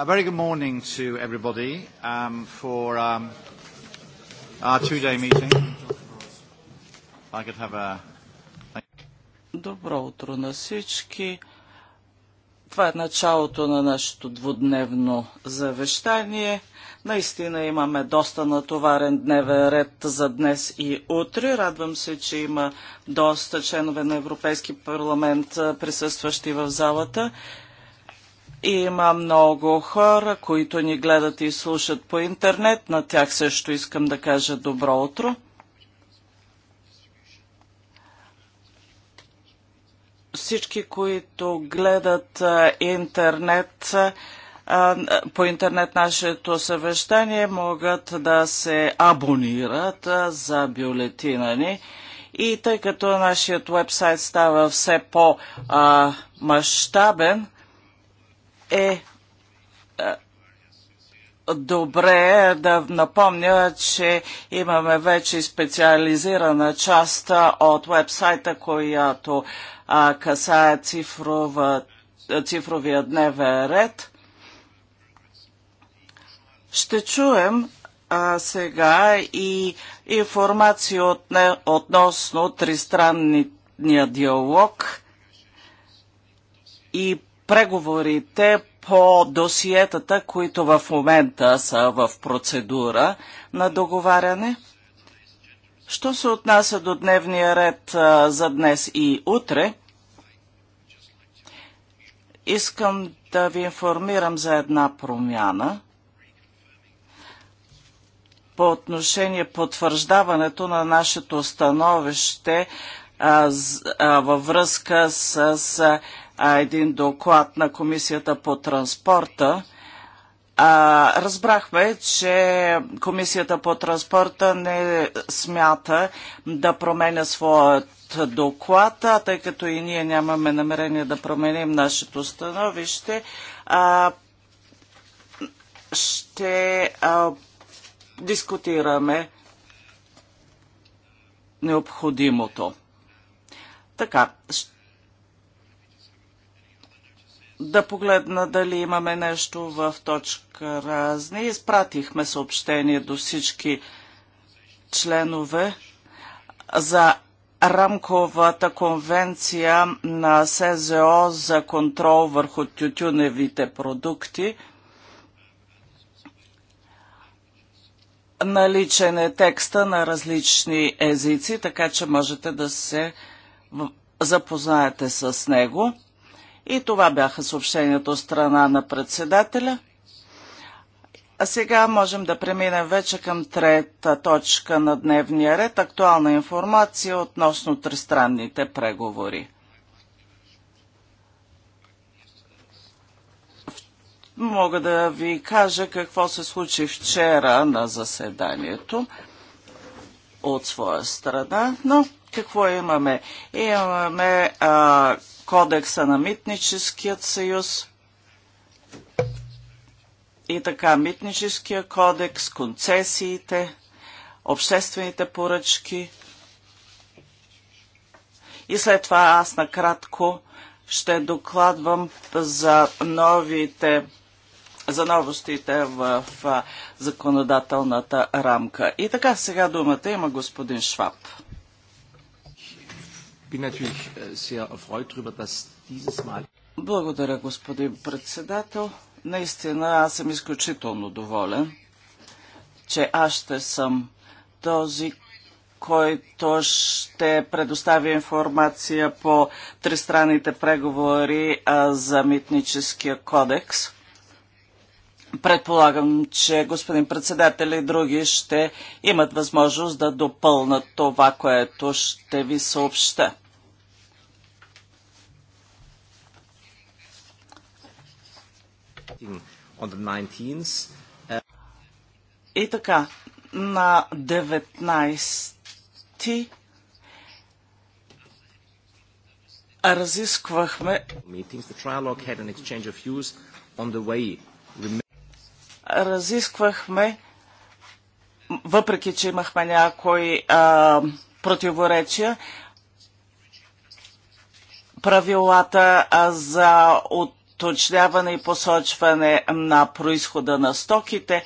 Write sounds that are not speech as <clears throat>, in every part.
A very good morning to everybody um, for um, our two-day meeting. I could have a... Добро утро на всички. Това е началото на нашето двудневно завещание. Наистина имаме доста натоварен дневен ред за днес и утре. Радвам се, че има доста членове на Европейски парламент присъстващи в залата. Има много хора, които ни гледат и слушат по интернет. На тях също искам да кажа добро утро. Всички, които гледат интернет, по интернет нашето съвещание могат да се абонират за бюлетина ни. И тъй като нашият вебсайт става все по-мащабен, е, е добре да напомня, че имаме вече специализирана част от вебсайта, която касае цифрова, цифровия дневен ред. Ще чуем а, сега и информация от не, относно тристранния диалог и преговорите по досиетата, които в момента са в процедура на договаряне? Що се отнася до дневния ред а, за днес и утре, искам да ви информирам за една промяна по отношение потвърждаването на нашето становище а, а, във връзка с един доклад на Комисията по транспорта, а, разбрахме, че Комисията по транспорта не смята да променя своят доклад, а тъй като и ние нямаме намерение да променим нашето становище, а, ще а, дискутираме необходимото. Така, ще да погледна дали имаме нещо в точка разни. Изпратихме съобщение до всички членове за рамковата конвенция на СЗО за контрол върху тютюневите продукти. Наличен е текста на различни езици, така че можете да се запознаете с него. И това бяха съобщенията от страна на председателя. А сега можем да преминем вече към трета точка на дневния ред. Актуална информация относно тристранните преговори. Мога да ви кажа какво се случи вчера на заседанието от своя страна, но какво имаме? Имаме а, кодекса на Митническият съюз и така Митническия кодекс, концесиите, обществените поръчки. И след това аз накратко ще докладвам за новите за новостите в законодателната рамка. И така сега думата има господин Шваб. Äh, Благодаря, господин председател. Наистина аз съм изключително доволен, че аз ще съм този, който ще предостави информация по тристранните преговори за митническия кодекс. Предполагам, че господин председател и други ще имат възможност да допълнат това, което ще ви съобща. И така, на 19 разисквахме разисквахме въпреки, че имахме някои а, противоречия, правилата а, за от уточняване и посочване на происхода на стоките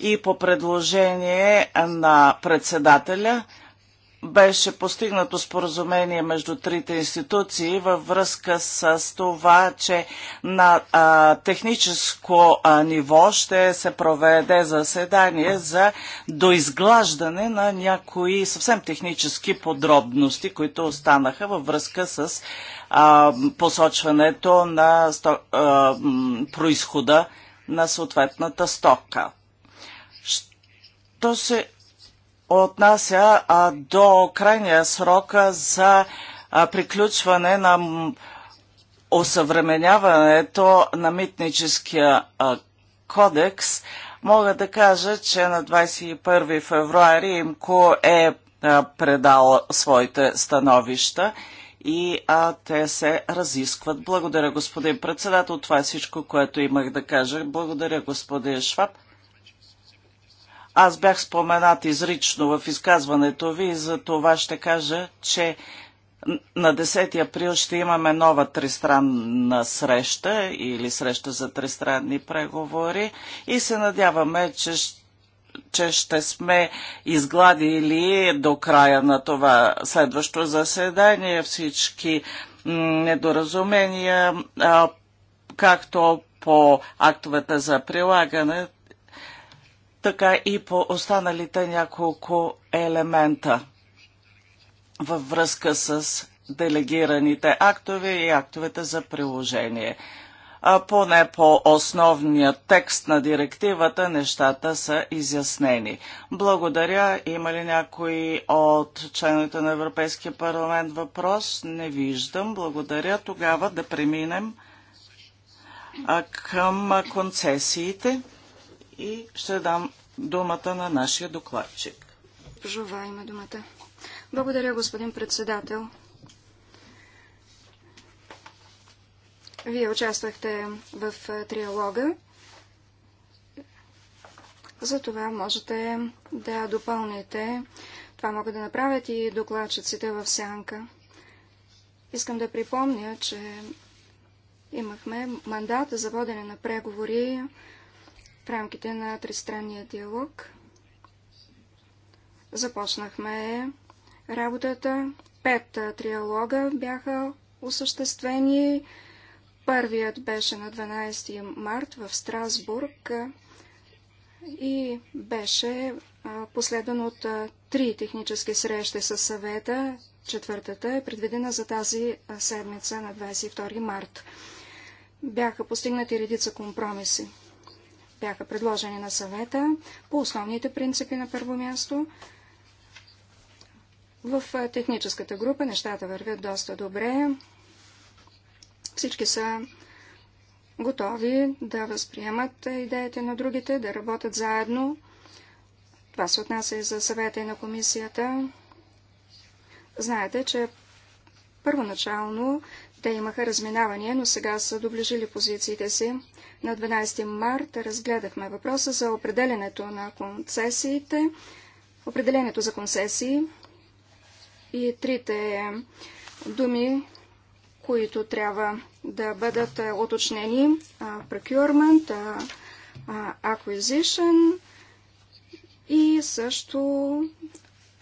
и по предложение на председателя – беше постигнато споразумение между трите институции във връзка с това, че на а, техническо а, ниво ще се проведе заседание за доизглаждане на някои съвсем технически подробности, които останаха във връзка с а, посочването на сто, а, происхода на съответната стока. Що се отнася а, до крайния срок за а, приключване на осъвременяването на митническия а, кодекс, мога да кажа, че на 21 февруари ИМКО е а, предал своите становища и а, те се разискват. Благодаря, господин председател. Това е всичко, което имах да кажа. Благодаря, господин Шваб. Аз бях споменат изрично в изказването ви и за това ще кажа, че на 10 април ще имаме нова тристранна среща или среща за тристранни преговори и се надяваме, че, че ще сме изгладили до края на това следващо заседание всички недоразумения, както по актовете за прилагане, така и по останалите няколко елемента във връзка с делегираните актове и актовете за приложение. А поне по основния текст на директивата нещата са изяснени. Благодаря. Има ли някой от членовете на Европейския парламент въпрос? Не виждам. Благодаря. Тогава да преминем към концесиите и ще дам думата на нашия докладчик. Жова има думата. Благодаря, господин председател. Вие участвахте в триалога. за това можете да допълните. Това могат да направят и докладчиците в сянка. Искам да припомня, че имахме мандат за водене на преговори в рамките на тристранния диалог. Започнахме работата. Пет триалога бяха осъществени. Първият беше на 12 март в Страсбург и беше последван от три технически срещи с съвета. Четвъртата е предвидена за тази седмица на 22 март. Бяха постигнати редица компромиси бяха предложени на съвета по основните принципи на първо място. В техническата група нещата вървят доста добре. Всички са готови да възприемат идеите на другите, да работят заедно. Това се отнася и за съвета и на комисията. Знаете, че първоначално те имаха разминавания, но сега са доближили позициите си. На 12 марта разгледахме въпроса за определенето на концесиите, определението за концесии и трите думи, които трябва да бъдат уточнени. Procurement, Acquisition и също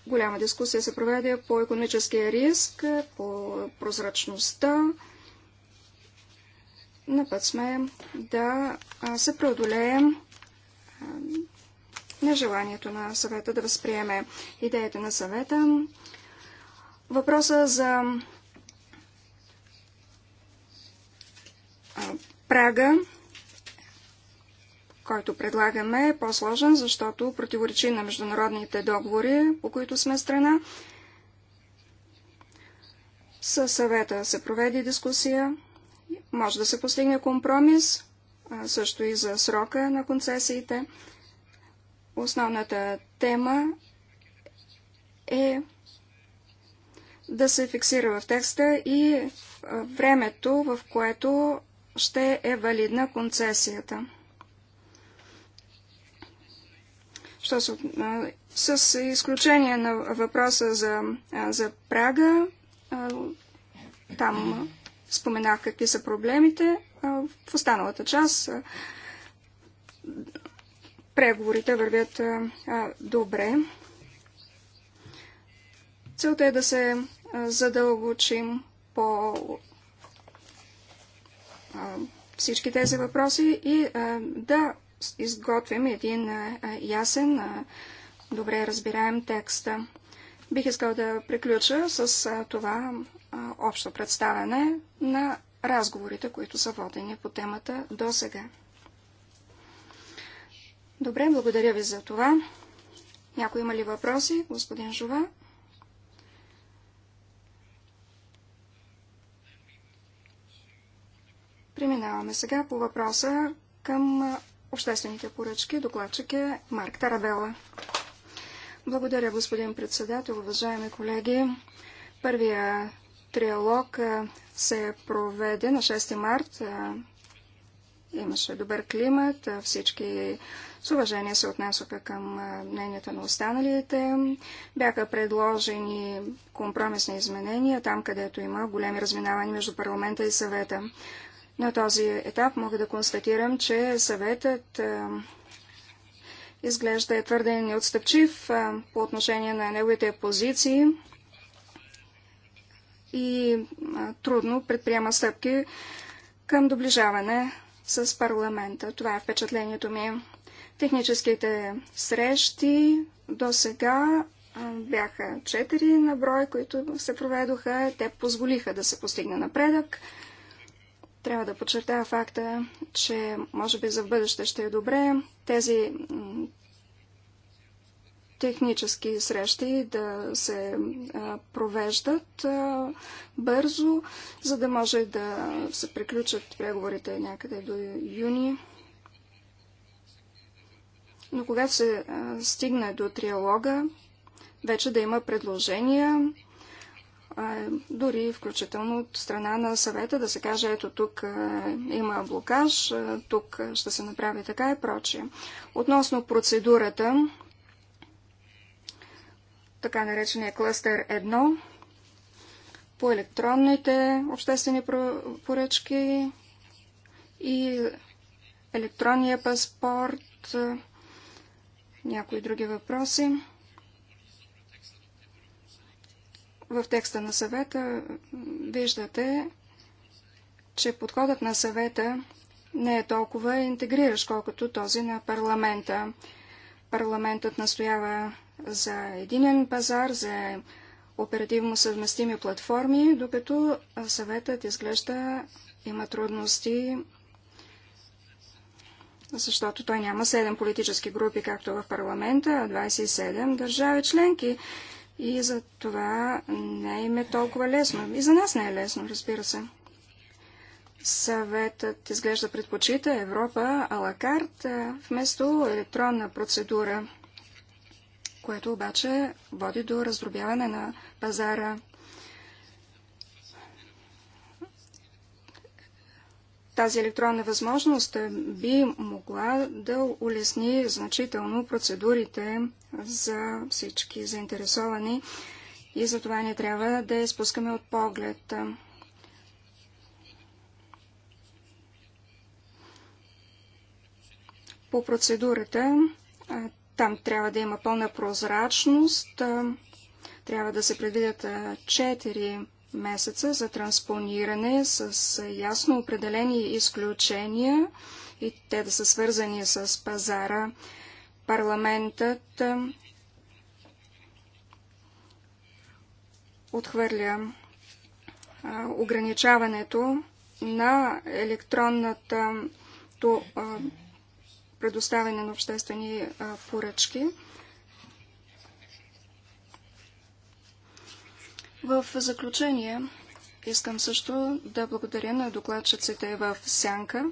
голяма дискусия се проведе по економическия риск, по прозрачността, на път сме да се преодолеем нежеланието на съвета да възприеме идеите на съвета. Въпроса за прага, който предлагаме, е по-сложен, защото противоречи на международните договори, по които сме страна. Със съвета се проведи дискусия. Може да се постигне компромис, също и за срока на концесиите. Основната тема е да се фиксира в текста и времето, в което ще е валидна концесията. Що с, с изключение на въпроса за, за Прага, там споменах какви са проблемите. В останалата част преговорите вървят добре. Целта е да се задълбочим по всички тези въпроси и да изготвим един ясен, добре разбираем текст. Бих искал да приключа с това, общо представяне на разговорите, които са водени по темата до сега. Добре, благодаря ви за това. Някой има ли въпроси? Господин Жова? Преминаваме сега по въпроса към обществените поръчки. Докладчик е Марк Тарабела. Благодаря, господин председател, уважаеми колеги. Първия Триалог се проведе на 6 март. Имаше добър климат, всички с уважение се отнесоха към мненията на останалите. Бяха предложени компромисни изменения там, където има големи разминавания между парламента и съвета. На този етап мога да констатирам, че съветът изглежда е твърде неотстъпчив по отношение на неговите позиции и трудно предприема стъпки към доближаване с парламента. Това е впечатлението ми. Техническите срещи до сега бяха четири на брой, които се проведоха. Те позволиха да се постигне напредък. Трябва да подчертая факта, че може би за бъдеще ще е добре тези технически срещи да се провеждат бързо, за да може да се приключат преговорите някъде до юни. Но когато се стигне до триалога, вече да има предложения, дори включително от страна на съвета да се каже, ето тук има блокаж, тук ще се направи така и прочие. Относно процедурата, така наречения клъстер 1, по електронните обществени поръчки и електронния паспорт, някои други въпроси. В текста на съвета виждате, че подходът на съвета не е толкова интегриращ, колкото този на парламента. Парламентът настоява за единен пазар, за оперативно съвместими платформи, докато съветът изглежда има трудности, защото той няма 7 политически групи, както в парламента, а 27 държави членки. И за това не им е толкова лесно. И за нас не е лесно, разбира се. Съветът изглежда предпочита Европа алакарт вместо електронна процедура което обаче води до раздробяване на пазара. Тази електронна възможност би могла да улесни значително процедурите за всички заинтересовани и за това не трябва да изпускаме от поглед. По процедурата там трябва да има пълна прозрачност. Трябва да се предвидят 4 месеца за транспониране с ясно определени изключения и те да са свързани с пазара. Парламентът отхвърля ограничаването на електронната предоставяне на обществени поръчки. В заключение искам също да благодаря на докладчиците в Сянка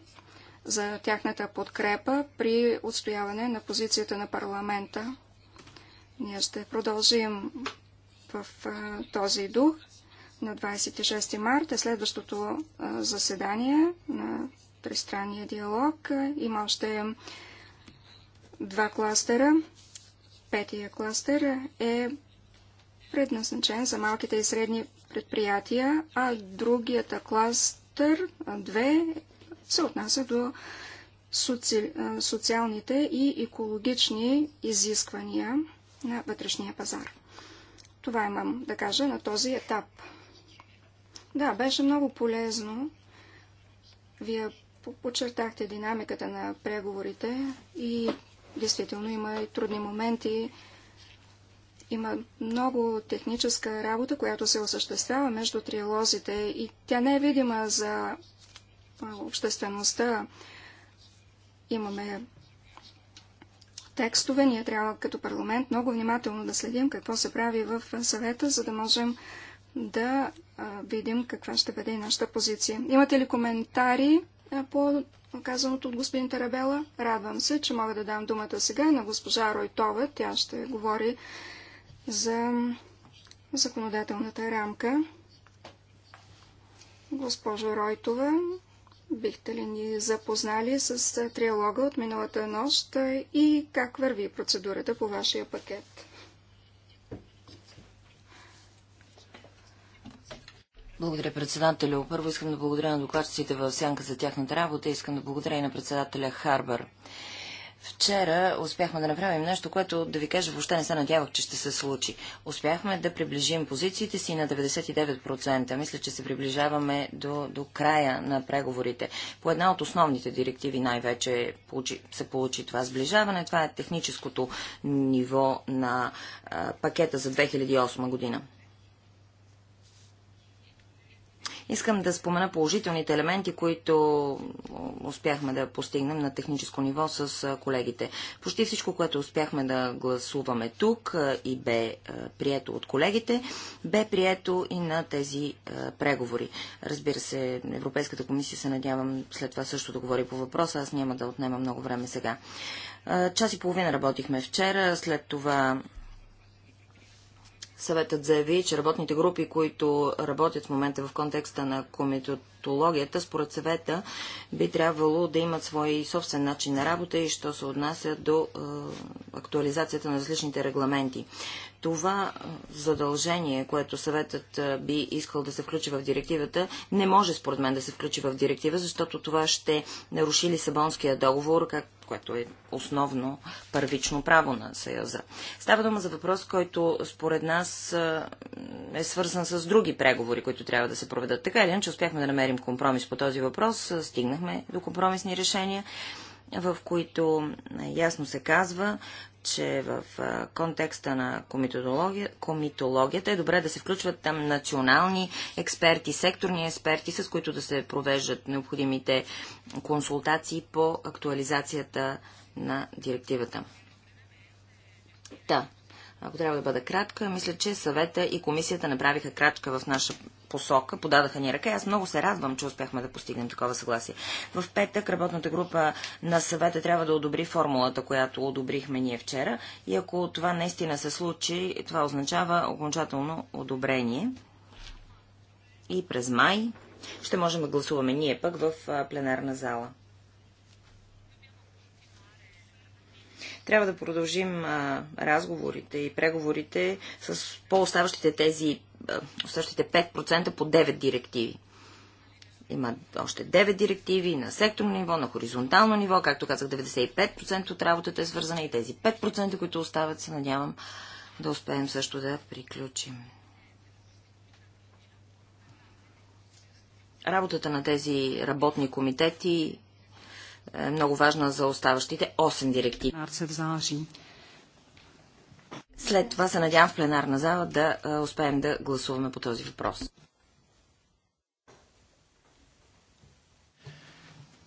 за тяхната подкрепа при отстояване на позицията на парламента. Ние ще продължим в този дух на 26 марта, е следващото заседание на тристранния диалог. Има още два кластера. Петия кластер е предназначен за малките и средни предприятия, а другията кластер, две, се отнася до соци... социалните и екологични изисквания на вътрешния пазар. Това имам да кажа на този етап. Да, беше много полезно. Вие Подчертахте динамиката на преговорите и действително има и трудни моменти. Има много техническа работа, която се осъществява между триалозите и тя не е видима за обществеността. Имаме текстове. Ние трябва като парламент много внимателно да следим какво се прави в съвета, за да можем да видим каква ще бъде и нашата позиция. Имате ли коментари? по казаното от господин Тарабела. Радвам се, че мога да дам думата сега на госпожа Ройтова. Тя ще говори за законодателната рамка. Госпожо Ройтова, бихте ли ни запознали с триалога от миналата нощ и как върви процедурата по вашия пакет? Благодаря, председателю. Първо искам да благодаря на докладчиците в Сянка за тяхната работа. Искам да благодаря и на председателя Харбър. Вчера успяхме да направим нещо, което, да ви кажа, въобще не се надявах, че ще се случи. Успяхме да приближим позициите си на 99%. Мисля, че се приближаваме до, до края на преговорите. По една от основните директиви най-вече се получи това сближаване. Това е техническото ниво на а, пакета за 2008 година. Искам да спомена положителните елементи, които успяхме да постигнем на техническо ниво с колегите. Почти всичко, което успяхме да гласуваме тук и бе прието от колегите, бе прието и на тези преговори. Разбира се, Европейската комисия се надявам след това също да говори по въпроса. Аз няма да отнема много време сега. Час и половина работихме вчера, след това Съветът заяви, че работните групи, които работят в момента в контекста на комитет фактологията, според съвета, би трябвало да имат свой собствен начин на работа и що се отнася до е, актуализацията на различните регламенти. Това е, задължение, което съветът е, би искал да се включи в директивата, не може според мен да се включи в директива, защото това ще наруши Лисабонския договор, как, което е основно първично право на Съюза. Става дума за въпрос, който според нас е, е свързан с други преговори, които трябва да се проведат. Така или иначе успяхме да намерим намерим компромис по този въпрос, стигнахме до компромисни решения, в които ясно се казва, че в контекста на комитология, комитологията е добре да се включват там национални експерти, секторни експерти, с които да се провеждат необходимите консултации по актуализацията на директивата. Та, да. ако трябва да бъда кратка, мисля, че съвета и комисията направиха крачка в наша посока, подадаха ни ръка. Аз много се радвам, че успяхме да постигнем такова съгласие. В петък работната група на съвета трябва да одобри формулата, която одобрихме ние вчера. И ако това наистина се случи, това означава окончателно одобрение. И през май ще можем да гласуваме ние пък в пленарна зала. трябва да продължим а, разговорите и преговорите с по-оставащите тези е, същите 5% по 9 директиви. Има още 9 директиви на секторно ниво, на хоризонтално ниво. Както казах, 95% от работата е свързана и тези 5%, които остават, се надявам да успеем също да приключим. Работата на тези работни комитети е много важна за оставащите 8 директиви. След това се надявам в пленарна зала да успеем да гласуваме по този въпрос.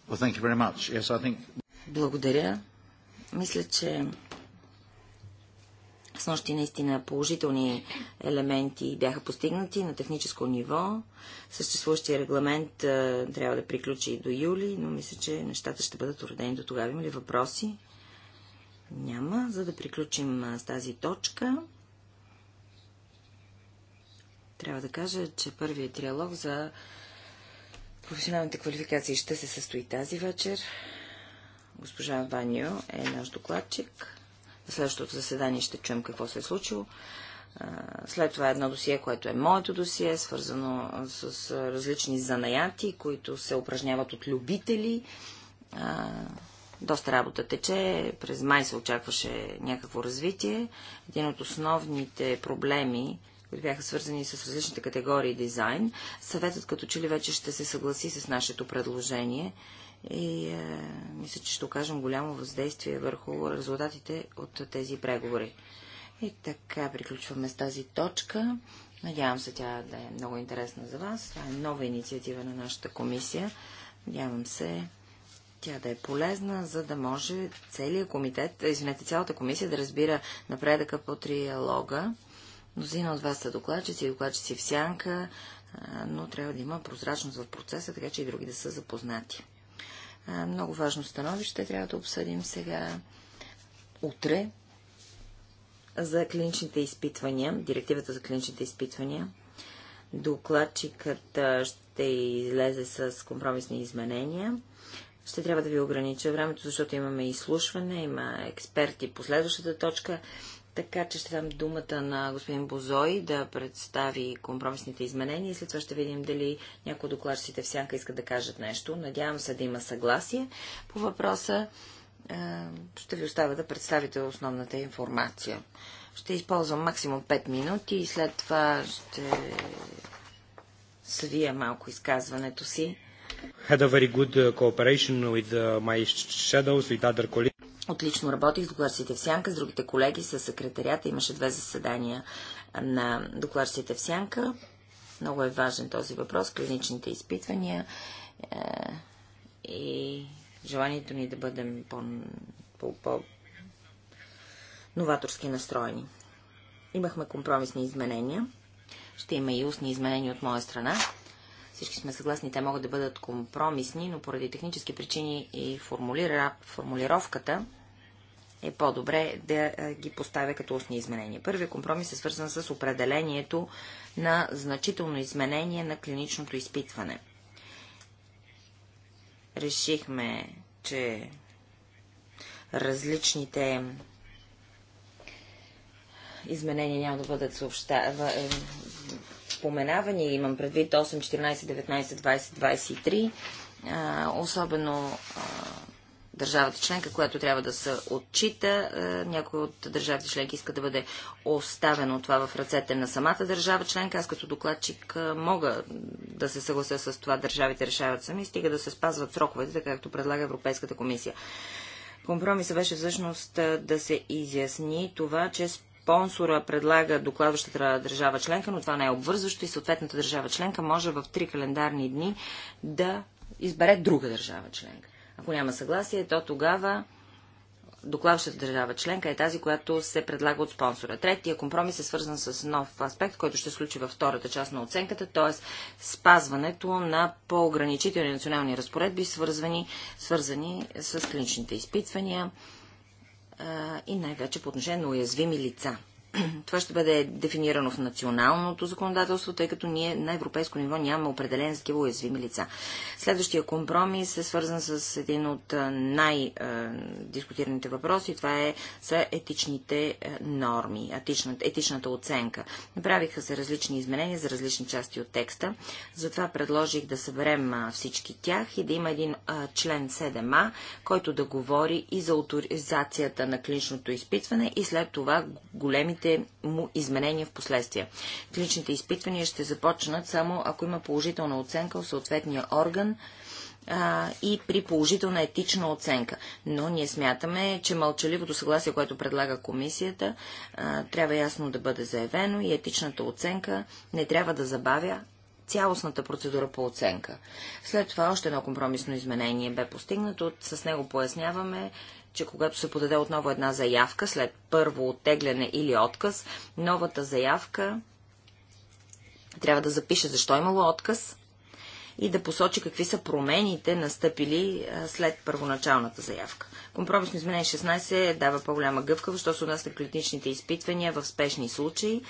Well, thank you very much. Yes, I think... Благодаря. Мисля, че с нощи наистина положителни елементи бяха постигнати на техническо ниво. Съществуващия регламент а, трябва да приключи и до юли, но мисля, че нещата ще бъдат уредени до тогава. Има ли въпроси? Няма. За да приключим с тази точка, трябва да кажа, че първият триалог за професионалните квалификации ще се състои тази вечер. Госпожа Ванио е наш докладчик. На следващото заседание ще чуем какво се е случило. След това едно досие, което е моето досие, свързано с различни занаяти, които се упражняват от любители доста работа тече. През май се очакваше някакво развитие. Един от основните проблеми, които бяха свързани с различните категории дизайн, съветът като че ли вече ще се съгласи с нашето предложение и е, мисля, че ще окажем голямо въздействие върху резултатите от тези преговори. И така приключваме с тази точка. Надявам се тя да е много интересна за вас. Това е нова инициатива на нашата комисия. Надявам се тя да е полезна, за да може целият комитет, извинете, цялата комисия да разбира напредъка по триалога. Мнозина от вас са докладчици, докладчици в сянка, но трябва да има прозрачност в процеса, така че и други да са запознати. Много важно становище трябва да обсъдим сега утре за клиничните изпитвания, директивата за клиничните изпитвания. Докладчикът ще излезе с компромисни изменения. Ще трябва да ви огранича времето, защото имаме изслушване, има експерти по следващата точка, така че ще дам думата на господин Бозой да представи компромисните изменения и след това ще видим дали някои докладчиците в сянка искат да кажат нещо. Надявам се да има съгласие по въпроса. Е, ще ви оставя да представите основната информация. Ще използвам максимум 5 минути и след това ще свия малко изказването си Had a very good uh, cooperation with uh, my shadows, with other colleagues. Отлично работих с докладците в Сянка, с другите колеги, с секретарията. Имаше две заседания на докладците в Сянка. Много е важен този въпрос, клиничните изпитвания е, и желанието ни да бъдем по, по, по новаторски настроени. Имахме компромисни изменения. Ще има и устни изменения от моя страна. Всички сме съгласни, те могат да бъдат компромисни, но поради технически причини и формулира, формулировката е по-добре да ги поставя като устни изменения. Първият компромис е свързан с определението на значително изменение на клиничното изпитване. Решихме, че различните изменения няма да бъдат съобщава споменавания, имам предвид 8, 14, 19, 20, 23, особено държавата членка, която трябва да се отчита. Някой от държавите членки иска да бъде оставено това в ръцете на самата държава членка. Аз като докладчик мога да се съглася с това. Държавите решават сами, стига да се спазват сроковете, така както предлага Европейската комисия. Компромисът беше всъщност да се изясни това, че спонсора предлага докладващата държава членка, но това не е обвързващо и съответната държава членка може в три календарни дни да избере друга държава членка. Ако няма съгласие, то тогава докладващата държава членка е тази, която се предлага от спонсора. Третия компромис е свързан с нов аспект, който ще случи във втората част на оценката, т.е. спазването на по-ограничителни национални разпоредби, свързани, свързани с клиничните изпитвания, и най-вече по отношение на уязвими лица. <clears throat> Това ще бъде дефинирано в националното законодателство, тъй като ние на европейско ниво нямаме определен такива уязвими лица. Следващия компромис е свързан с един от най-дискутираните въпроси. Това е са етичните норми, етичната, етичната оценка. Направиха се различни изменения за различни части от текста. Затова предложих да съберем всички тях и да има един член 7а, който да говори и за авторизацията на клиничното изпитване и след това големите евентуалните му изменения в последствие. Клиничните изпитвания ще започнат само ако има положителна оценка от съответния орган а, и при положителна етична оценка. Но ние смятаме, че мълчаливото съгласие, което предлага комисията, а, трябва ясно да бъде заявено и етичната оценка не трябва да забавя цялостната процедура по оценка. След това още едно компромисно изменение бе постигнато. С него поясняваме, че когато се подаде отново една заявка, след първо оттегляне или отказ, новата заявка трябва да запише защо е имало отказ и да посочи какви са промените настъпили след първоначалната заявка. Компромисно изменение 16 е, дава по-голяма гъвкавост, що се отнася до клиничните изпитвания в спешни случаи.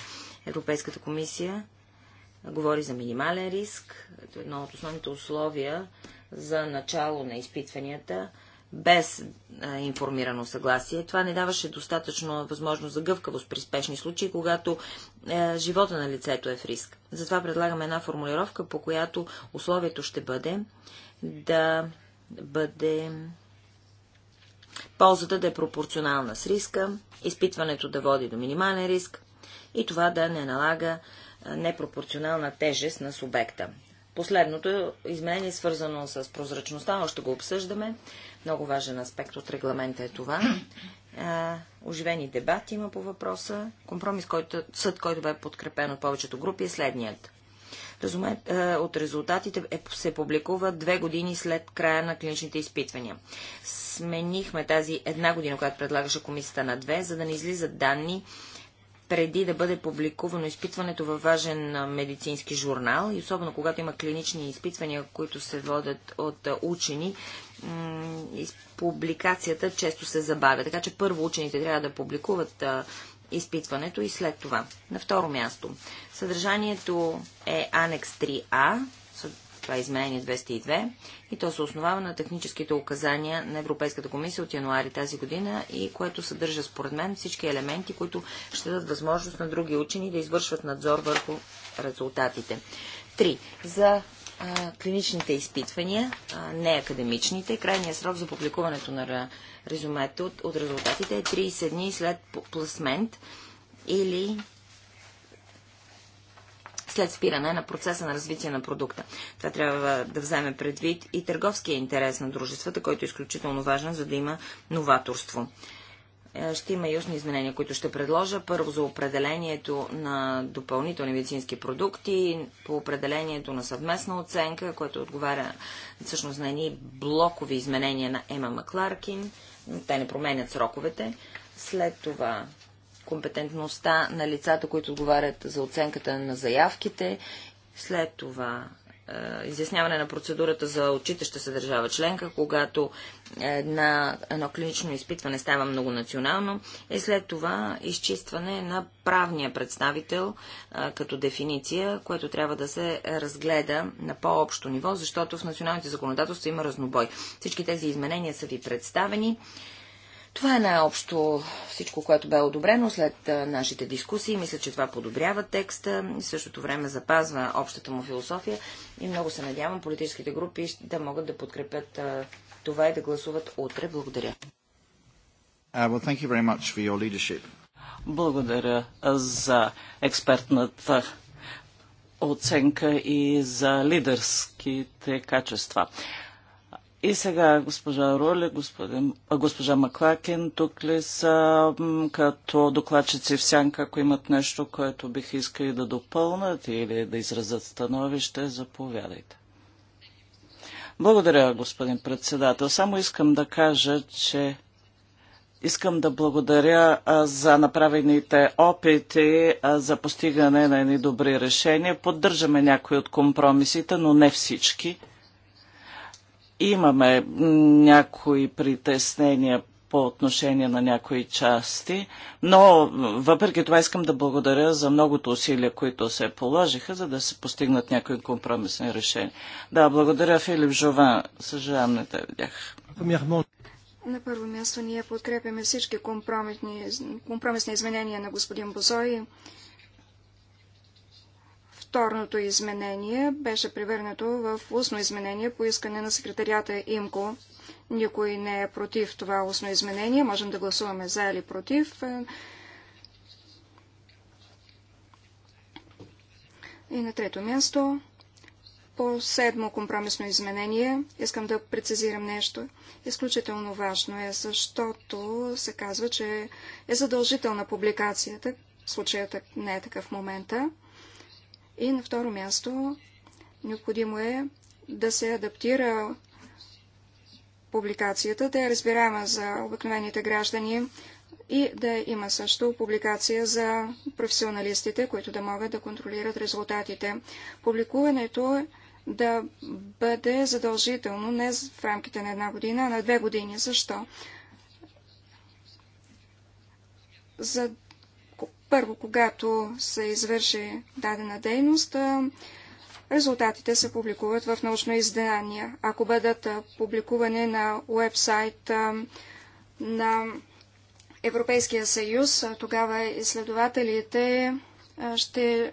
Европейската комисия говори за минимален риск. Едно от основните условия за начало на изпитванията без а, информирано съгласие. Това не даваше достатъчно възможност за гъвкавост при спешни случаи, когато а, е, живота на лицето е в риск. Затова предлагаме една формулировка, по която условието ще бъде да бъде ползата да е пропорционална с риска, изпитването да води до минимален риск и това да не налага непропорционална тежест на субекта. Последното изменение е свързано с прозрачността, още го обсъждаме. Много важен аспект от регламента е това. А, оживени дебати има по въпроса. Компромис, който, съд, който бе подкрепен от повечето групи е следният. Разуме, а, от резултатите е, се публикува две години след края на клиничните изпитвания. Сменихме тази една година, която предлагаше комисията на две, за да не излизат данни, преди да бъде публикувано изпитването във важен медицински журнал и особено когато има клинични изпитвания, които се водят от учени, публикацията често се забавя. Така че първо учените трябва да публикуват изпитването и след това. На второ място. Съдържанието е анекс 3А, това е изменение 202 и то се основава на техническите указания на Европейската комисия от януари тази година и което съдържа според мен всички елементи, които ще дадат възможност на други учени да извършват надзор върху резултатите. Три За а, клиничните изпитвания, а, не академичните, крайният срок за публикуването на резюмето от, от резултатите е 30 дни след пласмент или след спиране на процеса на развитие на продукта. Това трябва да вземе предвид и търговския интерес на дружествата, който е изключително важен, за да има новаторство е, ще има и устни изменения, които ще предложа. Първо за определението на допълнителни медицински продукти, по определението на съвместна оценка, което отговаря всъщност на едни блокови изменения на Ема Макларкин. Те не променят сроковете. След това компетентността на лицата, които отговарят за оценката на заявките. След това е, изясняване на процедурата за отчитаща се държава членка, когато една, едно клинично изпитване става многонационално, и е след това изчистване на правния представител е, като дефиниция, което трябва да се разгледа на по-общо ниво, защото в националните законодателства има разнобой. Всички тези изменения са ви представени. Това е най-общо всичко, което бе одобрено след нашите дискусии. Мисля, че това подобрява текста и в същото време запазва общата му философия и много се надявам политическите групи да могат да подкрепят това и да гласуват утре. Благодаря. Uh, well, thank you very much for your leadership. Благодаря за експертната оценка и за лидерските качества. И сега госпожа Роле, госпожа Маклакен, тук ли са като докладчици в сянка, ако имат нещо, което бих искали да допълнат или да изразят становище, заповядайте. Благодаря, господин председател. Само искам да кажа, че Искам да благодаря за направените опити за постигане на едни добри решения. Поддържаме някои от компромисите, но не всички. Имаме някои притеснения по отношение на някои части, но въпреки това искам да благодаря за многото усилия, които се положиха, за да се постигнат някои компромисни решения. Да, благодаря Филип Жован. Съжалявам, не те видях. На първо място ние подкрепяме всички компромисни, компромисни изменения на господин Бозой. Второто изменение беше превърнато в устно изменение по искане на секретарията ИМКО. Никой не е против това устно изменение. Можем да гласуваме за или против. И на трето място, по седмо компромисно изменение, искам да прецизирам нещо. Изключително важно е, защото се казва, че е задължителна публикацията. Случаят не е такъв в момента. И на второ място, необходимо е да се адаптира публикацията, да е разбираема за обикновените граждани и да има също публикация за професионалистите, които да могат да контролират резултатите. Публикуването е да бъде задължително не в рамките на една година, а на две години. Защо? За първо, когато се извърши дадена дейност, резултатите се публикуват в научно издание. Ако бъдат публикувани на уебсайт на Европейския съюз, тогава изследователите ще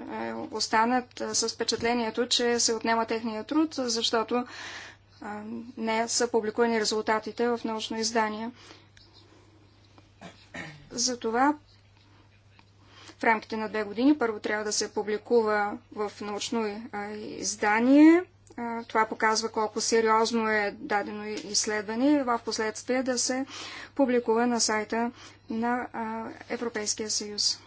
останат с впечатлението, че се отнема техния труд, защото не са публикувани резултатите в научно издание. Затова в рамките на две години. Първо трябва да се публикува в научно издание. Това показва колко сериозно е дадено изследване и в последствие да се публикува на сайта на Европейския съюз.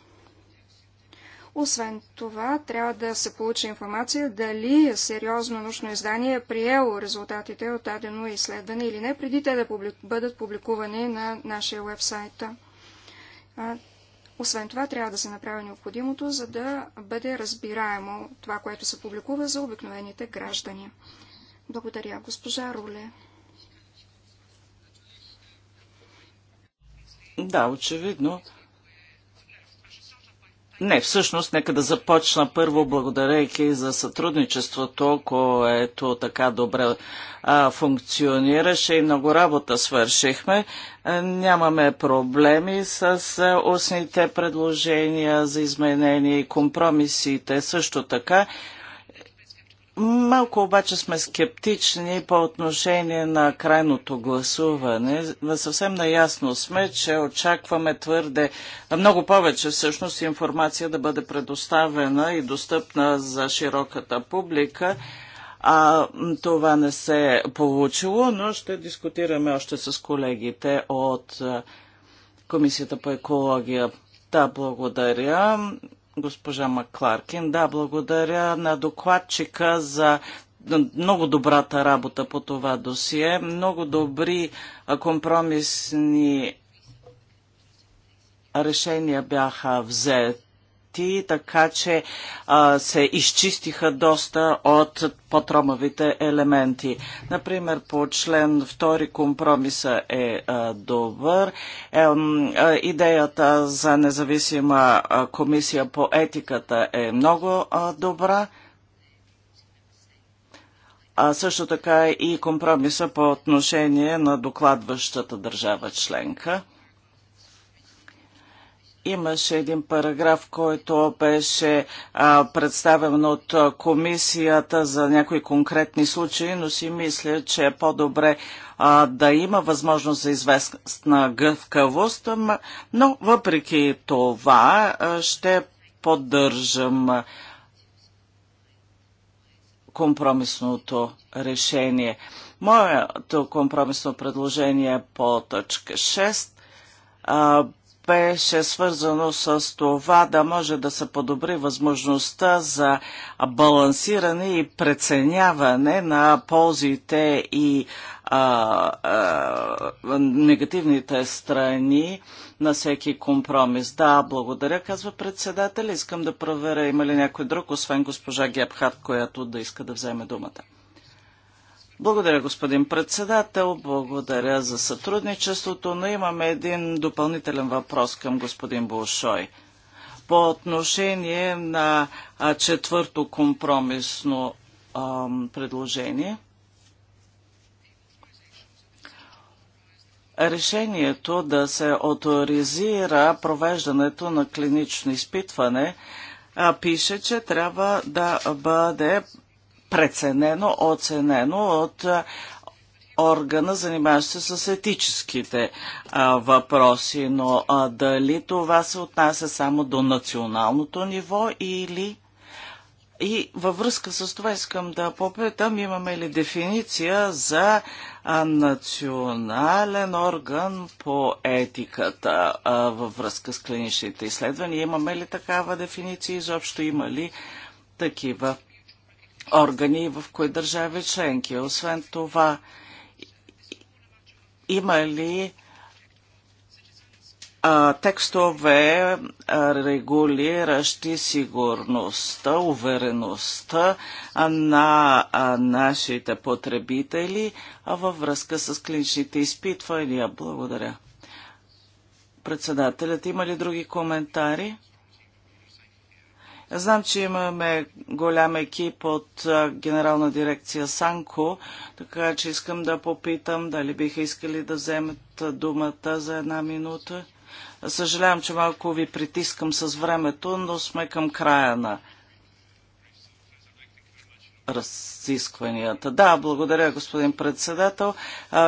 Освен това, трябва да се получи информация дали сериозно научно издание е приело резултатите от дадено изследване или не, преди те да бъдат публикувани на нашия вебсайт. Освен това, трябва да се направи необходимото, за да бъде разбираемо това, което се публикува за обикновените граждани. Благодаря, госпожа Руле. Да, очевидно не, всъщност, нека да започна първо благодарейки за сътрудничеството, което така добре а, функционираше и много работа свършихме. А, нямаме проблеми с а, устните предложения за изменения и компромисите също така Малко обаче сме скептични по отношение на крайното гласуване. Съвсем наясно сме, че очакваме твърде много повече всъщност информация да бъде предоставена и достъпна за широката публика. А, това не се е получило, но ще дискутираме още с колегите от Комисията по екология. Да, благодаря. Госпожа Макларкин, да, благодаря на докладчика за много добрата работа по това досие, много добри компромисни решения бяха взети проекти, така че а, се изчистиха доста от по-тромавите елементи. Например, по член 2 компромиса е а, добър. Е, а, идеята за независима а, комисия по етиката е много а, добра. А също така и компромиса по отношение на докладващата държава членка. Имаше един параграф, който беше а, представен от комисията за някои конкретни случаи, но си мисля, че е по-добре да има възможност за известна гъвкавост, но въпреки това а, ще поддържам компромисното решение. Моето компромисно предложение е по точка 6 беше свързано с това да може да се подобри възможността за балансиране и преценяване на ползите и а, а, негативните страни на всеки компромис. Да, благодаря, казва председател. Искам да проверя има ли някой друг, освен госпожа Гебхарт, която да иска да вземе думата. Благодаря, господин председател. Благодаря за сътрудничеството, но имаме един допълнителен въпрос към господин Булшой. По отношение на четвърто компромисно ам, предложение, решението да се авторизира провеждането на клинично изпитване а, пише, че трябва да бъде преценено, оценено от органа, занимаващ се с етическите а, въпроси, но а, дали това се отнася само до националното ниво или... И във връзка с това искам да попитам, имаме ли дефиниция за а, национален орган по етиката а, във връзка с клиничните изследвания? Имаме ли такава дефиниция? Изобщо има ли такива органи в кои държави членки. Освен това, има ли а, текстове, а, регулиращи сигурността, увереността на а, нашите потребители а във връзка с клиничните изпитвания. Благодаря. Председателят, има ли други коментари? Знам, че имаме голям екип от Генерална дирекция Санко, така че искам да попитам дали биха искали да вземат думата за една минута. Съжалявам, че малко ви притискам с времето, но сме към края на разискванията. Да, благодаря, господин председател.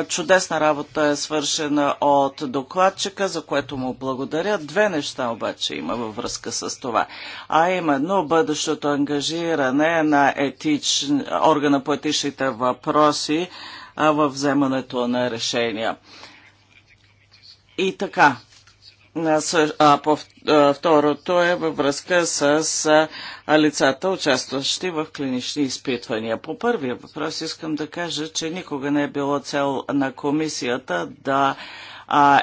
Чудесна работа е свършена от докладчика, за което му благодаря. Две неща обаче има във връзка с това. А именно бъдещото ангажиране на етич... органа по етичните въпроси в вземането на решения. И така, а по второто е във връзка с лицата, участващи в клинични изпитвания. По първия въпрос искам да кажа, че никога не е било цел на комисията да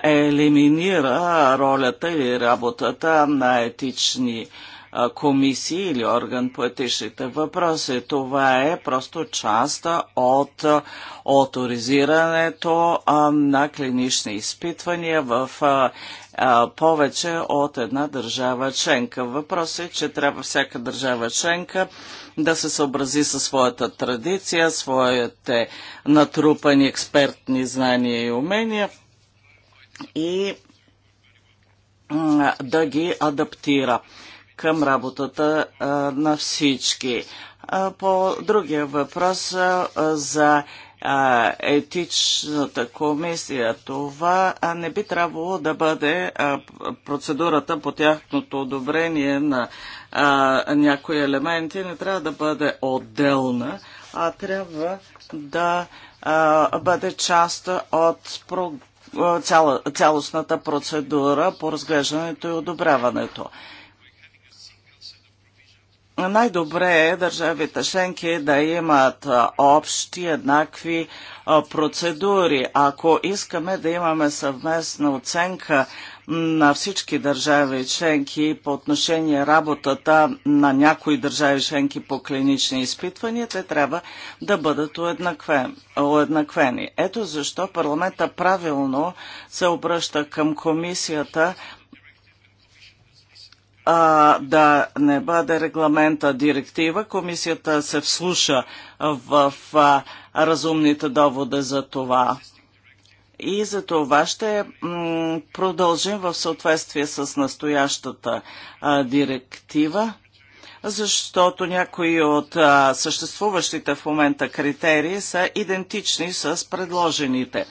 елиминира ролята или работата на етични комисии или орган по етичните въпроси. Това е просто част от авторизирането на клинични изпитвания в повече от една държава членка. Въпросът е, че трябва всяка държава членка да се съобрази със своята традиция, своите натрупани експертни знания и умения и да ги адаптира към работата а, на всички. А, по другия въпрос а, за а, етичната комисия, това а не би трябвало да бъде а, процедурата по тяхното одобрение на а, някои елементи, не трябва да бъде отделна, а трябва да а, бъде част от цяло, цялостната процедура по разглеждането и одобряването най-добре е държавите членки да имат общи, еднакви процедури. Ако искаме да имаме съвместна оценка на всички държави членки по отношение работата на някои държави членки по клинични изпитвания, те трябва да бъдат уеднаквени. Ето защо парламента правилно се обръща към комисията а, да не бъде регламента директива. Комисията се вслуша в а, разумните доводи за това. И за това ще продължим в съответствие с настоящата а, директива, защото някои от а, съществуващите в момента критерии са идентични с предложените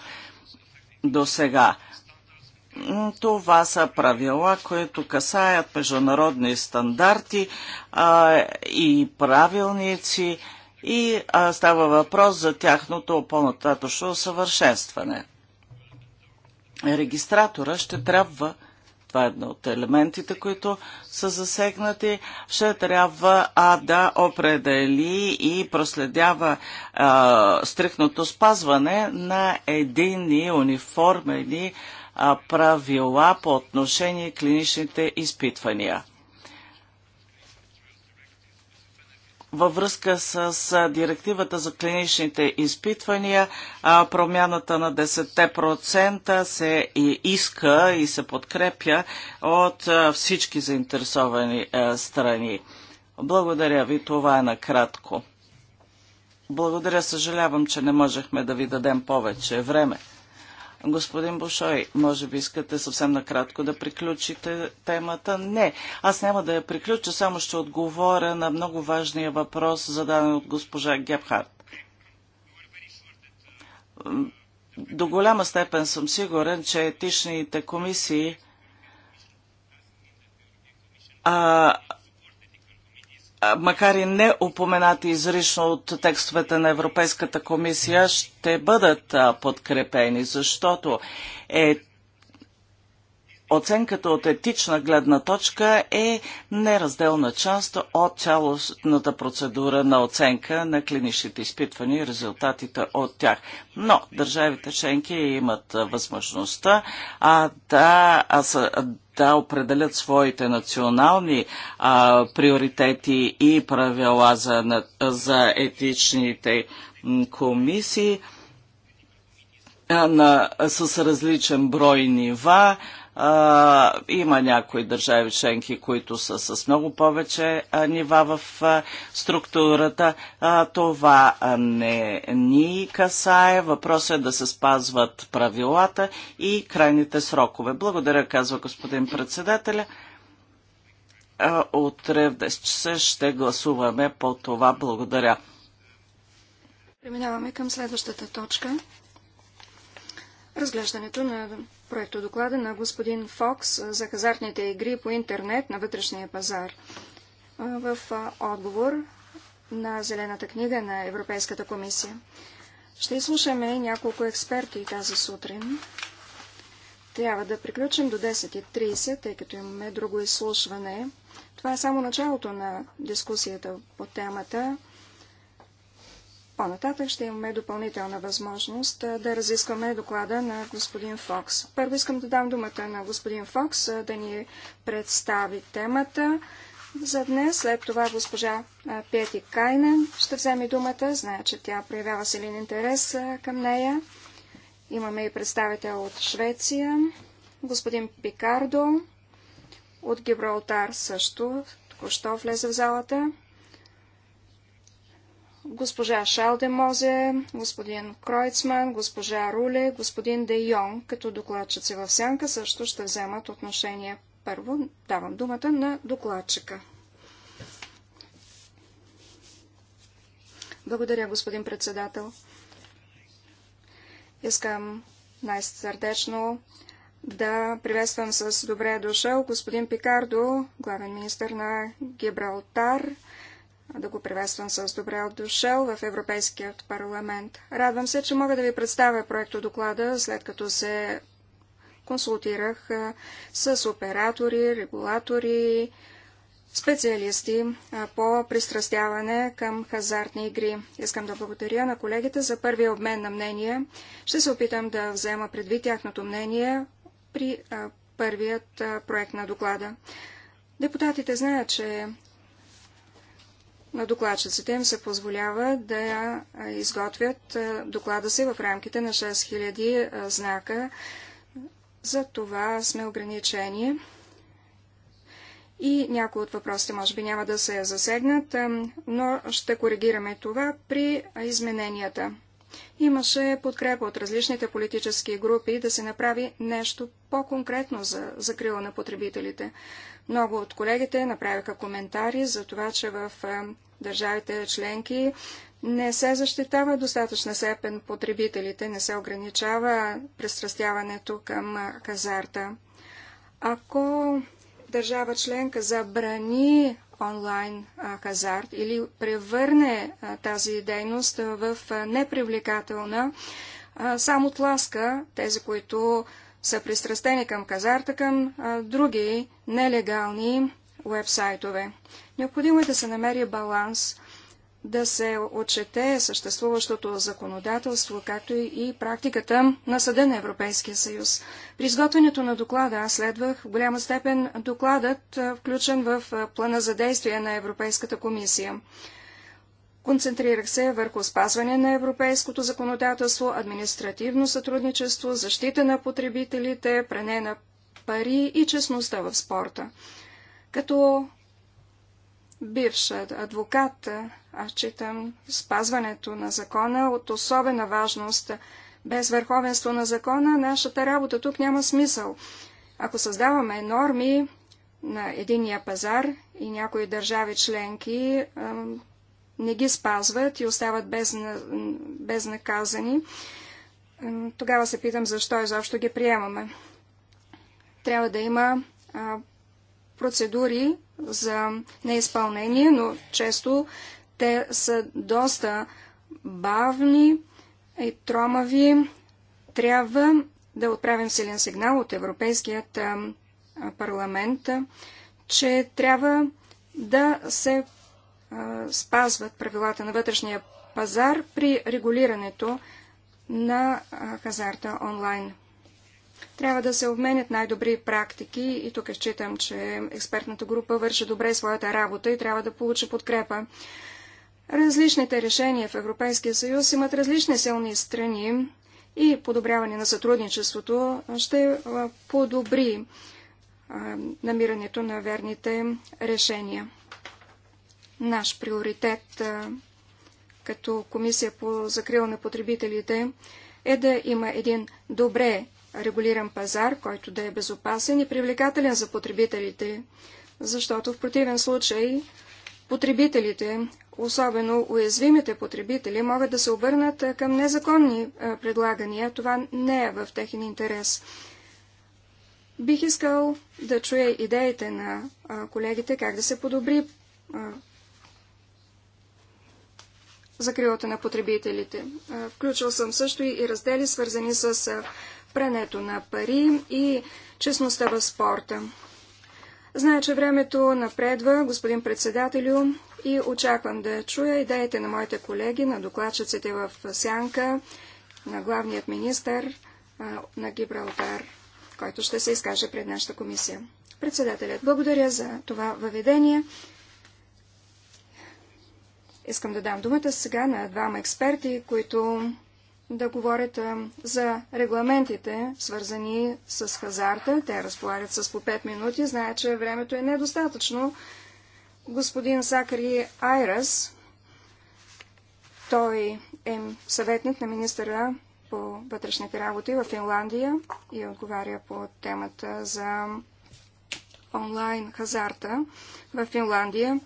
до сега. Това са правила, които касаят международни стандарти а, и правилници и а, става въпрос за тяхното по-нататъчно усъвършенстване. Регистратора ще трябва това е едно от елементите, които са засегнати, ще трябва а да определи и проследява а, стрихното спазване на единни униформени а, правила по отношение клиничните изпитвания. във връзка с директивата за клиничните изпитвания, промяната на 10% се и иска и се подкрепя от всички заинтересовани страни. Благодаря ви, това е накратко. Благодаря, съжалявам, че не можехме да ви дадем повече време. Господин Бушой, може би искате съвсем накратко да приключите темата? Не, аз няма да я приключа, само ще отговоря на много важния въпрос, зададен от госпожа Гебхарт. До голяма степен съм сигурен, че етичните комисии а, макар и не упоменати изрично от текстовете на Европейската комисия, ще бъдат подкрепени, защото е оценката от етична гледна точка е неразделна част от цялостната процедура на оценка на клиничните изпитвания и резултатите от тях. Но държавите членки имат възможността а, да, а, да определят своите национални а, приоритети и правила за, за етичните комисии а, на, с различен брой нива, а, има някои държави членки, които са с много повече а, нива в а, структурата. А, това не ни касае. Въпросът е да се спазват правилата и крайните срокове. Благодаря, казва господин председателя. А, утре в 10 часа ще гласуваме по това. Благодаря. Преминаваме към следващата точка. Разглеждането на проекто доклада на господин Фокс за хазартните игри по интернет на вътрешния пазар. В отговор на Зелената книга на Европейската комисия. Ще изслушаме няколко експерти тази сутрин. Трябва да приключим до 10.30, тъй като имаме друго изслушване. Това е само началото на дискусията по темата. По-нататък ще имаме допълнителна възможност да разискваме доклада на господин Фокс. Първо искам да дам думата на господин Фокс да ни представи темата за днес. След това госпожа Пети Кайнен ще вземе думата. Зная, че тя проявява силен интерес към нея. Имаме и представител от Швеция, господин Пикардо от Гибралтар също току-що влезе в залата госпожа Шалдемозе, господин Кройцман, госпожа Руле, господин Де Йон, като докладчици в сянка, също ще вземат отношение. Първо давам думата на докладчика. Благодаря, господин председател. Искам най-сърдечно да приветствам с добре дошъл господин Пикардо, главен министр на Гибралтар, да го приветствам с добре от дошъл в Европейският парламент. Радвам се, че мога да ви представя проекто доклада, след като се консултирах с оператори, регулатори, специалисти по пристрастяване към хазартни игри. Искам да благодаря на колегите за първия обмен на мнения. Ще се опитам да взема предвид тяхното мнение при първият проект на доклада. Депутатите знаят, че на докладчиците им се позволява да изготвят доклада си в рамките на 6000 знака. За това сме ограничени. И някои от въпросите може би няма да се засегнат, но ще коригираме това при измененията. Имаше подкрепа от различните политически групи да се направи нещо по-конкретно за закрила на потребителите. Много от колегите направиха коментари за това, че в е, държавите членки не се защитава достатъчна степен потребителите, не се ограничава престрастяването към е, хазарта. Ако държава членка забрани онлайн хазарт или превърне тази дейност в непривлекателна, само тласка тези, които са пристрастени към казарта, към а, други нелегални вебсайтове. Необходимо е да се намери баланс да се отчете съществуващото законодателство, както и практиката на Съда на Европейския съюз. При изготвянето на доклада аз следвах в голяма степен докладът, включен в плана за действие на Европейската комисия. Концентрирах се върху спазване на европейското законодателство, административно сътрудничество, защита на потребителите, пране на пари и честността в спорта. Като бивш адвокат, аз читам спазването на закона от особена важност. Без върховенство на закона нашата работа тук няма смисъл. Ако създаваме норми на единия пазар и някои държави членки не ги спазват и остават без, безнаказани, тогава се питам защо изобщо ги приемаме. Трябва да има процедури за неизпълнение, но често те са доста бавни и тромави. Трябва да отправим силен сигнал от Европейският парламент, че трябва да се спазват правилата на вътрешния пазар при регулирането на хазарта онлайн. Трябва да се обменят най-добри практики и тук считам, че експертната група върши добре своята работа и трябва да получи подкрепа. Различните решения в Европейския съюз имат различни силни страни и подобряване на сътрудничеството ще подобри намирането на верните решения. Наш приоритет като Комисия по закрила на потребителите е да има един добре регулиран пазар, който да е безопасен и привлекателен за потребителите, защото в противен случай потребителите, особено уязвимите потребители, могат да се обърнат към незаконни предлагания. Това не е в техен интерес. Бих искал да чуя идеите на колегите как да се подобри закрилата на потребителите. Включил съм също и раздели, свързани с прането на пари и честността в спорта. Зная, че времето напредва, господин председателю, и очаквам да чуя идеите на моите колеги, на докладчиците в Сянка, на главният министър на Гибралтар, който ще се изкаже пред нашата комисия. Председателят, благодаря за това въведение. Искам да дам думата сега на двама експерти, които да говорят за регламентите, свързани с хазарта. Те разполагат с по 5 минути. Знаят, че времето е недостатъчно. Господин Сакари Айрас, той е съветник на министъра по вътрешните работи в Финландия и отговаря по темата за онлайн хазарта в Финландия.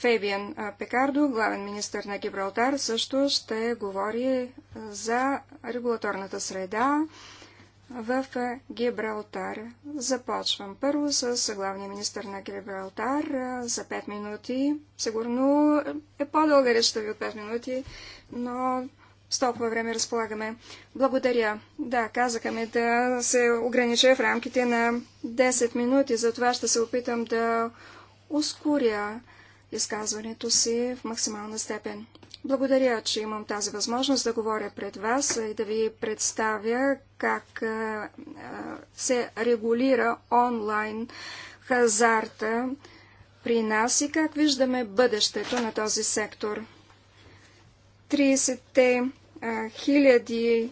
Фебиан Пекардо, главен министр на Гибралтар, също ще говори за регулаторната среда в Гибралтар. Започвам първо с главния министр на Гибралтар за 5 минути. Сигурно е по-дълга речта ви от 5 минути, но с толкова време разполагаме. Благодаря. Да, казаха ми да се огранича в рамките на 10 минути, затова ще се опитам да ускоря изказването си в максимална степен. Благодаря, че имам тази възможност да говоря пред вас и да ви представя как се регулира онлайн хазарта при нас и как виждаме бъдещето на този сектор. 30-те хиляди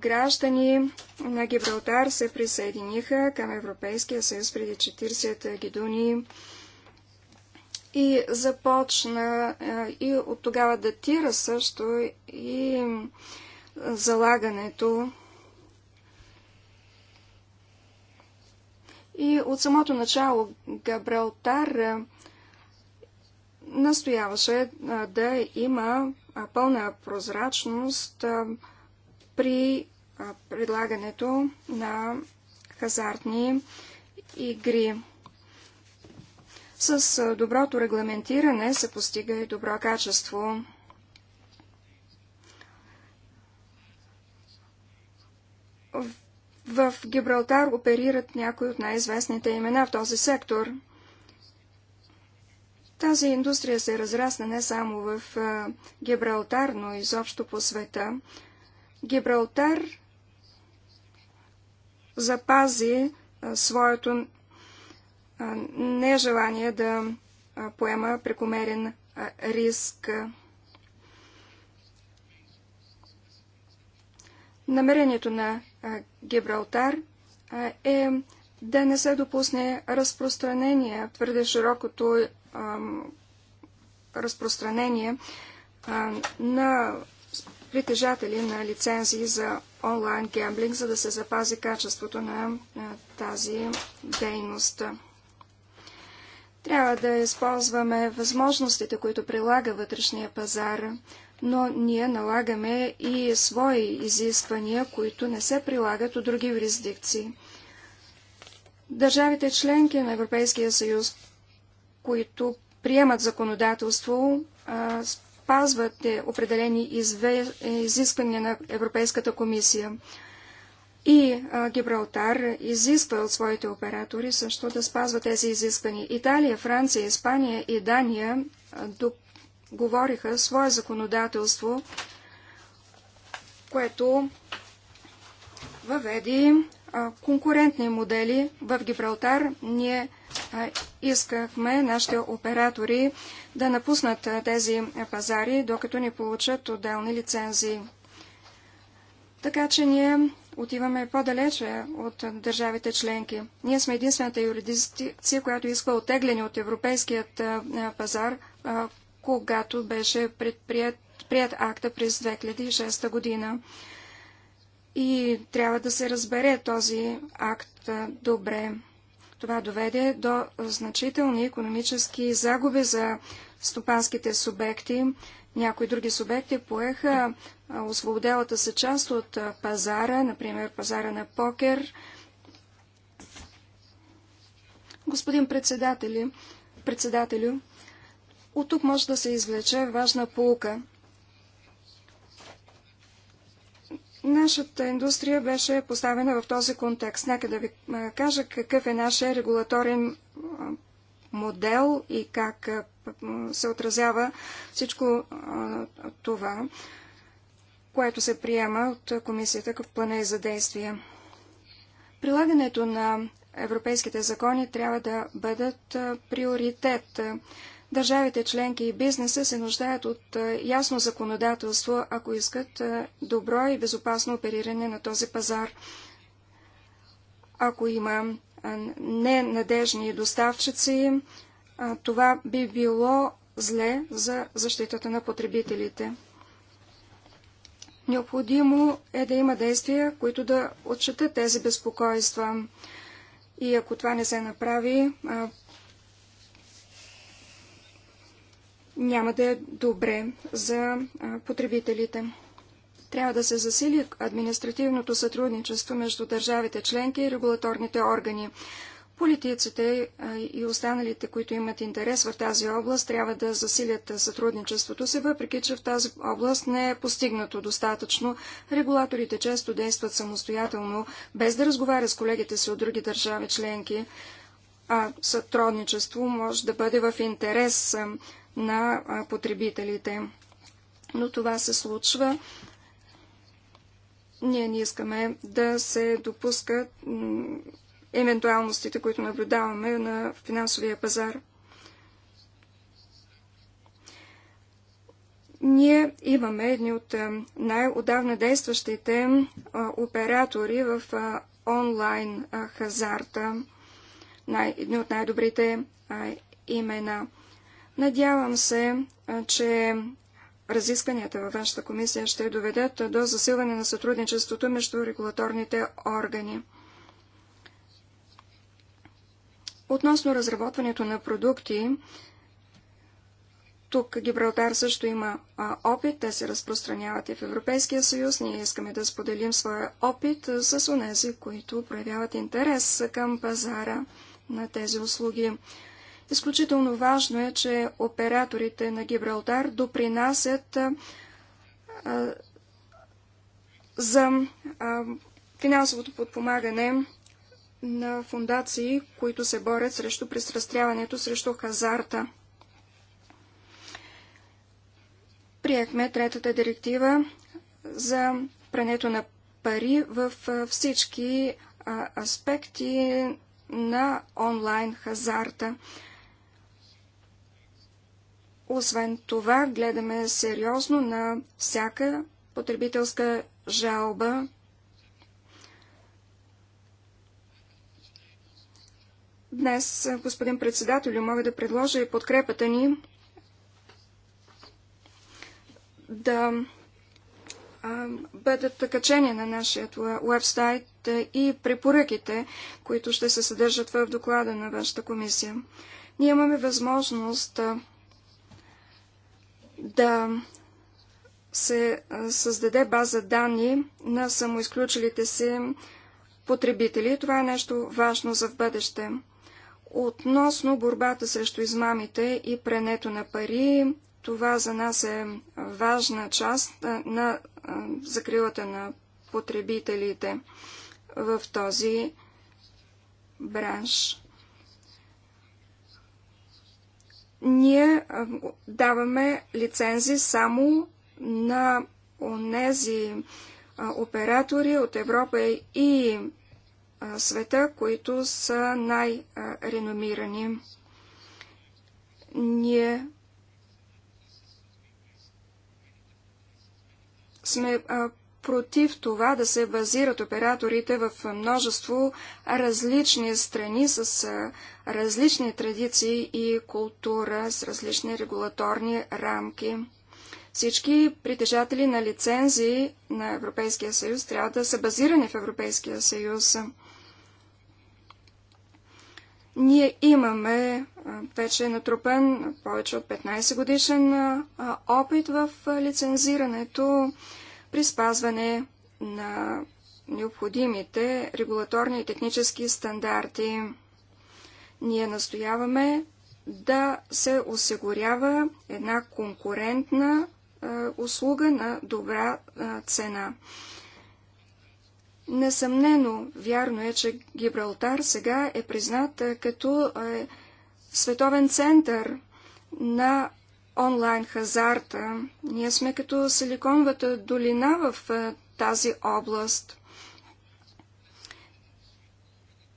граждани на Гибралтар се присъединиха към Европейския съюз преди 40 гидуни и започна е, и от тогава датира също и залагането И от самото начало Габралтар е, настояваше е, да има пълна прозрачност при предлагането на хазартни игри. С доброто регламентиране се постига и добро качество. В, в Гибралтар оперират някои от най-известните имена в този сектор. Тази индустрия се разрасна не само в Гибралтар, но и изобщо по света. Гибралтар запази своето нежелание да поема прекомерен риск. Намерението на Гибралтар е да не се допусне разпространение, твърде широкото разпространение на притежатели на лицензии за онлайн гемблинг, за да се запази качеството на тази дейност. Трябва да използваме възможностите, които прилага вътрешния пазар, но ние налагаме и свои изисквания, които не се прилагат от други юрисдикции. Държавите членки на Европейския съюз, които приемат законодателство, спазват е, определени е, изисквания на Европейската комисия. И а, Гибралтар изисква от своите оператори също да спазва тези изисквания. Италия, Франция, Испания и Дания договориха свое законодателство, което въведи а, конкурентни модели. В Гибралтар ние а, искахме нашите оператори да напуснат тези пазари, докато не получат отделни лицензии. Така че ние отиваме по-далече от държавите членки. Ние сме единствената юридиция, която иска отегляне от европейският пазар, когато беше предприят прият акта през 2006 година. И трябва да се разбере този акт добре. Това доведе до значителни економически загуби за стопанските субекти, някои други субекти поеха освободелата се част от пазара, например пазара на покер. Господин председатели, председателю, от тук може да се извлече важна полука. Нашата индустрия беше поставена в този контекст. Нека да ви кажа какъв е нашия регулаторен модел и как се отразява всичко това, което се приема от комисията в плане за действие. Прилагането на европейските закони трябва да бъдат приоритет. Държавите членки и бизнеса се нуждаят от ясно законодателство, ако искат добро и безопасно опериране на този пазар. Ако има ненадежни доставчици, това би било зле за защитата на потребителите. Необходимо е да има действия, които да отчитат тези безпокойства. И ако това не се направи, а, няма да е добре за а, потребителите. Трябва да се засили административното сътрудничество между държавите членки и регулаторните органи. Политиците и останалите, които имат интерес в тази област, трябва да засилят сътрудничеството си, въпреки че в тази област не е постигнато достатъчно. Регулаторите често действат самостоятелно, без да разговарят с колегите си от други държави членки. А сътрудничество може да бъде в интерес на потребителите. Но това се случва. Ние не искаме да се допускат евентуалностите, които наблюдаваме на финансовия пазар. Ние имаме едни от е, най-отдавна действащите е, оператори в е, онлайн хазарта, едни от най-добрите имена. Надявам се, че разискванията във вашата комисия ще доведат до засилване на сътрудничеството между регулаторните органи. Относно разработването на продукти, тук Гибралтар също има а, опит, те се разпространяват и в Европейския съюз. Ние искаме да споделим своя опит с онези, които проявяват интерес към пазара на тези услуги. Изключително важно е, че операторите на Гибралтар допринасят а, а, за а, финансовото подпомагане на фундации, които се борят срещу пристрастяването, срещу хазарта. Приехме третата директива за прането на пари в всички аспекти на онлайн хазарта. Освен това, гледаме сериозно на всяка потребителска жалба Днес, е, господин председател, мога да предложа и подкрепата ни да бъдат качени на нашия вебсайт е, и препоръките, които ще се съдържат в доклада на вашата комисия. Ние имаме възможност е, да се създаде база данни на самоизключилите се потребители. Това е нещо важно за в бъдеще. Относно борбата срещу измамите и пренето на пари, това за нас е важна част на закрилата на потребителите в този бранш. Ние даваме лицензи само на онези оператори от Европа и света, които са най-реномирани. Ние сме против това да се базират операторите в множество различни страни с различни традиции и култура, с различни регулаторни рамки. Всички притежатели на лицензии на Европейския съюз трябва да са базирани в Европейския съюз. Ние имаме вече натрупен повече от 15 годишен опит в лицензирането при спазване на необходимите регулаторни и технически стандарти. Ние настояваме да се осигурява една конкурентна услуга на добра цена. Несъмнено, вярно е, че Гибралтар сега е признат е, като е, световен център на онлайн хазарта. Ние сме като Силиконовата долина в е, тази област.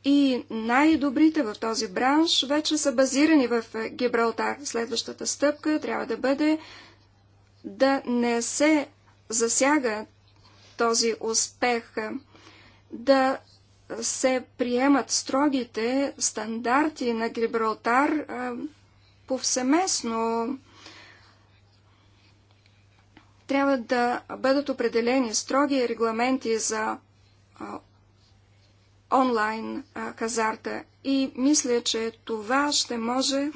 И най-добрите в този бранш вече са базирани в Гибралтар. Следващата стъпка трябва да бъде да не се засяга този успех да се приемат строгите стандарти на Гибралтар повсеместно. Трябва да бъдат определени строги регламенти за онлайн казарта, и мисля, че това ще може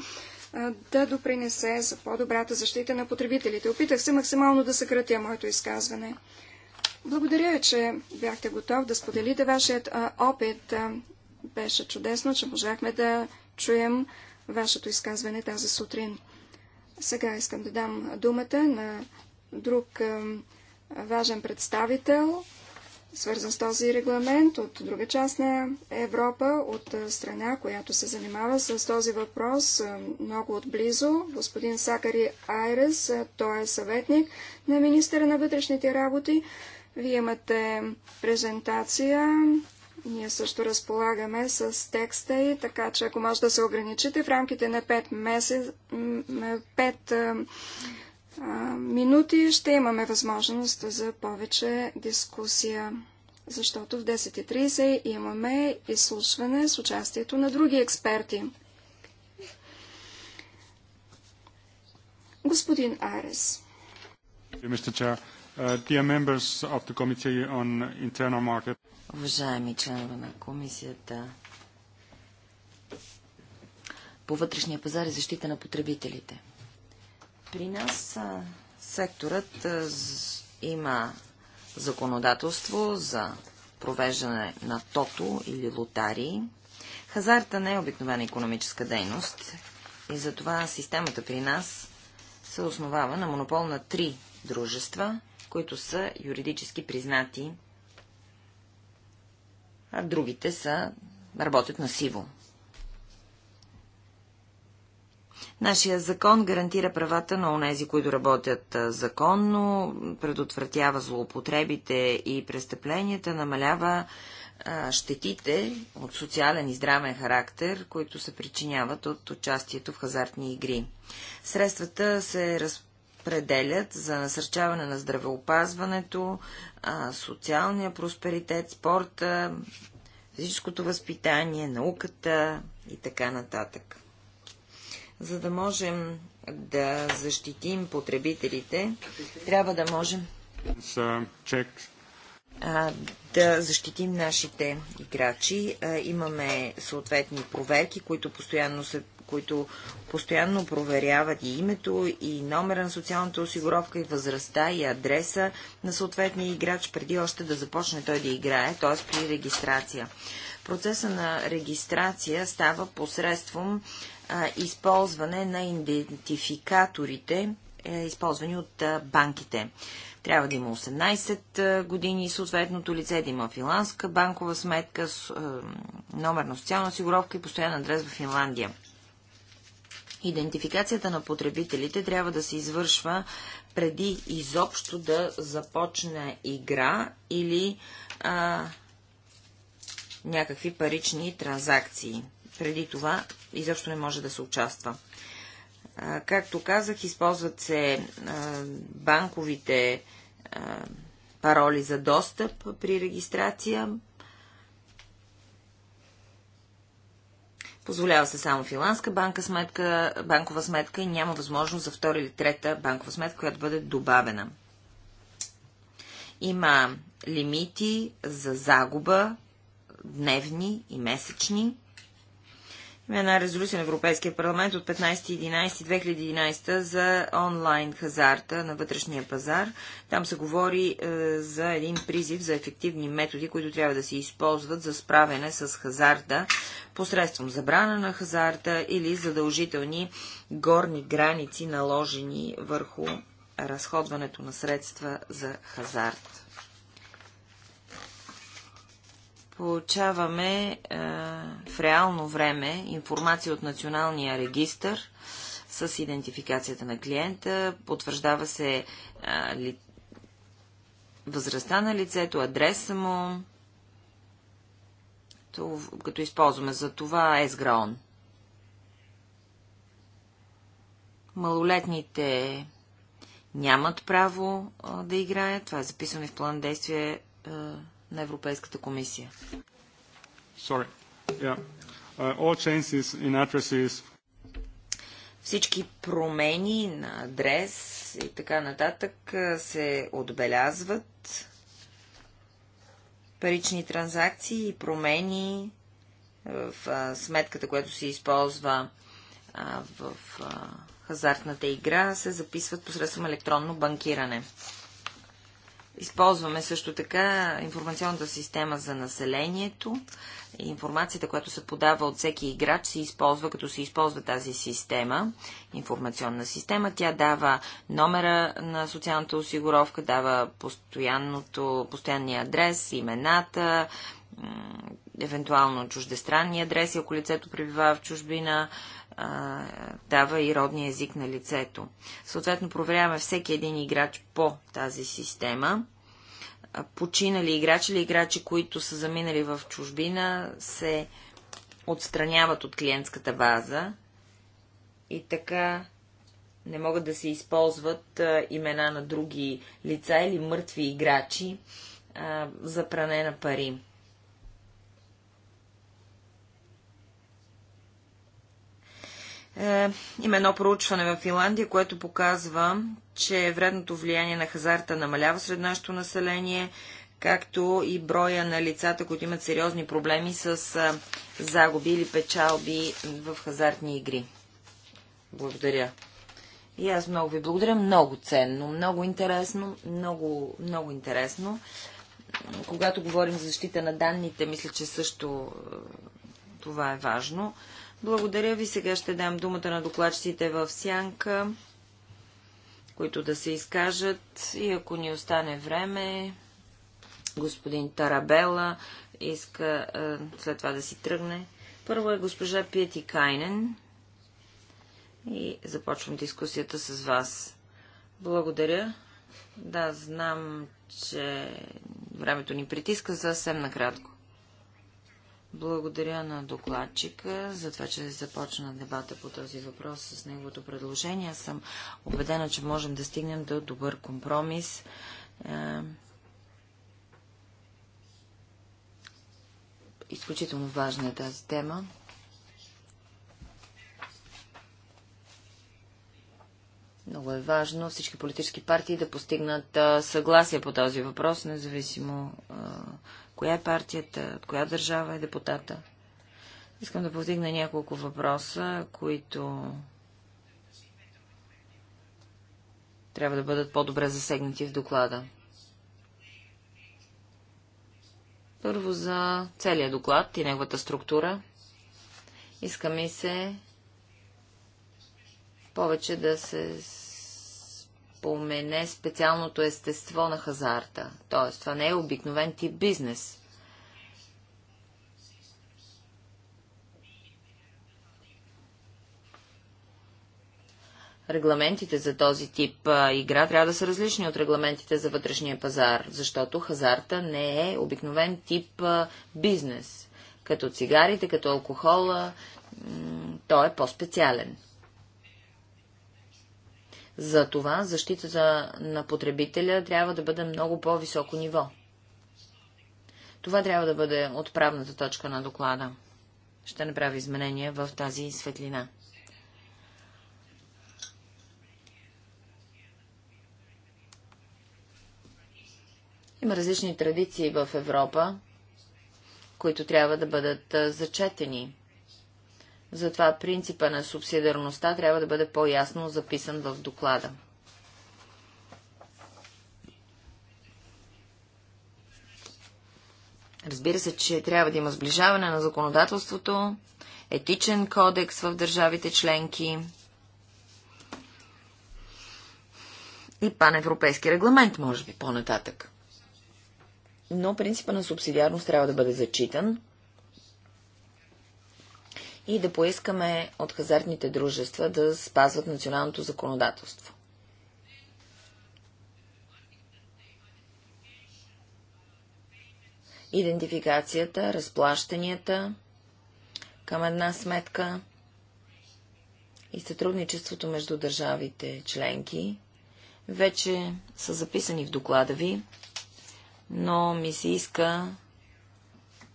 да допринесе за по-добрата защита на потребителите. Опитах се максимално да съкратя моето изказване. Благодаря, че бяхте готов да споделите вашият опит. Беше чудесно, че можахме да чуем вашето изказване тази сутрин. Сега искам да дам думата на друг важен представител, свързан с този регламент от друга част на Европа, от страна, която се занимава с този въпрос много отблизо. Господин Сакари Айрес, той е съветник на министра на вътрешните работи. Вие имате презентация. Ние също разполагаме с текста и така, че ако може да се ограничите в рамките на 5, месец, 5 а, минути, ще имаме възможност за повече дискусия. Защото в 10.30 имаме изслушване с участието на други експерти. Господин Арес. Mr. Uh, dear members of the Committee on Internal Market. Уважаеми членове на комисията по вътрешния пазар и защита на потребителите. При нас секторът има законодателство за провеждане на тото или лотарии. Хазарта не е обикновена економическа дейност и затова системата при нас се основава на монопол на три дружества които са юридически признати, а другите са работят на сиво. Нашия закон гарантира правата на онези, които работят законно, предотвратява злоупотребите и престъпленията, намалява щетите от социален и здравен характер, които се причиняват от участието в хазартни игри. Средствата се разпределят определят за насърчаване на здравеопазването, социалния просперитет, спорта, физическото възпитание, науката и така нататък. За да можем да защитим потребителите, трябва да можем да защитим нашите играчи. Имаме съответни проверки, които постоянно се които постоянно проверяват и името, и номера на социалната осигуровка, и възрастта, и адреса на съответния играч, преди още да започне той да играе, т.е. при регистрация. Процеса на регистрация става посредством а, използване на идентификаторите, е, използвани от а, банките. Трябва да има 18 години съответното лице, да има финландска банкова сметка, с, е, номер на социална осигуровка и постоянен адрес в Финландия. Идентификацията на потребителите трябва да се извършва преди изобщо да започне игра или а, някакви парични транзакции. Преди това изобщо не може да се участва. А, както казах, използват се а, банковите а, пароли за достъп при регистрация. Позволява се само филанска банка сметка, банкова сметка и няма възможност за втора или трета банкова сметка, която бъде добавена. Има лимити за загуба, дневни и месечни една резолюция на Европейския парламент от 15.11.2011 за онлайн хазарта на вътрешния пазар. Там се говори е, за един призив за ефективни методи, които трябва да се използват за справяне с хазарта посредством забрана на хазарта или задължителни горни граници, наложени върху разходването на средства за хазарт. получаваме е, в реално време информация от националния регистър с идентификацията на клиента, потвърждава се е, ли, възрастта на лицето, адреса му, то, като използваме за това ЕСГРАОН. Малолетните нямат право а, е, да играят. Това е записано и в план действие а, на Европейската комисия. Sorry. Yeah. Uh, all changes in addresses всички промени на адрес и така нататък се отбелязват. Парични транзакции и промени в сметката, която се използва в хазартната игра, се записват посредством електронно банкиране. Използваме също така информационната система за населението. Информацията, която се подава от всеки играч, се използва, като се използва тази система, информационна система. Тя дава номера на социалната осигуровка, дава постоянния адрес, имената, евентуално чуждестранни адреси, ако лицето пребива в чужбина, а, дава и родния език на лицето. Съответно, проверяваме всеки един играч по тази система. Починали играчи или играчи, които са заминали в чужбина, се отстраняват от клиентската база и така не могат да се използват а, имена на други лица или мъртви играчи а, за пране на пари. Е, има едно проучване в Финландия, което показва, че вредното влияние на хазарта намалява сред нашето население, както и броя на лицата, които имат сериозни проблеми с е, загуби или печалби в хазартни игри. Благодаря. И аз много ви благодаря. Много ценно, много интересно, много, много интересно. Когато говорим за защита на данните, мисля, че също е, това е важно. Благодаря ви. Сега ще дам думата на докладчиците в Сянка, които да се изкажат. И ако ни остане време, господин Тарабела иска е, след това да си тръгне. Първо е госпожа Пиети Кайнен. И започвам дискусията с вас. Благодаря. Да, знам, че времето ни притиска съвсем накратко. Благодаря на докладчика за това, че започна дебата по този въпрос с неговото предложение. Аз съм убедена, че можем да стигнем до добър компромис. Е, изключително важна е тази тема. Много е важно всички политически партии да постигнат съгласие по този въпрос, независимо коя е партията, от коя държава е депутата. Искам да повдигна няколко въпроса, които трябва да бъдат по-добре засегнати в доклада. Първо за целият доклад и неговата структура. Иска ми се повече да се спомене специалното естество на хазарта. Т.е. това не е обикновен тип бизнес. Регламентите за този тип а, игра трябва да са различни от регламентите за вътрешния пазар, защото хазарта не е обикновен тип а, бизнес. Като цигарите, като алкохола, той е по-специален. За това защитата на потребителя трябва да бъде много по-високо ниво. Това трябва да бъде отправната точка на доклада. Ще направя изменения в тази светлина. Има различни традиции в Европа, които трябва да бъдат зачетени. Затова принципа на субсидиарността трябва да бъде по-ясно записан в доклада. Разбира се, че трябва да има сближаване на законодателството, етичен кодекс в държавите членки и паневропейски регламент, може би, по-нататък. Но принципа на субсидиарност трябва да бъде зачитан и да поискаме от хазартните дружества да спазват националното законодателство. Идентификацията, разплащанията към една сметка и сътрудничеството между държавите членки вече са записани в доклада ви, но ми се иска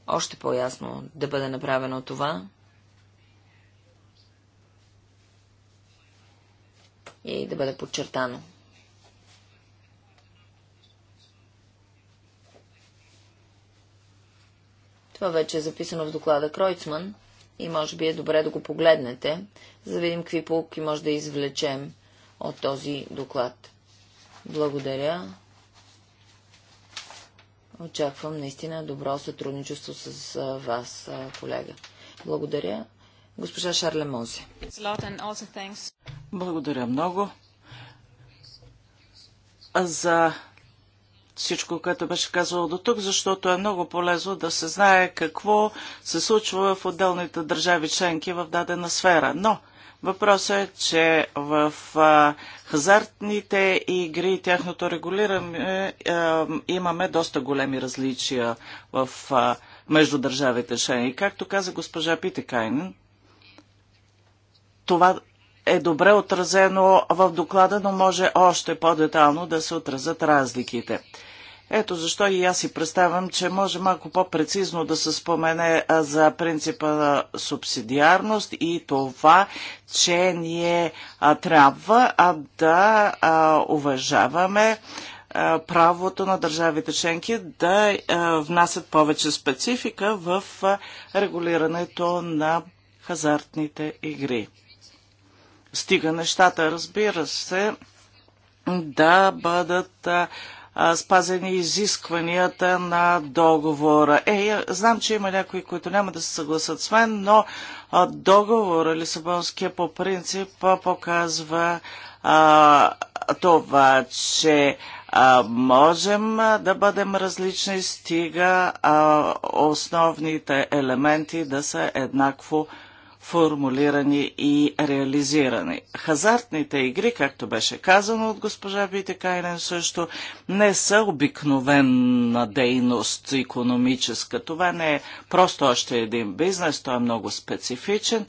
още по-ясно да бъде направено това, и да бъде подчертано. Това вече е записано в доклада Кройцман и може би е добре да го погледнете, за да видим какви полки може да извлечем от този доклад. Благодаря. Очаквам наистина добро сътрудничество с вас, колега. Благодаря. Госпожа Шарле Монсе. Благодаря много за всичко, което беше казало до тук, защото е много полезно да се знае какво се случва в отделните държави членки в дадена сфера. Но въпросът е, че в а, хазартните игри и тяхното регулиране а, е, е, имаме доста големи различия в, а, между държавите членки. Както каза госпожа Питекайнен, това е добре отразено в доклада, но може още по-детално да се отразят разликите. Ето защо и аз си представям, че може малко по-прецизно да се спомене за принципа на субсидиарност и това, че ние трябва а, да уважаваме правото на държавите членки да внасят повече специфика в регулирането на хазартните игри. Стига нещата, разбира се, да бъдат спазени изискванията на договора. Е, знам, че има някои, които няма да се съгласат с мен, но договор Лисабонския по принцип показва а, това, че а, можем да бъдем различни, стига а, основните елементи да са еднакво формулирани и реализирани. Хазартните игри, както беше казано от госпожа Витекайлен също, не са обикновена дейност економическа. Това не е просто още един бизнес, той е много специфичен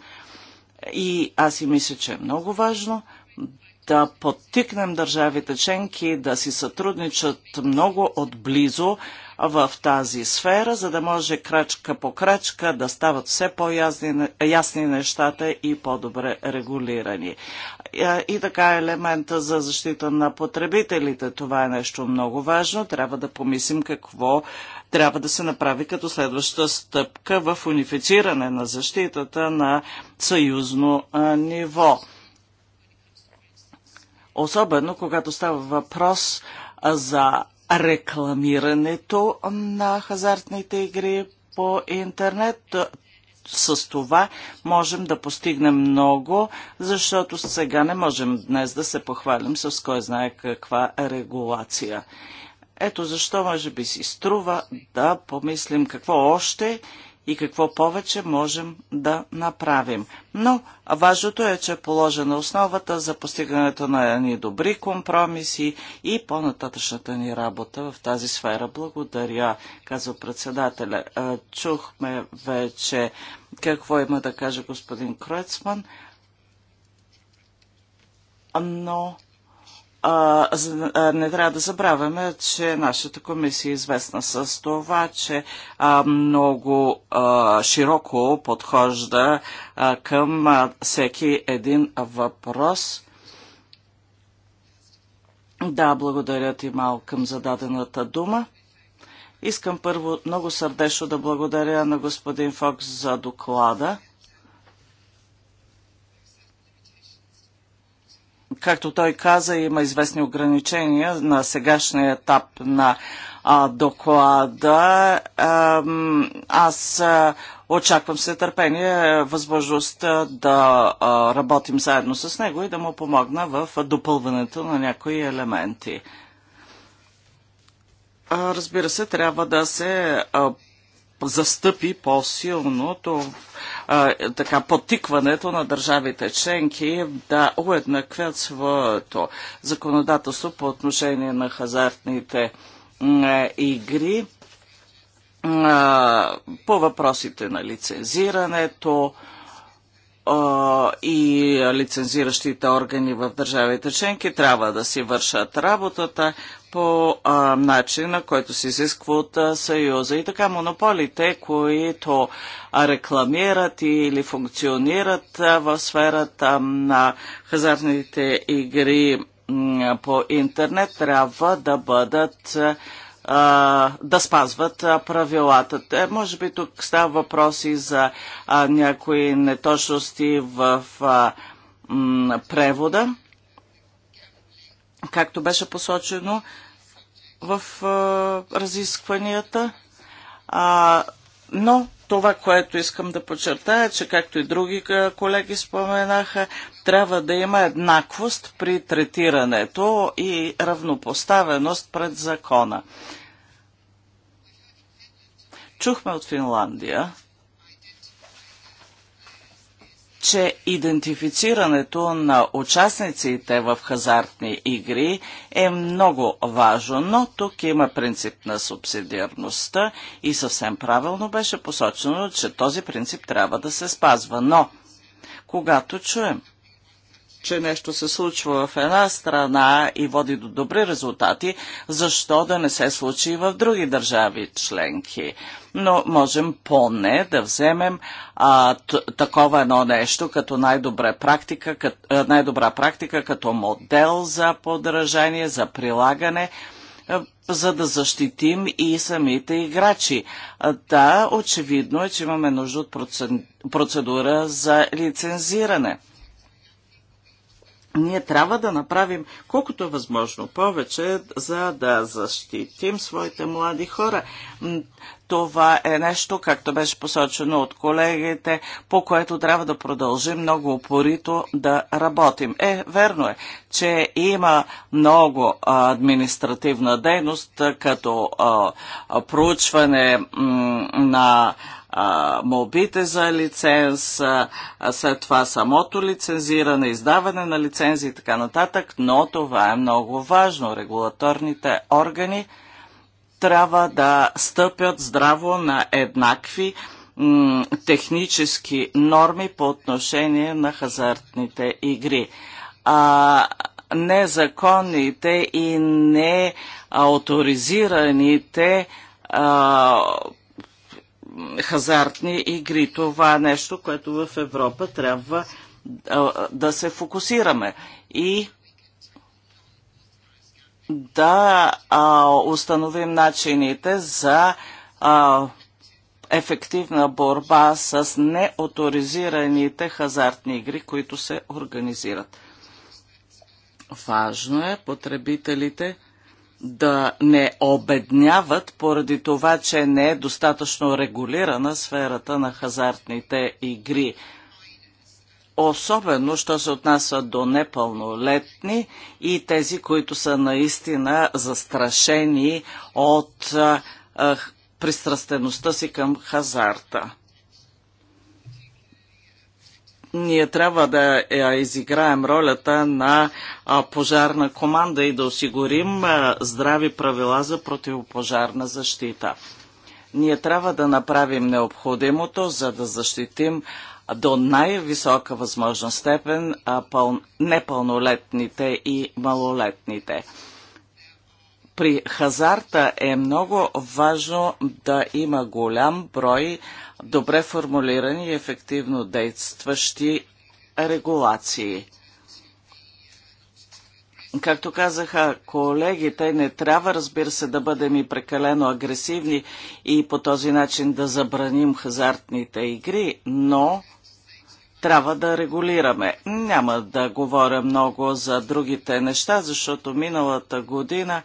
и аз и мисля, че е много важно да подтикнем държавите членки да си сътрудничат много отблизо в тази сфера, за да може крачка по крачка да стават все по-ясни ясни нещата и по-добре регулирани. И така елемента за защита на потребителите. Това е нещо много важно. Трябва да помислим какво трябва да се направи като следваща стъпка в унифициране на защитата на съюзно ниво. Особено когато става въпрос за рекламирането на хазартните игри по интернет. С това можем да постигнем много, защото сега не можем днес да се похвалим с кой знае каква регулация. Ето защо може би си струва да помислим какво още и какво повече можем да направим. Но важното е, че е положена основата за постигането на едни добри компромиси и по-нататъчната ни работа в тази сфера. Благодаря, казва председателя. Чухме вече какво има да каже господин Кроецман. но а, не трябва да забравяме, че нашата комисия е известна с това, че а, много а, широко подхожда а, към а, всеки един въпрос. Да, благодаря ти мал към зададената дума. Искам първо много сърдечно да благодаря на господин Фокс за доклада. както той каза, има известни ограничения на сегашния етап на а, доклада. А, аз а, очаквам с нетърпение възможността да а, работим заедно с него и да му помогна в допълването на някои елементи. Разбира се, трябва да се застъпи по-силно така потикването на държавите членки да уеднаквят своето законодателство по отношение на хазартните игри по въпросите на лицензирането и лицензиращите органи в държавите членки трябва да си вършат работата по а, начина, който се изисква от а, Съюза. И така монополите, които рекламират или функционират а, в сферата на хазартните игри а, по интернет, трябва да бъдат да спазват правилата. Е, може би тук става въпроси за а, някои неточности в а, м, превода както беше посочено, в а, разискванията. А, но това, което искам да подчертая, е, че както и други колеги споменаха, трябва да има еднаквост при третирането и равнопоставеност пред закона. Чухме от Финландия, че идентифицирането на участниците в хазартни игри е много важно, но тук има принцип на субсидиарността и съвсем правилно беше посочено, че този принцип трябва да се спазва. Но, когато чуем, че нещо се случва в една страна и води до добри резултати, защо да не се случи и в други държави членки? Но можем поне да вземем а, такова едно нещо като най-добра практика, като, най-добра практика като модел за подражание, за прилагане за да защитим и самите играчи. Да, очевидно е, че имаме нужда от процедура за лицензиране ние трябва да направим колкото е възможно повече, за да защитим своите млади хора. Това е нещо, както беше посочено от колегите, по което трябва да продължим много упорито да работим. Е, верно е, че има много административна дейност, като а, проучване на молбите за лиценз, а, след това самото лицензиране, издаване на лицензи и така нататък, но това е много важно. Регулаторните органи трябва да стъпят здраво на еднакви технически норми по отношение на хазартните игри. А, незаконните и неауторизираните а, хазартни игри. Това е нещо, което в Европа трябва да се фокусираме и да а, установим начините за а, ефективна борба с неоторизираните хазартни игри, които се организират. Важно е потребителите да не обедняват поради това, че не е достатъчно регулирана сферата на хазартните игри. Особено, що се отнася до непълнолетни и тези, които са наистина застрашени от а, пристрастеността си към хазарта ние трябва да е, изиграем ролята на пожарна команда и да осигурим здрави правила за противопожарна защита. Ние трябва да направим необходимото, за да защитим до най-висока възможна степен непълнолетните и малолетните при хазарта е много важно да има голям брой добре формулирани и ефективно действащи регулации. Както казаха колегите, не трябва, разбира се, да бъдем и прекалено агресивни и по този начин да забраним хазартните игри, но трябва да регулираме. Няма да говоря много за другите неща, защото миналата година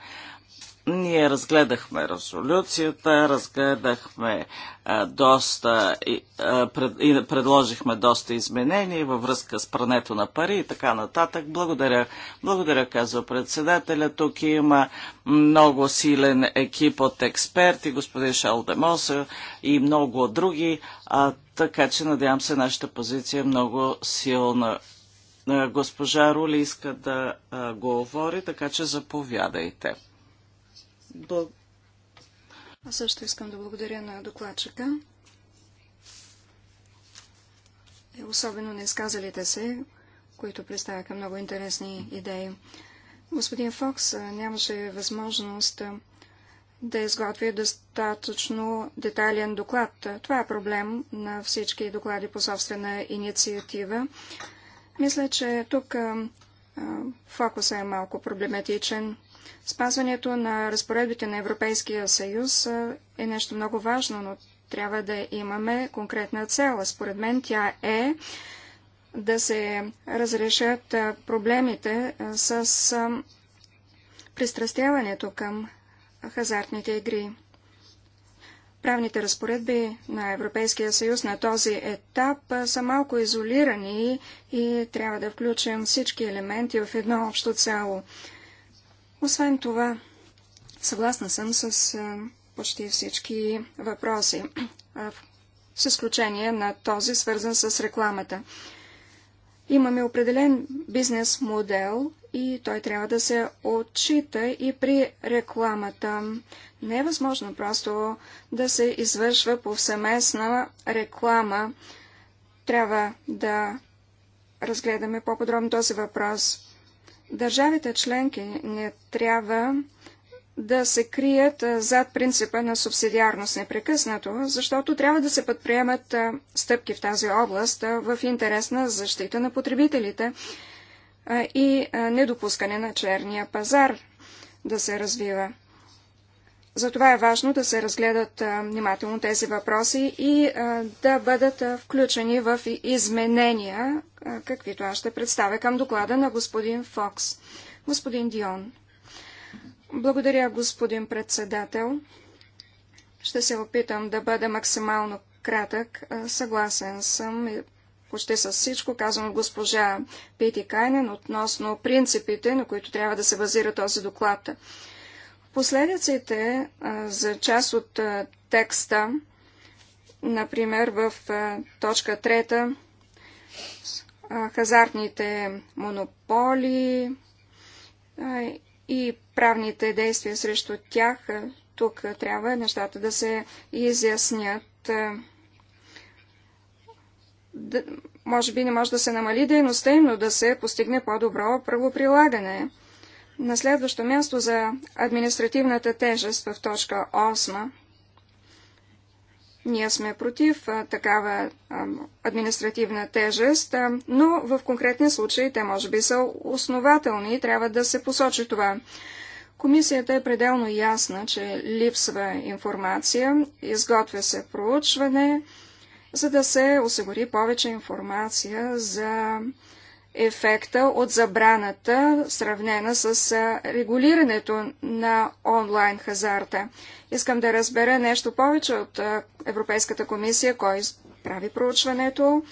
ние разгледахме резолюцията, разгледахме а, доста, и, а, пред, и предложихме доста изменения във връзка с прането на пари и така нататък. Благодаря, благодаря казва председателя. Тук има много силен екип от експерти, господин Шалдемос и много други, а, така че надявам се нашата позиция е много силна. Госпожа Рули иска да говори, така че заповядайте. Благ... Аз също искам да благодаря на докладчика. И особено на изказалите се, които представяха много интересни идеи. Господин Фокс нямаше възможност да изготви достатъчно детайлен доклад. Това е проблем на всички доклади по собствена инициатива. Мисля, че тук фокусът е малко проблематичен. Спазването на разпоредбите на Европейския съюз е нещо много важно, но трябва да имаме конкретна цел. Според мен тя е да се разрешат проблемите с пристрастяването към хазартните игри. Правните разпоредби на Европейския съюз на този етап са малко изолирани и трябва да включим всички елементи в едно общо цяло. Освен това, съгласна съм с почти всички въпроси, с изключение на този, свързан с рекламата. Имаме определен бизнес модел и той трябва да се отчита и при рекламата. Не е възможно просто да се извършва повсеместна реклама. Трябва да разгледаме по-подробно този въпрос. Държавите членки не трябва да се крият зад принципа на субсидиарност непрекъснато, защото трябва да се подприемат стъпки в тази област в интерес на защита на потребителите и недопускане на черния пазар да се развива. Затова е важно да се разгледат внимателно тези въпроси и да бъдат включени в изменения, каквито аз ще представя към доклада на господин Фокс. Господин Дион. Благодаря, господин председател. Ще се опитам да бъда максимално кратък. Съгласен съм почти с всичко казвам госпожа Пити Кайнен относно принципите, на които трябва да се базира този доклад. Последиците за част от текста, например в точка трета, хазартните монополи и правните действия срещу тях, тук трябва нещата да се изяснят. Може би не може да се намали дейността им, но да се постигне по-добро правоприлагане на следващо място за административната тежест в точка 8. Ние сме против такава административна тежест, но в конкретни случаи те може би са основателни и трябва да се посочи това. Комисията е пределно ясна, че липсва информация, изготвя се проучване, за да се осигури повече информация за ефекта от забраната, сравнена с регулирането на онлайн хазарта. Искам да разбера нещо повече от Европейската комисия, кой прави проучването.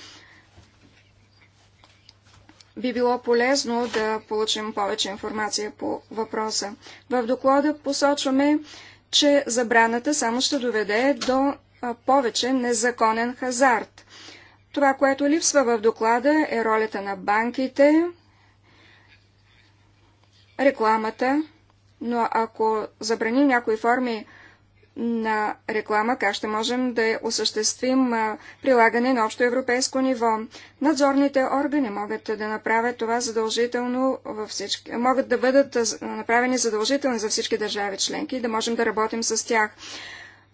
Би било полезно да получим повече информация по въпроса. В доклада посочваме, че забраната само ще доведе до повече незаконен хазарт – това, което липсва в доклада е ролята на банките, рекламата, но ако забрани някои форми на реклама, как ще можем да осъществим прилагане на общо европейско ниво. Надзорните органи могат да направят това задължително във всички, могат да бъдат направени задължителни за всички държави членки и да можем да работим с тях.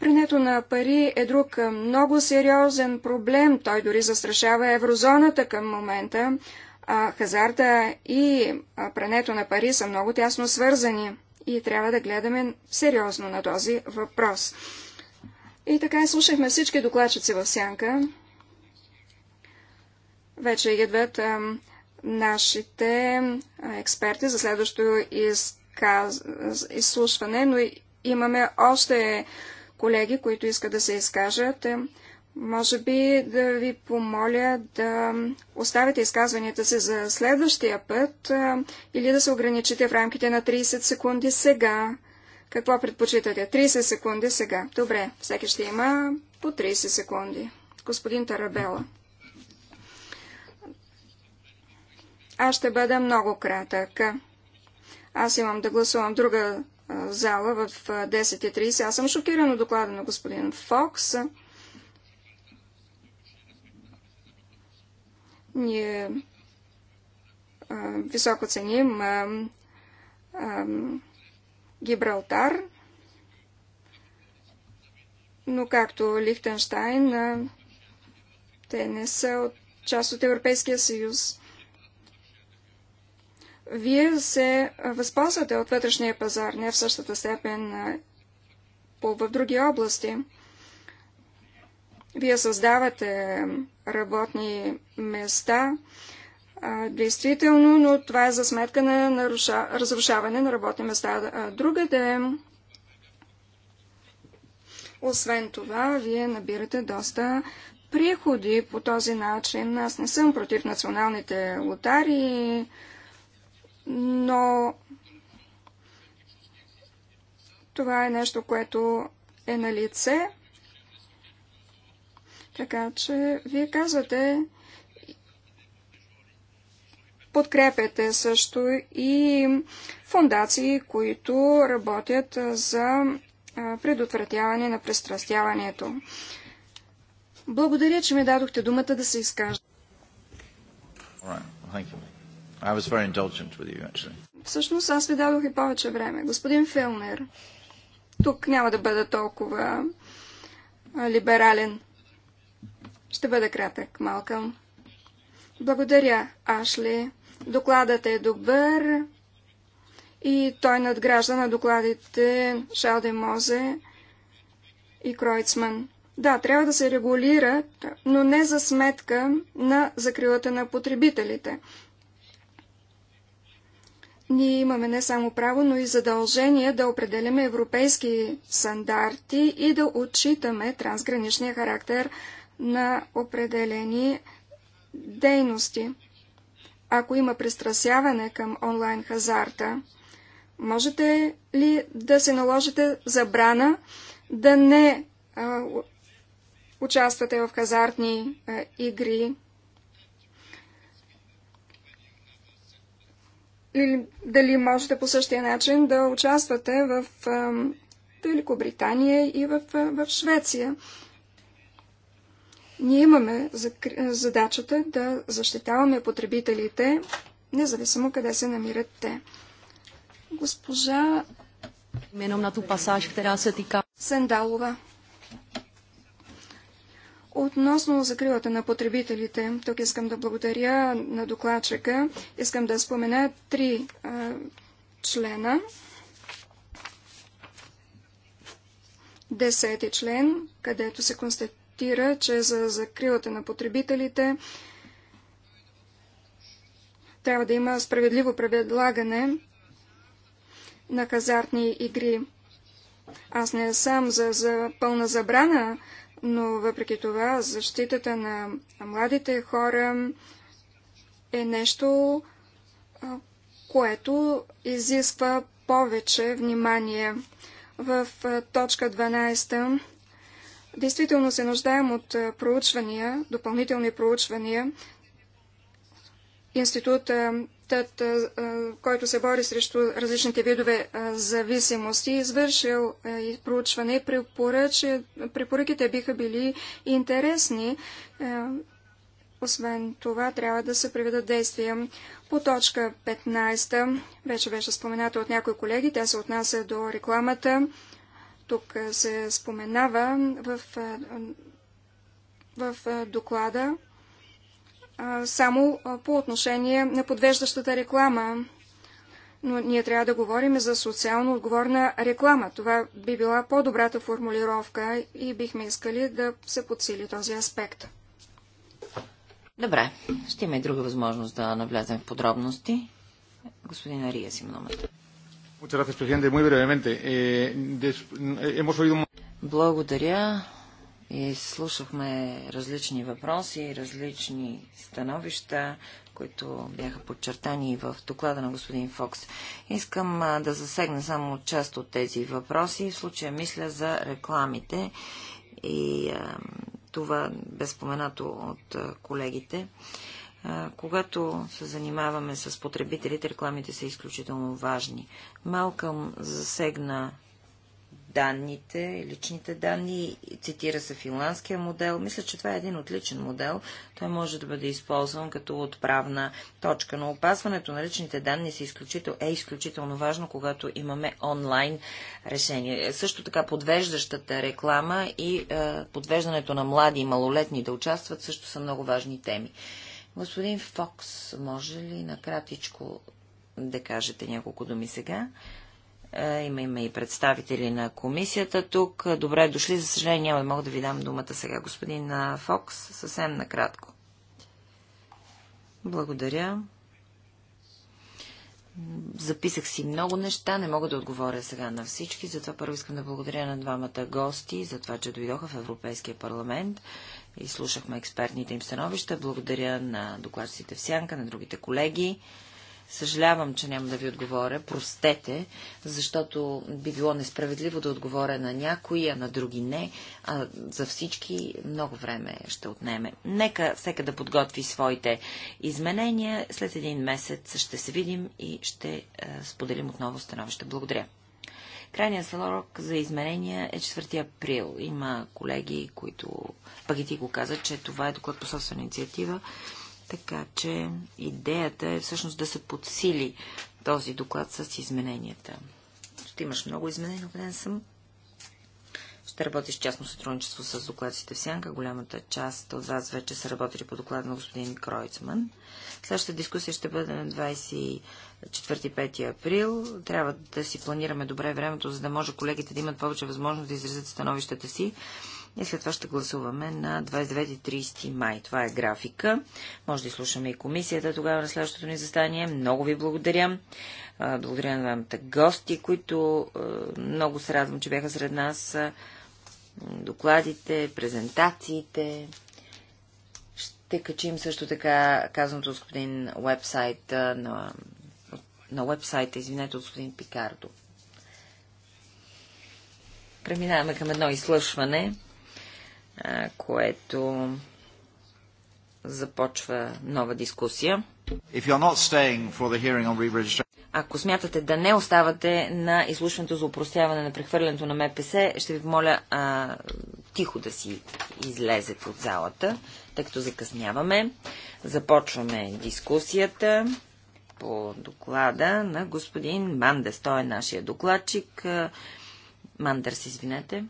Прането на пари е друг много сериозен проблем. Той дори застрашава еврозоната към момента. А хазарта и прането на пари са много тясно свързани и трябва да гледаме сериозно на този въпрос. И така слушахме всички докладчици в сянка. Вече идват а, нашите експерти за следващото изказ... изслушване, но имаме още колеги, които искат да се изкажат. Е, може би да ви помоля да оставите изказванията си за следващия път е, или да се ограничите в рамките на 30 секунди сега. Какво предпочитате? 30 секунди сега. Добре, всеки ще има по 30 секунди. Господин Тарабела. Аз ще бъда много кратък. Аз имам да гласувам друга зала в 10.30. Аз съм шокиран от доклада на господин Фокс. Ние а, високо ценим а, а, Гибралтар, но както Лихтенштайн, те не са от част от Европейския съюз вие се възползвате от вътрешния пазар, не в същата степен по в други области. Вие създавате работни места, действително, но това е за сметка на наруша... разрушаване на работни места. другаде, освен това, вие набирате доста приходи по този начин. Аз не съм против националните лотари, но това е нещо, което е на лице. Така че вие казвате, подкрепяте също и фундации, които работят за предотвратяване на престрастяването. Благодаря, че ми дадохте думата да се изкажа. Right. I was very indulgent with you, actually. Всъщност аз ви дадох и повече време. Господин Филнер, тук няма да бъда толкова либерален. Ще бъда кратък, Малкъм. Благодаря, Ашли. Докладът е добър и той надгражда на докладите Шалде Мозе и Кройцман. Да, трябва да се регулират, но не за сметка на закрилата на потребителите ние имаме не само право, но и задължение да определяме европейски стандарти и да отчитаме трансграничния характер на определени дейности. Ако има пристрасяване към онлайн хазарта, можете ли да се наложите забрана да не а, участвате в хазартни а, игри? или дали можете по същия начин да участвате в Великобритания и в, в Швеция. Ние имаме задачата да защитаваме потребителите, независимо къде се намират те. Госпожа Сендалова. Относно закрилата на потребителите, тук искам да благодаря на докладчика. Искам да спомена три а, члена. Десети член, където се констатира, че за закрилата на потребителите трябва да има справедливо предлагане на хазартни игри. Аз не съм за, за пълна забрана но въпреки това защитата на младите хора е нещо, което изисква повече внимание. В точка 12 действително се нуждаем от проучвания, допълнителни проучвания. Института който се бори срещу различните видове зависимости, извършил проучване препоръките биха били интересни. Освен това, трябва да се приведат действия. По точка 15, вече беше спомената от някои колеги, тя се отнася до рекламата. Тук се споменава в, в доклада само по отношение на подвеждащата реклама. Но ние трябва да говорим за социално отговорна реклама. Това би била по-добрата формулировка и бихме искали да се подсили този аспект. Добре, ще има и друга възможност да навлезем в подробности. Господин Ария си номата. Благодаря. И слушахме различни въпроси, различни становища, които бяха подчертани в доклада на господин Фокс. Искам да засегна само част от тези въпроси. В случая мисля за рекламите и това безпоменато от колегите. Когато се занимаваме с потребителите, рекламите са изключително важни. Малкъм засегна данните, личните данни. Цитира се финландския модел. Мисля, че това е един отличен модел. Той може да бъде използван като отправна точка. Но опазването на личните данни е изключително, е изключително важно, когато имаме онлайн решение. Също така подвеждащата реклама и е, подвеждането на млади и малолетни да участват също са много важни теми. Господин Фокс, може ли накратичко да кажете няколко думи сега? Е, има, има и представители на комисията тук. Добре дошли. За съжаление, няма да мога да ви дам думата сега, господин Фокс, съвсем накратко. Благодаря. Записах си много неща, не мога да отговоря сега на всички, затова първо искам да благодаря на двамата гости за това, че дойдоха в Европейския парламент и слушахме експертните им становища. Благодаря на докладците в Сянка, на другите колеги. Съжалявам, че няма да ви отговоря. Простете, защото би било несправедливо да отговоря на някои, а на други не. А за всички много време ще отнеме. Нека всека да подготви своите изменения. След един месец ще се видим и ще е, споделим отново становище. Благодаря. Крайният срок за изменения е 4 април. Има колеги, които пък и ти го каза, че това е доклад по собствена инициатива така че идеята е всъщност да се подсили този доклад с измененията. Ще имаш много изменения, убеден съм. Ще работиш частно сътрудничество с докладците в Сянка. Голямата част от вас вече са работили по доклада на господин Кройцман. Следващата дискусия ще бъде на 24-5 април. Трябва да си планираме добре времето, за да може колегите да имат повече възможност да изразят становищата си. И след това ще гласуваме на 29-30 май. Това е графика. Може да изслушаме и комисията тогава на следващото ни застание. Много ви благодаря. Благодаря на двамата гости, които много се радвам, че бяха сред нас. Докладите, презентациите. Ще качим също така казаното от господин вебсайта на, на вебсайта, извинете, от господин Пикардо. Преминаваме към едно изслушване което започва нова дискусия. Ако смятате да не оставате на изслушването за упростяване на прехвърлянето на МПС, ще ви моля а, тихо да си излезете от залата, тъй като закъсняваме. Започваме дискусията по доклада на господин Мандес. Той е нашия докладчик. Мандерс, извинете.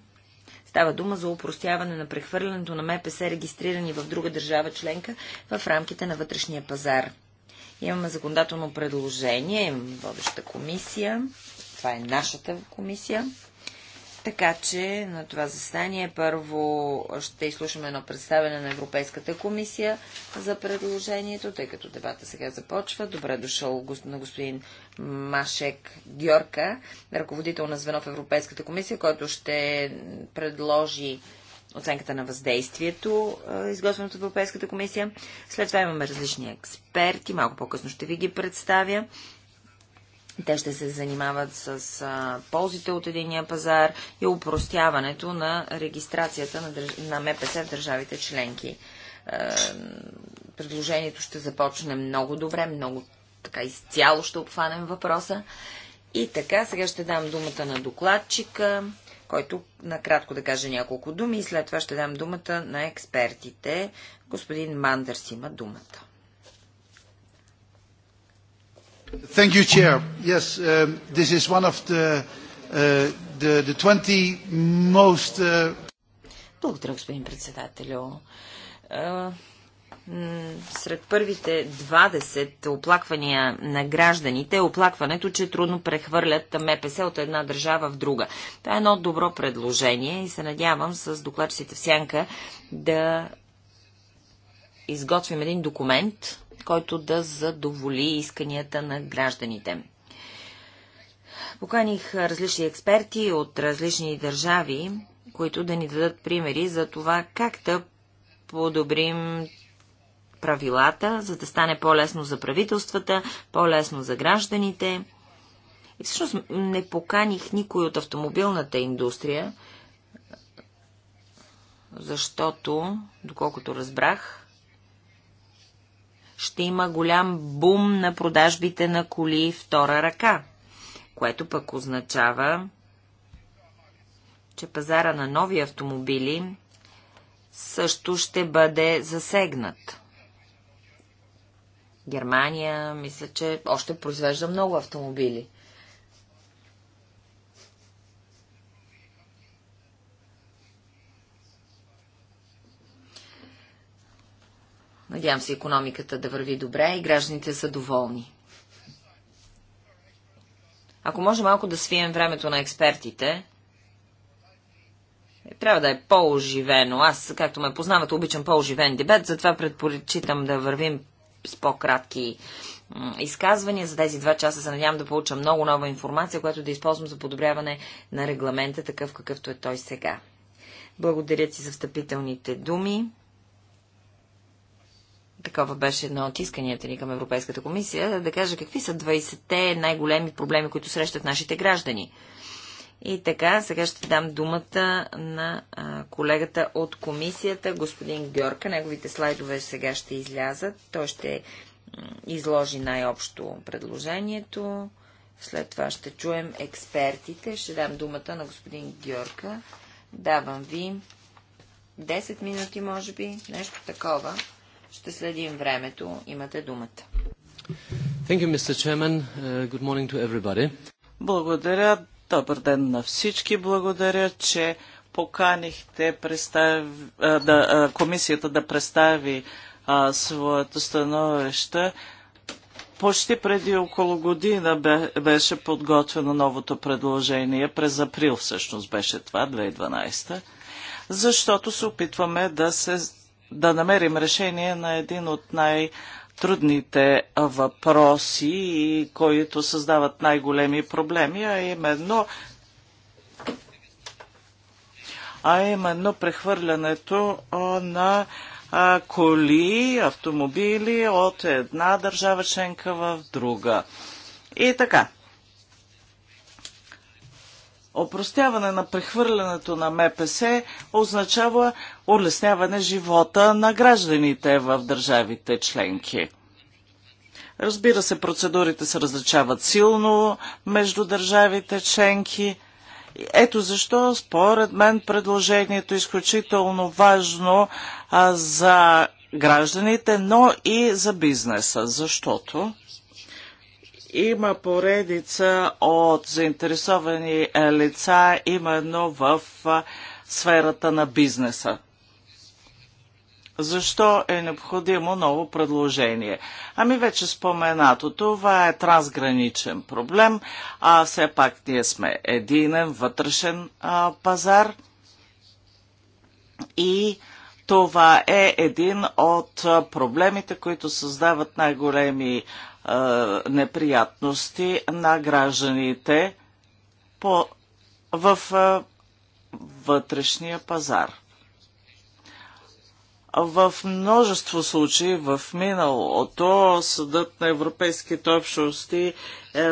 Става дума за упростяване на прехвърлянето на МПС, регистрирани в друга държава членка, в рамките на вътрешния пазар. Имаме законодателно предложение, имаме водеща комисия. Това е нашата комисия. Така че на това заседание първо ще изслушаме едно представяне на Европейската комисия за предложението, тъй като дебата сега започва. Добре дошъл на господин Машек Георка, ръководител на звено в Европейската комисия, който ще предложи оценката на въздействието, изготвено от Европейската комисия. След това имаме различни експерти, малко по-късно ще ви ги представя. Те ще се занимават с а, ползите от единия пазар и упростяването на регистрацията на, държ... на МПС в държавите членки. А, е, предложението ще започне много добре, много така изцяло ще обхванем въпроса. И така, сега ще дам думата на докладчика, който накратко да каже няколко думи и след това ще дам думата на експертите. Господин Мандърс има думата. Thank you, Chair. Yes, um, this is one of the, uh, the, the 20 most... Uh... Благодаря, господин председателю. Е, сред първите 20 оплаквания на гражданите е оплакването, че трудно прехвърлят МПС от една държава в друга. Това е едно добро предложение и се надявам с докладчиците в сянка да изготвим един документ, който да задоволи исканията на гражданите. Поканих различни експерти от различни държави, които да ни дадат примери за това как да подобрим правилата, за да стане по-лесно за правителствата, по-лесно за гражданите. И всъщност не поканих никой от автомобилната индустрия, защото, доколкото разбрах, ще има голям бум на продажбите на коли втора ръка, което пък означава, че пазара на нови автомобили също ще бъде засегнат. Германия, мисля, че още произвежда много автомобили. Надявам се економиката да върви добре и гражданите са доволни. Ако може малко да свием времето на експертите, е, трябва да е по-оживено. Аз, както ме познават, обичам по-оживен дебет, затова предпочитам да вървим с по-кратки изказвания. За тези два часа се надявам да получа много нова информация, която да използвам за подобряване на регламента, такъв какъвто е той сега. Благодаря ти за встъпителните думи такова беше едно от исканията ни към Европейската комисия, да кажа какви са 20-те най-големи проблеми, които срещат нашите граждани. И така, сега ще дам думата на колегата от комисията, господин Георка. Неговите слайдове сега ще излязат. Той ще изложи най-общо предложението. След това ще чуем експертите. Ще дам думата на господин Георка. Давам ви 10 минути, може би, нещо такова. Ще следим времето. Имате думата. You, uh, Благодаря. Добър ден на всички. Благодаря, че поканихте представ... да, комисията да представи а, своето становище. Почти преди около година беше подготвено новото предложение. През април всъщност беше това, 2012. Защото се опитваме да се да намерим решение на един от най- трудните въпроси, които създават най-големи проблеми, а именно а именно прехвърлянето на коли, автомобили от една държава членка в друга. И така, Опростяване на прехвърлянето на МПС означава улесняване живота на гражданите в държавите членки. Разбира се, процедурите се различават силно между държавите членки. Ето защо, според мен, предложението е изключително важно а, за гражданите, но и за бизнеса, защото има поредица от заинтересовани е, лица именно в сферата на бизнеса. Защо е необходимо ново предложение? Ами вече споменато, това е трансграничен проблем, а все пак ние сме единен вътрешен а, пазар и това е един от проблемите, които създават най-големи неприятности на гражданите по, в вътрешния пазар. В множество случаи в миналото Съдът на Европейските общности е,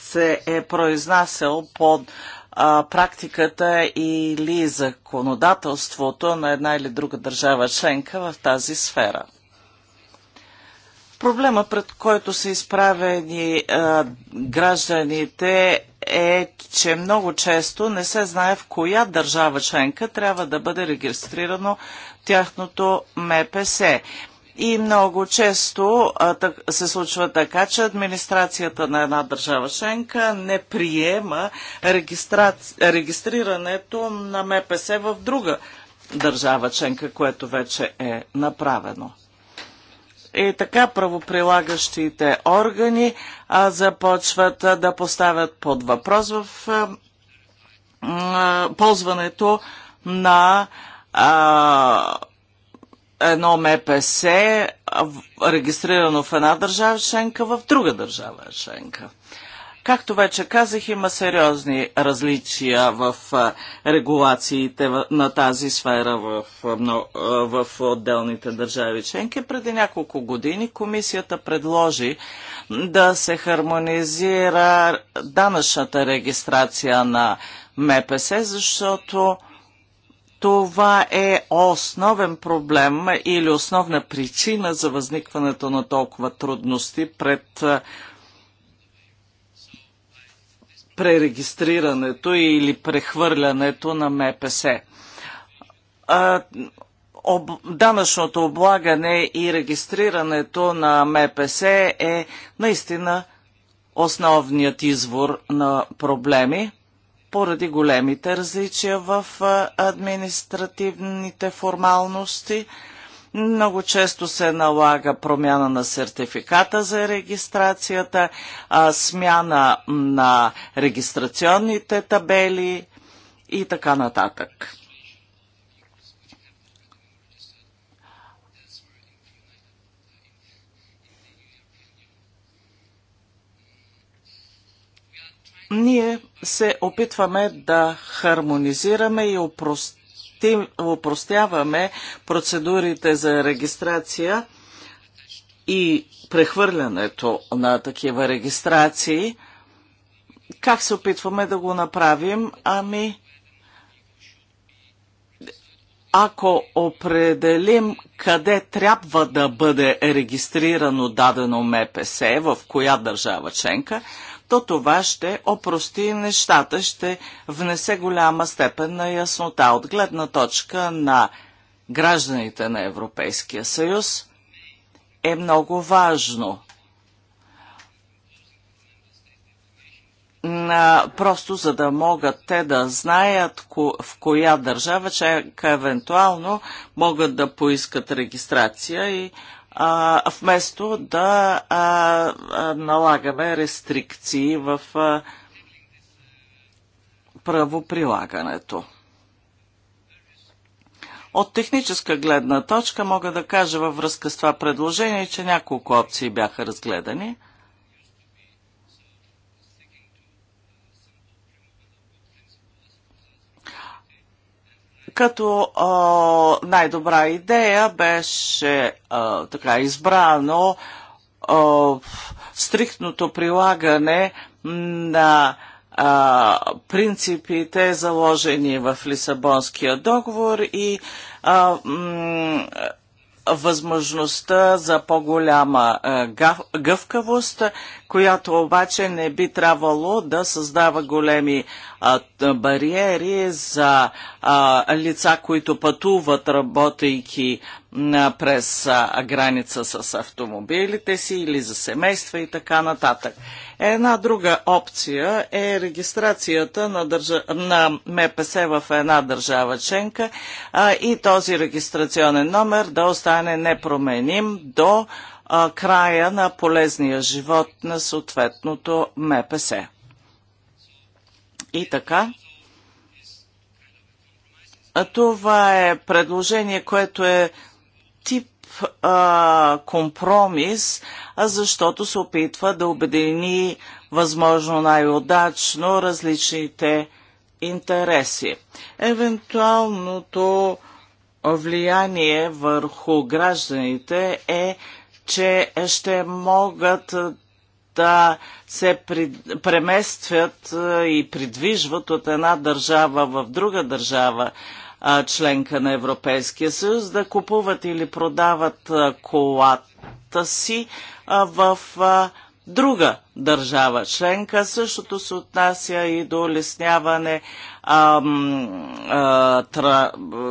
се е произнасял под а, практиката или законодателството на една или друга държава членка в тази сфера. Проблема, пред който са изправени а, гражданите е, че много често не се знае в коя държава членка трябва да бъде регистрирано тяхното МПС. И много често а, так, се случва така, че администрацията на една държава членка не приема регистра... регистрирането на МПС в друга държава членка, което вече е направено. И е така правоприлагащите органи а, започват а, да поставят под въпрос в а, а, ползването на а, едно МПС, регистрирано в една държава членка, в друга държава членка. Както вече казах, има сериозни различия в регулациите на тази сфера в, в отделните държави членки. Преди няколко години комисията предложи да се хармонизира данъчната регистрация на МПС, защото това е основен проблем или основна причина за възникването на толкова трудности пред пререгистрирането или прехвърлянето на МПС. А, об, данъчното облагане и регистрирането на МПС е наистина основният извор на проблеми поради големите различия в административните формалности – много често се налага промяна на сертификата за регистрацията, смяна на регистрационните табели и така нататък. ние се опитваме да хармонизираме и упростим упростим, упростяваме процедурите за регистрация и прехвърлянето на такива регистрации. Как се опитваме да го направим? Ами, ако определим къде трябва да бъде регистрирано дадено МПС, в коя държава членка, то това ще опрости нещата, ще внесе голяма степен на яснота от гледна точка на гражданите на Европейския съюз е много важно. Просто за да могат те да знаят в коя държава чака евентуално могат да поискат регистрация и а, вместо да а, а, налагаме рестрикции в а, правоприлагането. От техническа гледна точка мога да кажа във връзка с това предложение, че няколко опции бяха разгледани – като най-добра идея беше а, така избрано а, стриктното прилагане на а, принципите, заложени в Лисабонския договор и а, възможността за по-голяма гъвкавост, която обаче не би трябвало да създава големи а, бариери за а, лица, които пътуват, работейки а, през а, граница с автомобилите си или за семейства и така нататък. Една друга опция е регистрацията на, държа... на МПС в една държава членка а, и този регистрационен номер да остане непроменим до а, края на полезния живот на съответното МПС. И така, това е предложение, което е тип а, компромис, а защото се опитва да обедини възможно най-удачно различните интереси. Евентуалното влияние върху гражданите е че ще могат да се преместват и придвижват от една държава в друга държава членка на Европейския съюз, да купуват или продават колата си в друга държава членка. Същото се отнася и до лесняване а, а, тра,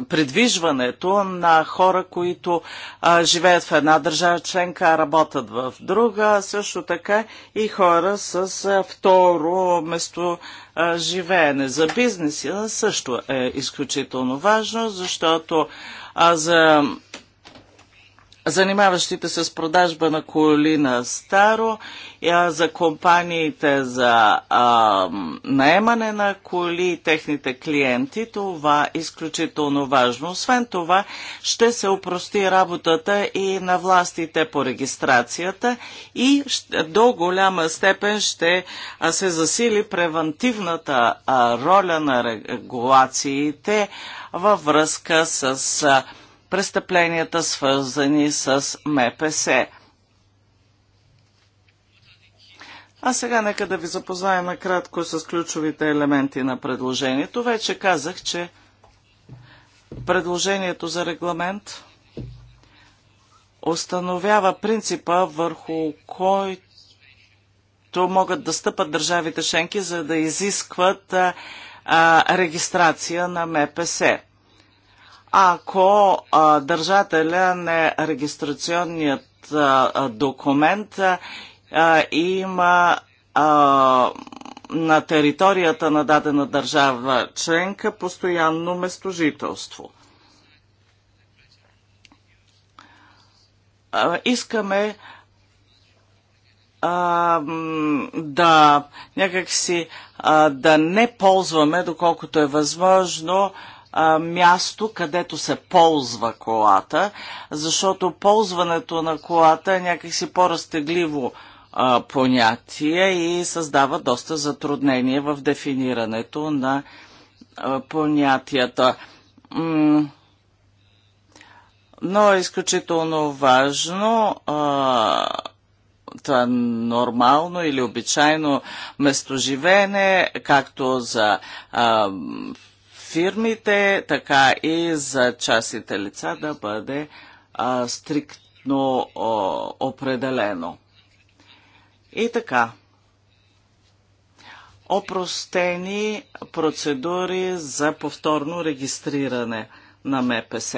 предвижването на хора, които а, живеят в една държава членка, а работят в друга. Също така и хора с а, второ место а, живеене. За бизнеса също е изключително важно, защото а, за занимаващите се с продажба на коли на старо, за компаниите за а, наемане на коли и техните клиенти. Това е изключително важно. Освен това, ще се упрости работата и на властите по регистрацията и до голяма степен ще се засили превентивната роля на регулациите във връзка с престъпленията, свързани с МПС. А сега нека да ви запознаем накратко с ключовите елементи на предложението. Вече казах, че предложението за регламент установява принципа върху който могат да стъпат държавите шенки, за да изискват а, а, регистрация на МПС ако държателя на регистрационният документ има на територията на дадена държава членка постоянно местожителство. искаме да някакси да не ползваме, доколкото е възможно, а, а, място, където се ползва колата, защото ползването на колата е някакси по-разтегливо понятие и създава доста затруднение в дефинирането на а, понятията. но е изключително важно а, това нормално или обичайно местоживеене, както за а, фирмите, така и за частните лица да бъде а, стриктно а, определено. И така. Опростени процедури за повторно регистриране на МПС.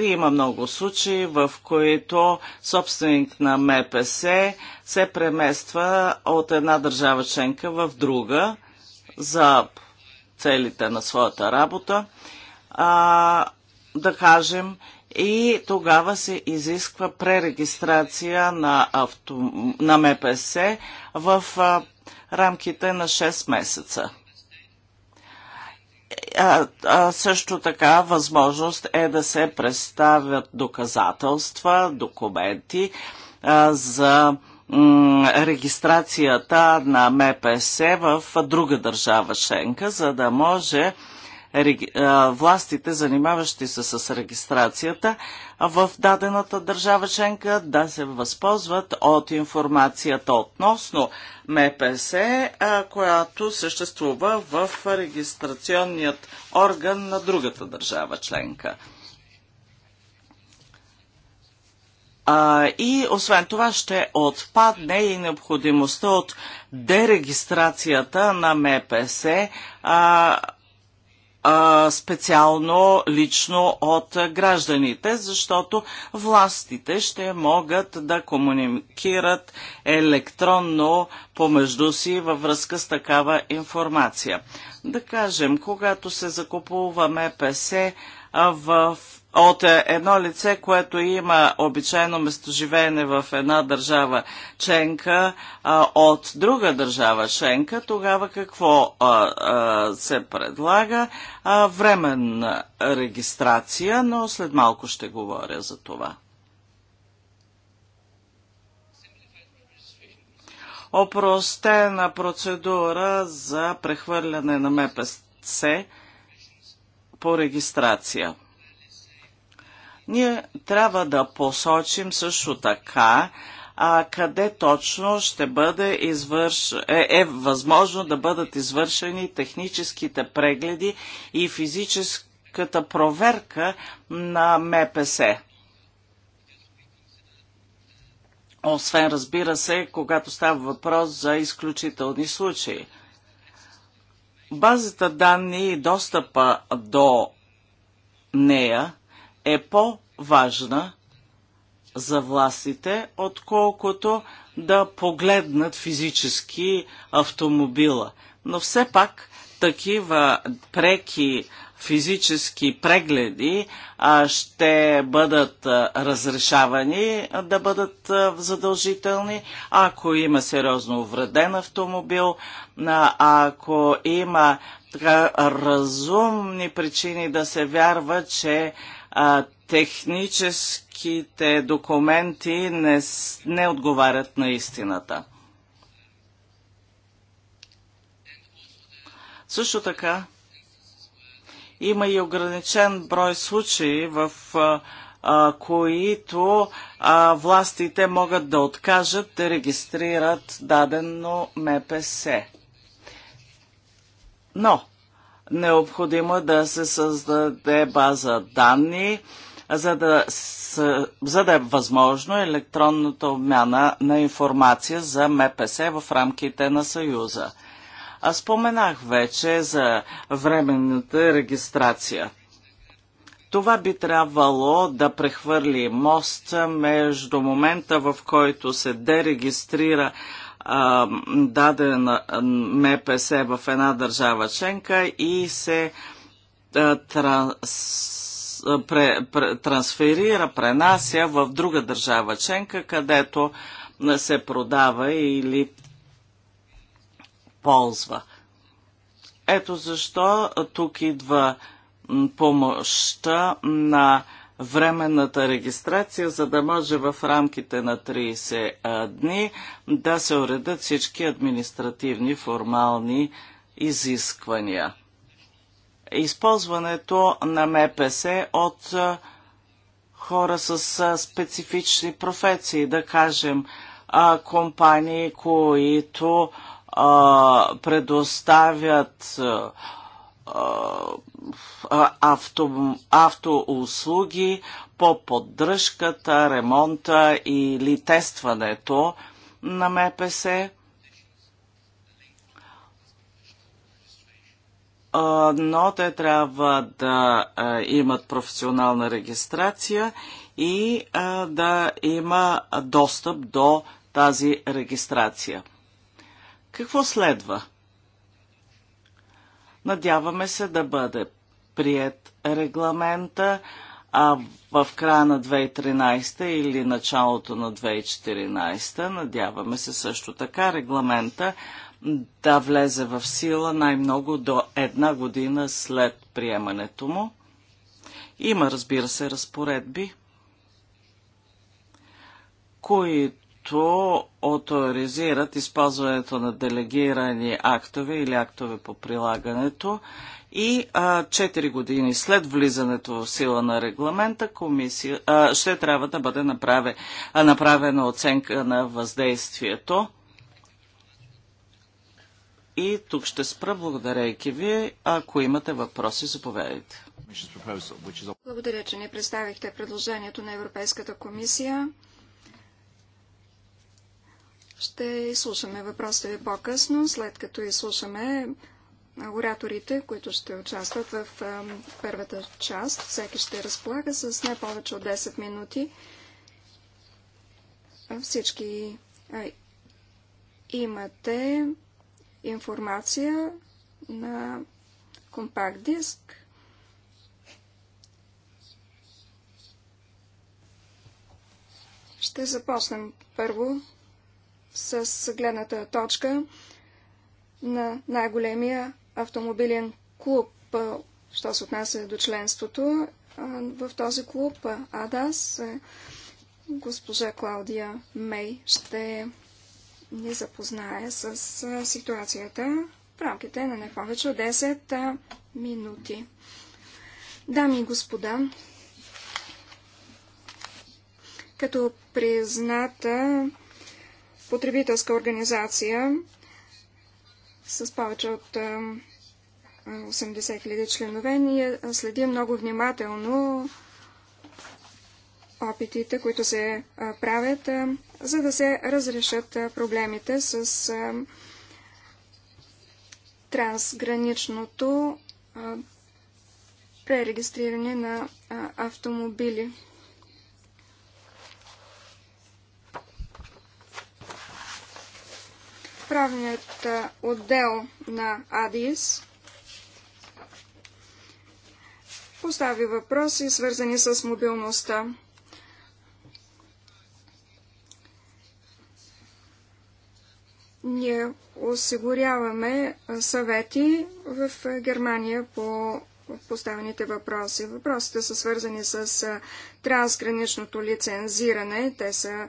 Има много случаи, в които собственик на МПС се премества от една държава членка в друга за целите на своята работа, а, да кажем, и тогава се изисква пререгистрация на, авто, на МПС в а, рамките на 6 месеца. А, а, също така възможност е да се представят доказателства, документи а, за а, регистрацията на МПС в друга държава Шенка, за да може властите, занимаващи се с регистрацията в дадената държава членка, да се възползват от информацията относно МПС, която съществува в регистрационният орган на другата държава членка. А, и освен това ще отпадне и необходимостта от дерегистрацията на МПС а, а, специално лично от гражданите, защото властите ще могат да комуникират електронно помежду си във връзка с такава информация. Да кажем, когато се закупува МПС в от е, едно лице, което има обичайно местоживеене в една държава членка, а, от друга държава членка, тогава какво а, а, се предлага? А, временна регистрация, но след малко ще говоря за това. Опростена процедура за прехвърляне на МПС по регистрация. Ние трябва да посочим също така а, къде точно ще бъде извърш... е, е възможно да бъдат извършени техническите прегледи и физическата проверка на МПС. Освен, разбира се, когато става въпрос за изключителни случаи. Базата данни и достъпа до нея – е по-важна за властите, отколкото да погледнат физически автомобила. Но все пак такива преки физически прегледи а, ще бъдат а, разрешавани а, да бъдат а, задължителни, ако има сериозно увреден автомобил, а, ако има така, разумни причини да се вярва, че а, техническите документи не, не отговарят на истината. Също така, има и ограничен брой случаи, в а, а, които а, властите могат да откажат да регистрират дадено МПС. Но необходимо е да се създаде база данни, за да, за да е възможно електронната обмяна на информация за МПС в рамките на Съюза. А споменах вече за временната регистрация. Това би трябвало да прехвърли мост между момента, в който се дерегистрира а, на МПС в една държава членка и се а, транс, а, пре, пре, трансферира, пренася в друга държава членка, където се продава или ползва. Ето защо тук идва помощта на временната регистрация, за да може в рамките на 30 дни да се уредат всички административни формални изисквания. Използването на МПС от хора с специфични професии, да кажем, компании, които предоставят авто, автоуслуги по поддръжката, ремонта или тестването на МПС. но те трябва да имат професионална регистрация и да има достъп до тази регистрация. Какво следва? Надяваме се да бъде прият регламента а в края на 2013 или началото на 2014. Надяваме се също така регламента да влезе в сила най-много до една година след приемането му. Има, разбира се, разпоредби, които които авторизират използването на делегирани актове или актове по прилагането и а, 4 години след влизането в сила на регламента комисия, а, ще трябва да бъде направе, а, направена оценка на въздействието. И тук ще спра, благодарейки ви. Ако имате въпроси, заповядайте. Благодаря, че ни представихте предложението на Европейската комисия. Ще изслушаме въпроса ви по-късно, след като изслушаме ораторите, които ще участват в първата част. Всеки ще разполага с не повече от 10 минути. Всички имате информация на компакт диск. Ще започнем първо с гледната точка на най-големия автомобилен клуб, що се отнася до членството в този клуб, АДАС. Госпожа Клаудия Мей ще ни запознае с ситуацията в рамките на не повече от 10 минути. Дами и господа, като призната потребителска организация с повече от 80 000 е, членове. Ние е, следим много внимателно опитите, които се е, правят, за да се разрешат проблемите с трансграничното пререгистриране на автомобили. правният отдел на АДИС постави въпроси, свързани с мобилността. Ние осигуряваме съвети в Германия по поставените въпроси. Въпросите са свързани с трансграничното лицензиране. Те са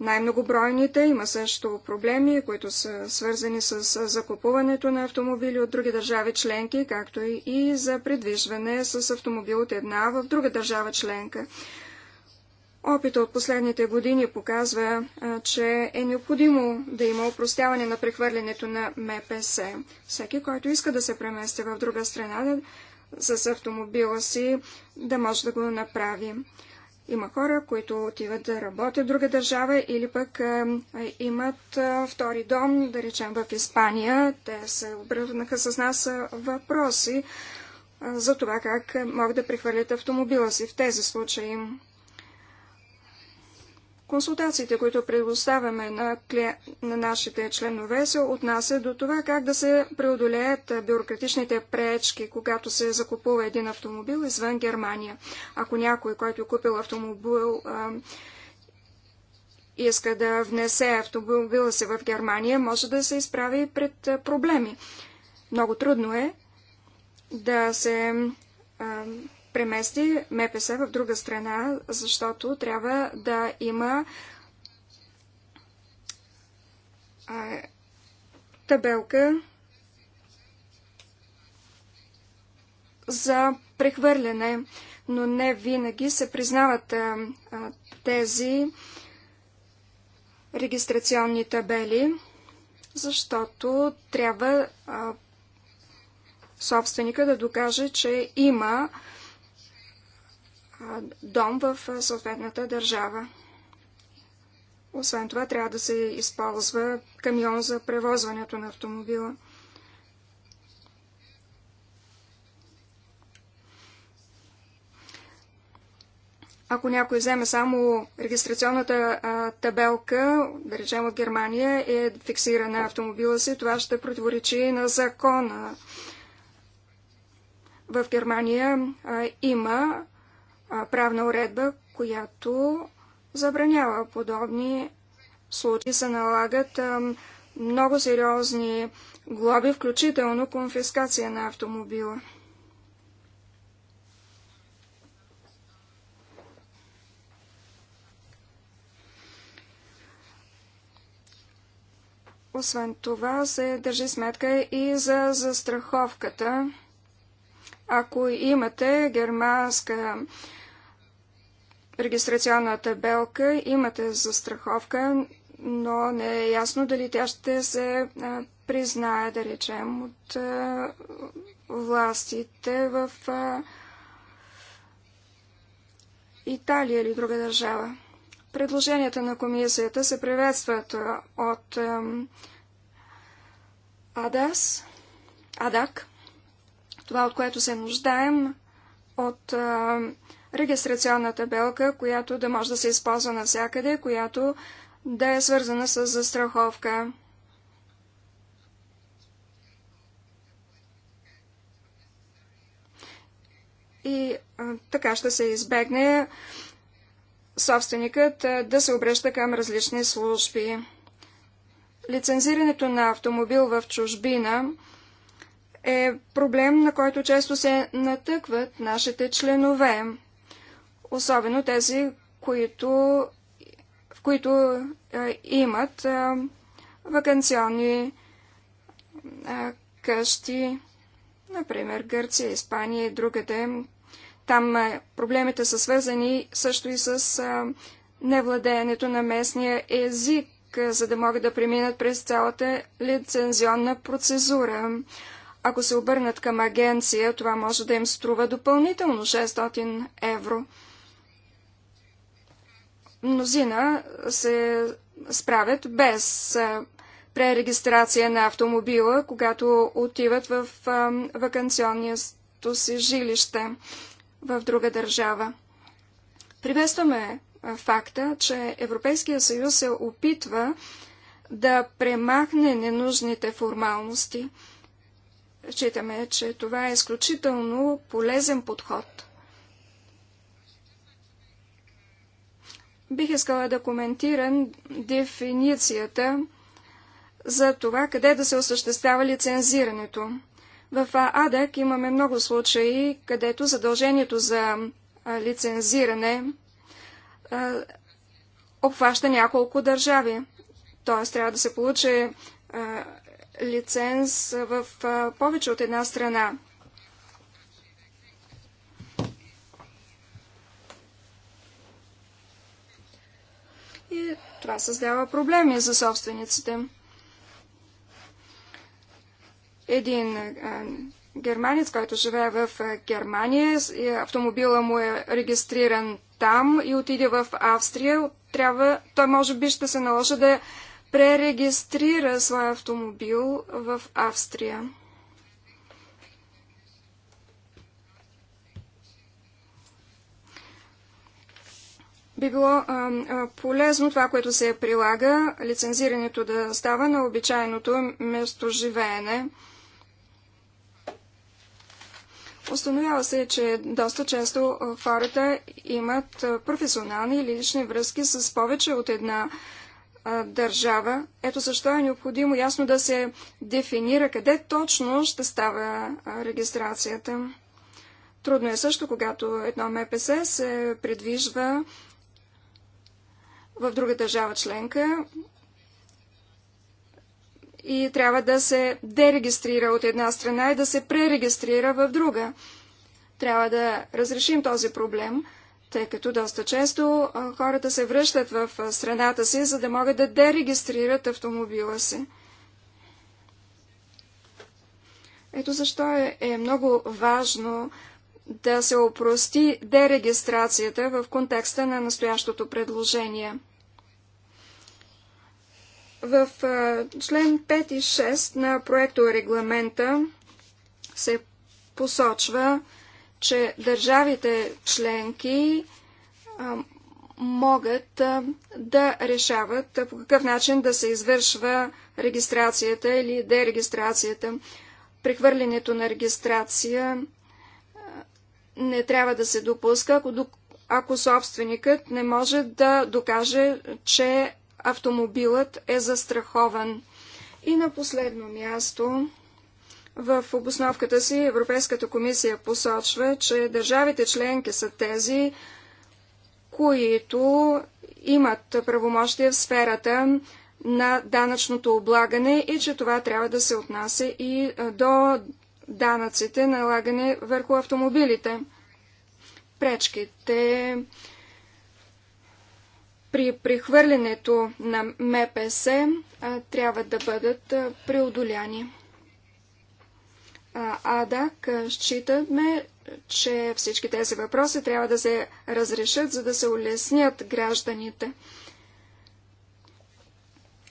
най-многобройните. Има също проблеми, които са свързани с закупуването на автомобили от други държави членки, както и за предвижване с автомобил от една в друга държава членка. Опита от последните години показва, че е необходимо да има упростяване на прехвърлянето на МПС. Всеки, който иска да се премести в друга страна с автомобила си, да може да го направи. Има хора, които отиват да работят в друга държава или пък е, а, имат а, е, втори дом, да речем в Испания. Те се обръвнаха с нас е, въпроси а, за това как могат да прехвърлят автомобила си в тези случаи. Консултациите, които предоставяме на, кли... на нашите членове, се отнасят до това как да се преодолеят бюрократичните пречки, когато се закупува един автомобил извън Германия. Ако някой, който е купил автомобил, а, иска да внесе автомобила си в Германия, може да се изправи пред проблеми. Много трудно е да се а, премести МПС в друга страна, защото трябва да има табелка за прехвърляне, но не винаги се признават тези регистрационни табели, защото трябва собственика да докаже, че има дом в съответната държава. Освен това, трябва да се използва камион за превозването на автомобила. Ако някой вземе само регистрационната а, табелка, да речем от Германия, е фиксирана автомобила си, това ще противоречи на закона. В Германия а, има правна уредба, която забранява подобни случаи. Се налагат много сериозни глоби, включително конфискация на автомобила. Освен това се държи сметка и за застраховката. Ако имате германска регистрационна табелка, имате застраховка, но не е ясно дали тя ще се признае, да речем, от властите в Италия или друга държава. Предложенията на комисията се приветстват от АДАС, АДАК това, от което се нуждаем, от а, регистрационната белка, която да може да се използва навсякъде, която да е свързана с застраховка. И а, така ще се избегне собственикът а, да се обръща към различни служби. Лицензирането на автомобил в чужбина – е проблем, на който често се натъкват нашите членове, особено тези, които, в които е, имат е, вакансионни е, къщи, например Гърция, Испания и другите. Там е, проблемите са свързани също и с е, невладеенето на местния език, е, за да могат да преминат през цялата лицензионна процедура ако се обърнат към агенция, това може да им струва допълнително 600 евро. Мнозина се справят без пререгистрация на автомобила, когато отиват в вакансионното си жилище в друга държава. Приветстваме факта, че Европейския съюз се опитва да премахне ненужните формалности – Считаме, че това е изключително полезен подход. Бих искала да коментирам дефиницията за това къде да се осъществява лицензирането. В АДАК имаме много случаи, където задължението за лицензиране обхваща няколко държави. Т.е. трябва да се получи лиценз в повече от една страна. И това създава проблеми за собствениците. Един германец, който живее в Германия, автомобила му е регистриран там и отиде в Австрия, трябва, той може би ще се наложи да пререгистрира своя автомобил в Австрия. би било а, а, полезно това, което се прилага, лицензирането да става на обичайното местоживеене. Установява се, че доста често хората имат професионални или лични връзки с повече от една държава. Ето защо е необходимо ясно да се дефинира къде точно ще става регистрацията. Трудно е също, когато едно МПС се предвижва в друга държава членка и трябва да се дерегистрира от една страна и да се пререгистрира в друга. Трябва да разрешим този проблем – тъй като доста често хората се връщат в страната си, за да могат да дерегистрират автомобила си. Ето защо е, е много важно да се опрости дерегистрацията в контекста на настоящото предложение. В член 5 и 6 на проекто регламента се посочва че държавите членки могат да решават по какъв начин да се извършва регистрацията или дерегистрацията. Прехвърлянето на регистрация не трябва да се допуска, ако, ако собственикът не може да докаже, че автомобилът е застрахован. И на последно място в обосновката си Европейската комисия посочва, че държавите членки са тези, които имат правомощия в сферата на данъчното облагане и че това трябва да се отнася и до данъците, налагане върху автомобилите. Пречките при прехвърлянето на МПС трябва да бъдат преодоляни. АДАК считаме, че всички тези въпроси трябва да се разрешат, за да се улеснят гражданите.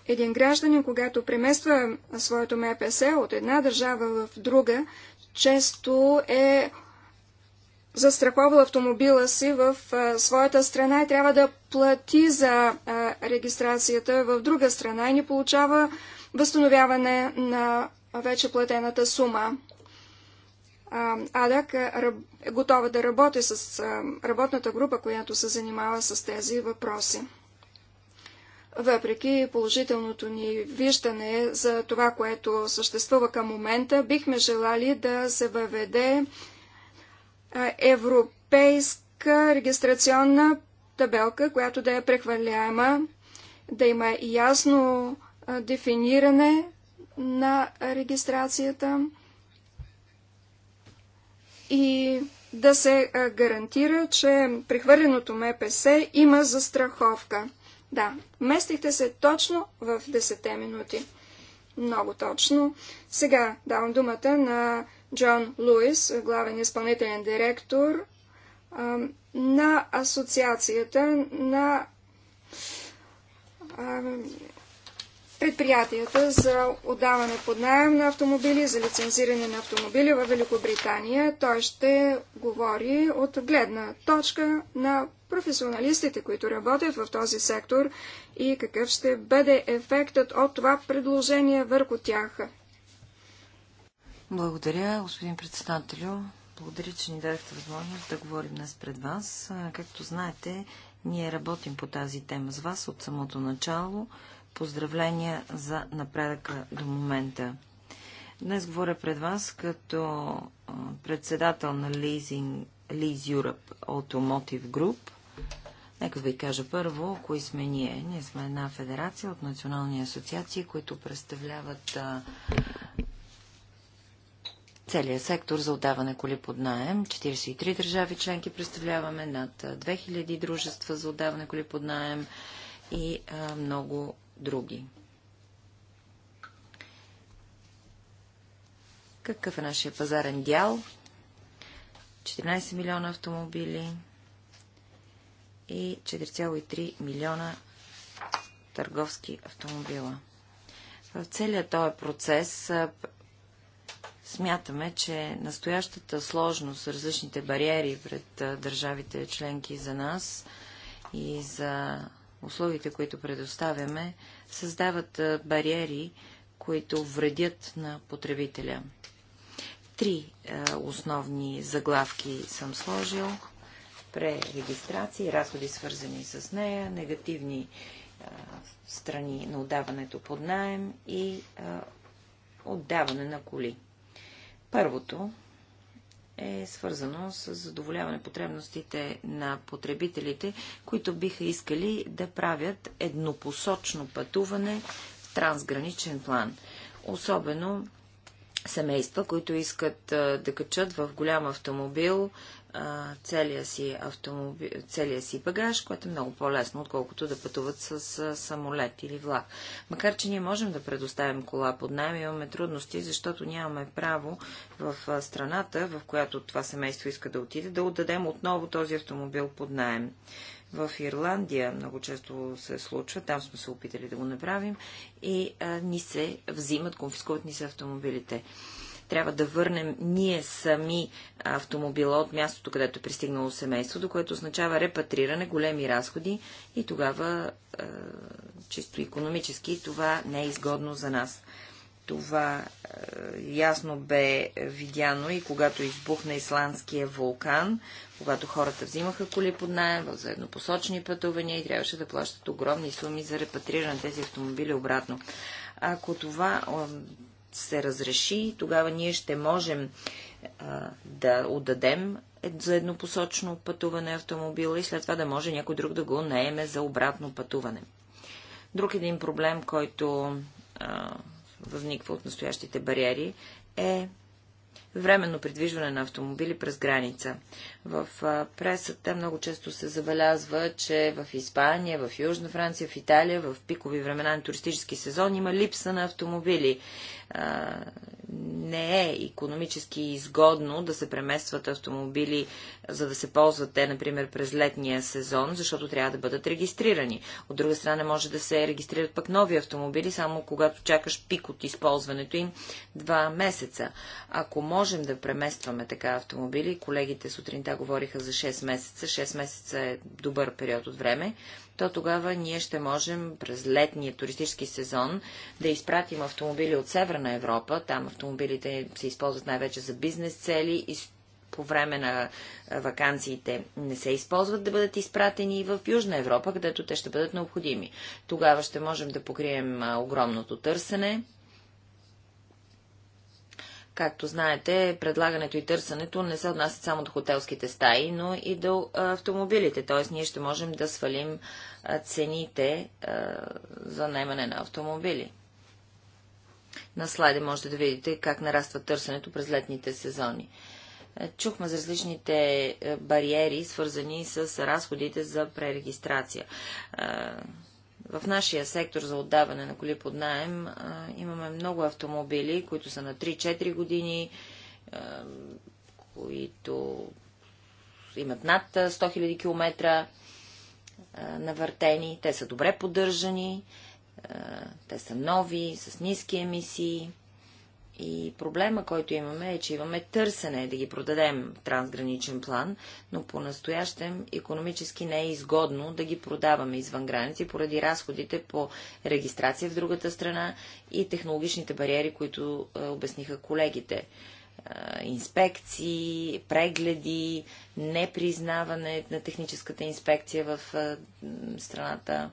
Един гражданин, когато премества своето МПС от една държава в друга, често е застраховал автомобила си в своята страна и трябва да плати за регистрацията в друга страна и не получава възстановяване на вече платената сума. АДАК е, е готова да работи с работната група, която се занимава с тези въпроси. Въпреки положителното ни виждане за това, което съществува към момента, бихме желали да се въведе европейска регистрационна табелка, която да е прехвърляема, да има ясно дефиниране на регистрацията и да се гарантира, че прехвърленото МПС има застраховка. Да, местихте се точно в 10 те минути. Много точно. Сега давам думата на Джон Луис, главен изпълнителен директор на Асоциацията на предприятията за отдаване под найем на автомобили, за лицензиране на автомобили в Великобритания. Той ще говори от гледна точка на професионалистите, които работят в този сектор и какъв ще бъде ефектът от това предложение върху тях. Благодаря, господин председателю. Благодаря, че ни дадете възможност да говорим днес пред вас. Както знаете, ние работим по тази тема с вас от самото начало. Поздравления за напредъка до момента. Днес говоря пред вас като председател на Leasing, Lease Europe Automotive Group. Нека ви кажа първо, кои сме ние. Ние сме една федерация от национални асоциации, които представляват а, целият сектор за отдаване коли под наем. 43 държави членки представляваме, над 2000 дружества за отдаване коли под наем и а, много други. Какъв е нашия пазарен дял? 14 милиона автомобили и 4,3 милиона търговски автомобила. В целият този процес смятаме, че настоящата сложност, различните бариери пред държавите членки за нас и за Условите, които предоставяме, създават бариери, които вредят на потребителя. Три е, основни заглавки съм сложил. Пререгистрации, разходи свързани с нея, негативни е, страни на отдаването под найем и е, отдаване на коли. Първото е свързано с задоволяване потребностите на потребителите, които биха искали да правят еднопосочно пътуване в трансграничен план. Особено семейства, които искат да качат в голям автомобил целия, си автомоби... целия си багаж, което е много по-лесно, отколкото да пътуват с а, самолет или влак. Макар, че ние можем да предоставим кола под найем, имаме трудности, защото нямаме право в а, страната, в която това семейство иска да отиде, да отдадем отново този автомобил под найем. В Ирландия много често се случва, там сме се опитали да го направим и а, ни се взимат, конфискуват ни се автомобилите. Трябва да върнем ние сами автомобила от мястото, където е пристигнало семейството, което означава репатриране, големи разходи и тогава е, чисто економически това не е изгодно за нас. Това е, ясно бе видяно и когато избухна исландския вулкан, когато хората взимаха коли под найем в заеднопосочни пътувания и трябваше да плащат огромни суми за репатриране на тези автомобили обратно. Ако това се разреши, тогава ние ще можем а, да отдадем за еднопосочно пътуване автомобила и след това да може някой друг да го наеме за обратно пътуване. Друг един проблем, който а, възниква от настоящите бариери, е временно придвижване на автомобили през граница. В пресата много често се забелязва, че в Испания, в Южна Франция, в Италия, в пикови времена на туристически сезон има липса на автомобили не е економически изгодно да се преместват автомобили, за да се ползват те, например, през летния сезон, защото трябва да бъдат регистрирани. От друга страна, може да се регистрират пък нови автомобили, само когато чакаш пик от използването им два месеца. Ако можем да преместваме така автомобили, колегите сутринта говориха за 6 месеца, 6 месеца е добър период от време, то тогава ние ще можем през летния туристически сезон да изпратим автомобили от Северна Европа. Там автомобилите се използват най-вече за бизнес цели и по време на вакансиите не се използват да бъдат изпратени и в Южна Европа, където те ще бъдат необходими. Тогава ще можем да покрием огромното търсене Както знаете, предлагането и търсенето не се отнасят само до хотелските стаи, но и до автомобилите. Т.е. ние ще можем да свалим цените за наймане на автомобили. На слайда можете да видите как нараства търсенето през летните сезони. Е, чухме за различните е, бариери, свързани с разходите за пререгистрация. Е, в нашия сектор за отдаване на коли под найем имаме много автомобили, които са на 3-4 години, а, които имат над 100 000 км навъртени, те са добре поддържани, те са нови, с ниски емисии. И проблема, който имаме е, че имаме търсене да ги продадем в трансграничен план, но по-настоящем економически не е изгодно да ги продаваме извън граници поради разходите по регистрация в другата страна и технологичните бариери, които е, обясниха колегите. Е, инспекции, прегледи, непризнаване на техническата инспекция в е, страната.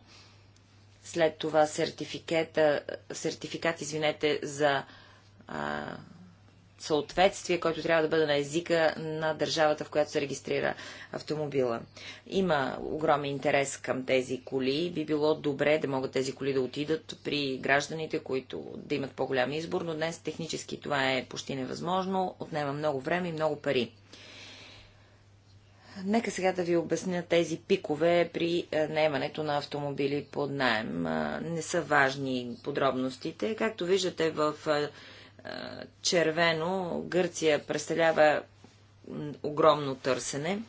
След това сертификата, сертификат, извинете, за съответствие, който трябва да бъде на езика на държавата, в която се регистрира автомобила. Има огромен интерес към тези коли. Би било добре да могат тези коли да отидат при гражданите, които да имат по-голям избор, но днес технически това е почти невъзможно. Отнема много време и много пари. Нека сега да ви обясня тези пикове при е, наемането на автомобили под найем. Е, не са важни подробностите. Както виждате в е, червено Гърция представлява огромно търсене,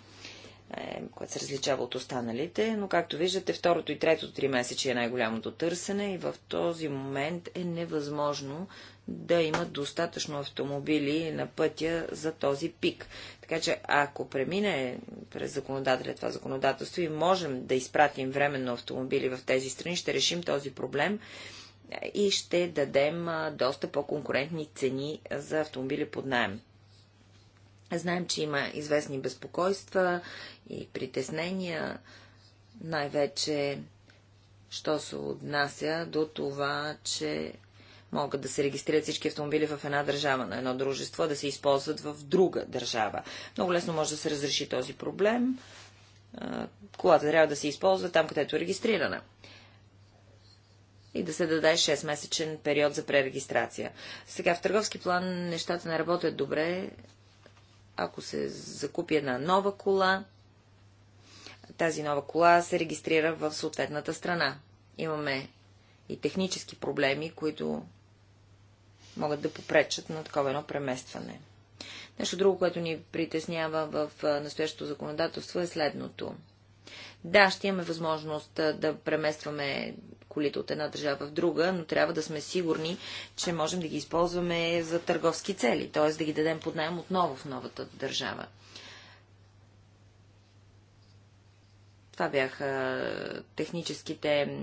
е, което се различава от останалите, но както виждате, второто и трето три месече е най-голямото търсене и в този момент е невъзможно да имат достатъчно автомобили на пътя за този пик. Така че ако премине през законодателя това законодателство и можем да изпратим временно автомобили в тези страни, ще решим този проблем и ще дадем доста по-конкурентни цени за автомобили под найем. Знаем, че има известни безпокойства и притеснения, най-вече, що се отнася до това, че могат да се регистрират всички автомобили в една държава на едно дружество, да се използват в друга държава. Много лесно може да се разреши този проблем. Колата трябва да се използва там, където е регистрирана и да се даде 6-месечен период за пререгистрация. Сега в търговски план нещата не работят добре. Ако се закупи една нова кола, тази нова кола се регистрира в съответната страна. Имаме и технически проблеми, които могат да попречат на такова едно преместване. Нещо друго, което ни притеснява в настоящото законодателство е следното. Да, ще имаме възможност да преместваме колите от една държава в друга, но трябва да сме сигурни, че можем да ги използваме за търговски цели, т.е. да ги дадем под найем отново в новата държава. Това бяха техническите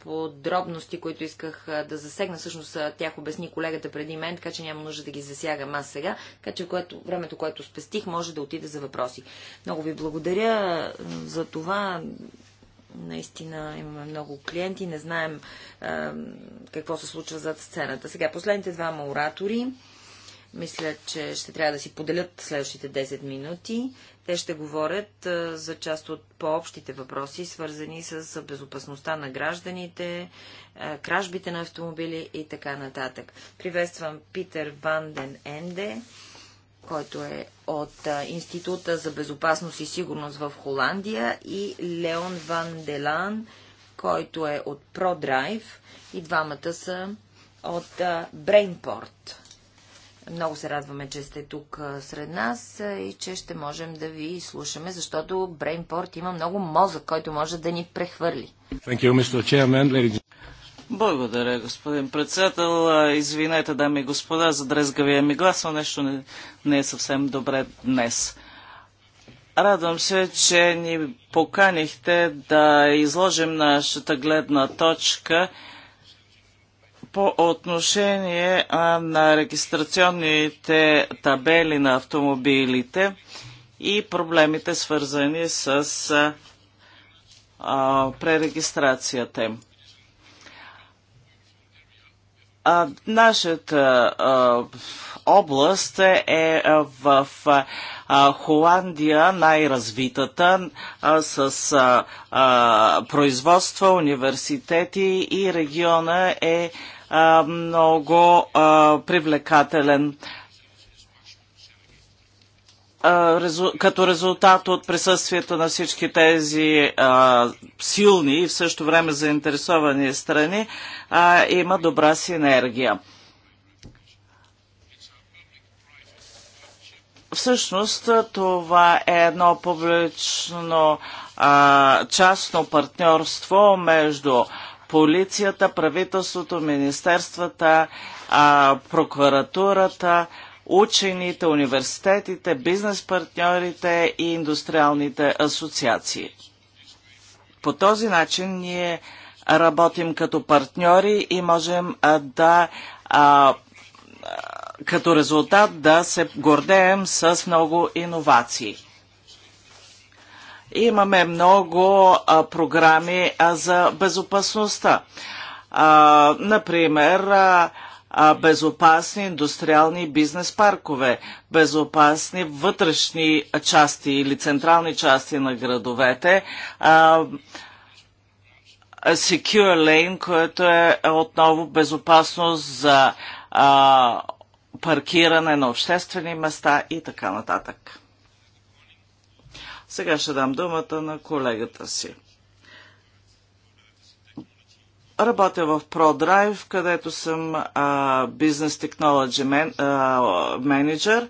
подробности, които исках да засегна. Всъщност тях обясни колегата преди мен, така че няма нужда да ги засягам аз сега. Така че което, времето, което спестих, може да отиде за въпроси. Много ви благодаря за това. Наистина имаме много клиенти, не знаем какво се случва зад сцената. Сега, последните двама оратори, мисля, че ще трябва да си поделят следващите 10 минути. Те ще говорят за част от по-общите въпроси, свързани с безопасността на гражданите, кражбите на автомобили и така нататък. Приветствам Питер Ванден Енде който е от Института за безопасност и сигурност в Холандия и Леон Ван Делан, който е от ProDrive и двамата са от Brainport. Много се радваме, че сте тук сред нас и че ще можем да ви слушаме, защото Brainport има много мозък, който може да ни прехвърли. You, Chairman, благодаря, господин председател. Извинете, дами и господа, за дрезгавия ми глас, но нещо не, не е съвсем добре днес. Радвам се, че ни поканихте да изложим нашата гледна точка по отношение на регистрационните табели на автомобилите и проблемите свързани с а, пререгистрацията им. А, нашата а, област е, е в а, Холандия най-развитата с а, а, производства, университети и региона е а, много а, привлекателен. А, като резултат от присъствието на всички тези а, силни и в същото време заинтересовани страни а, има добра синергия. Всъщност това е едно публично а, частно партньорство между полицията, правителството, министерствата, а, прокуратурата, учените, университетите, бизнес партньорите и индустриалните асоциации. По този начин ние работим като партньори и можем да а, като резултат да се гордеем с много иновации. Имаме много а, програми а, за безопасността. А, например, а, безопасни индустриални бизнес паркове, безопасни вътрешни части или централни части на градовете, Secure Lane, което е отново безопасност за паркиране на обществени места и така нататък. Сега ще дам думата на колегата си. Работя в ProDrive, където съм а, бизнес технологи менеджер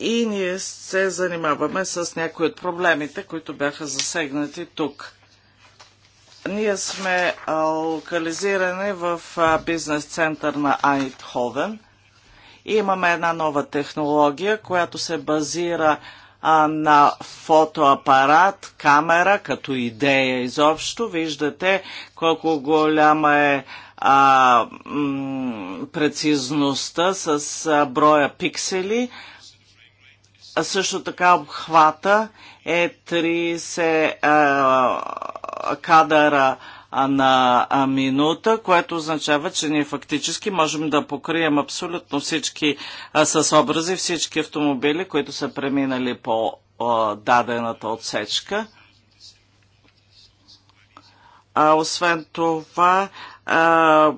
и ние се занимаваме с някои от проблемите, които бяха засегнати тук. Ние сме а, локализирани в а, бизнес център на Айтховен и имаме една нова технология, която се базира а, на фотоапарат, камера, като идея изобщо. Виждате колко голяма е а, прецизността с а, броя пиксели. А също така обхвата е 30 а, кадъра на минута, което означава, че ние фактически можем да покрием абсолютно всички а, с образи, всички автомобили, които са преминали по а, дадената отсечка. А освен това, а,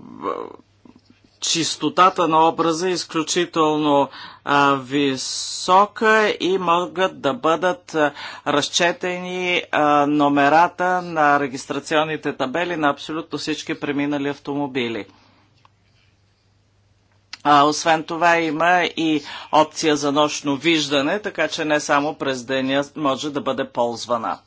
чистотата на образа е изключително а, висока и могат да бъдат разчетени номерата на регистрационните табели на абсолютно всички преминали автомобили. освен това има и опция за нощно виждане, така че не само през деня може да бъде ползвана.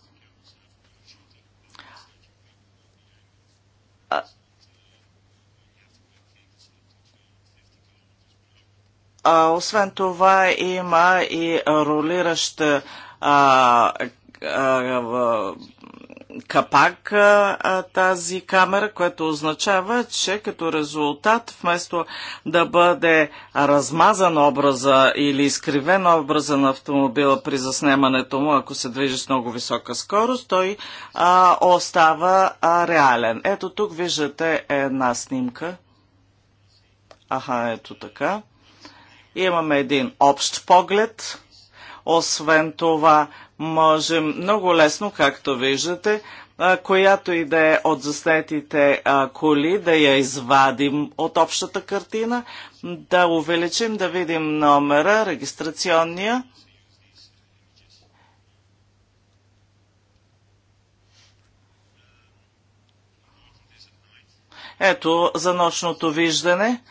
А, освен това има и ролираща а, а, капак а, тази камера, което означава, че като резултат, вместо да бъде размазан образа или изкривен образа на автомобила при заснемането му, ако се движи с много висока скорост, той а, остава а, реален. Ето тук виждате една снимка. Аха, ето така. Имаме един общ поглед. Освен това, можем много лесно, както виждате, която и да е от заснетите коли, да я извадим от общата картина, да увеличим, да видим номера, регистрационния. Ето за нощното виждане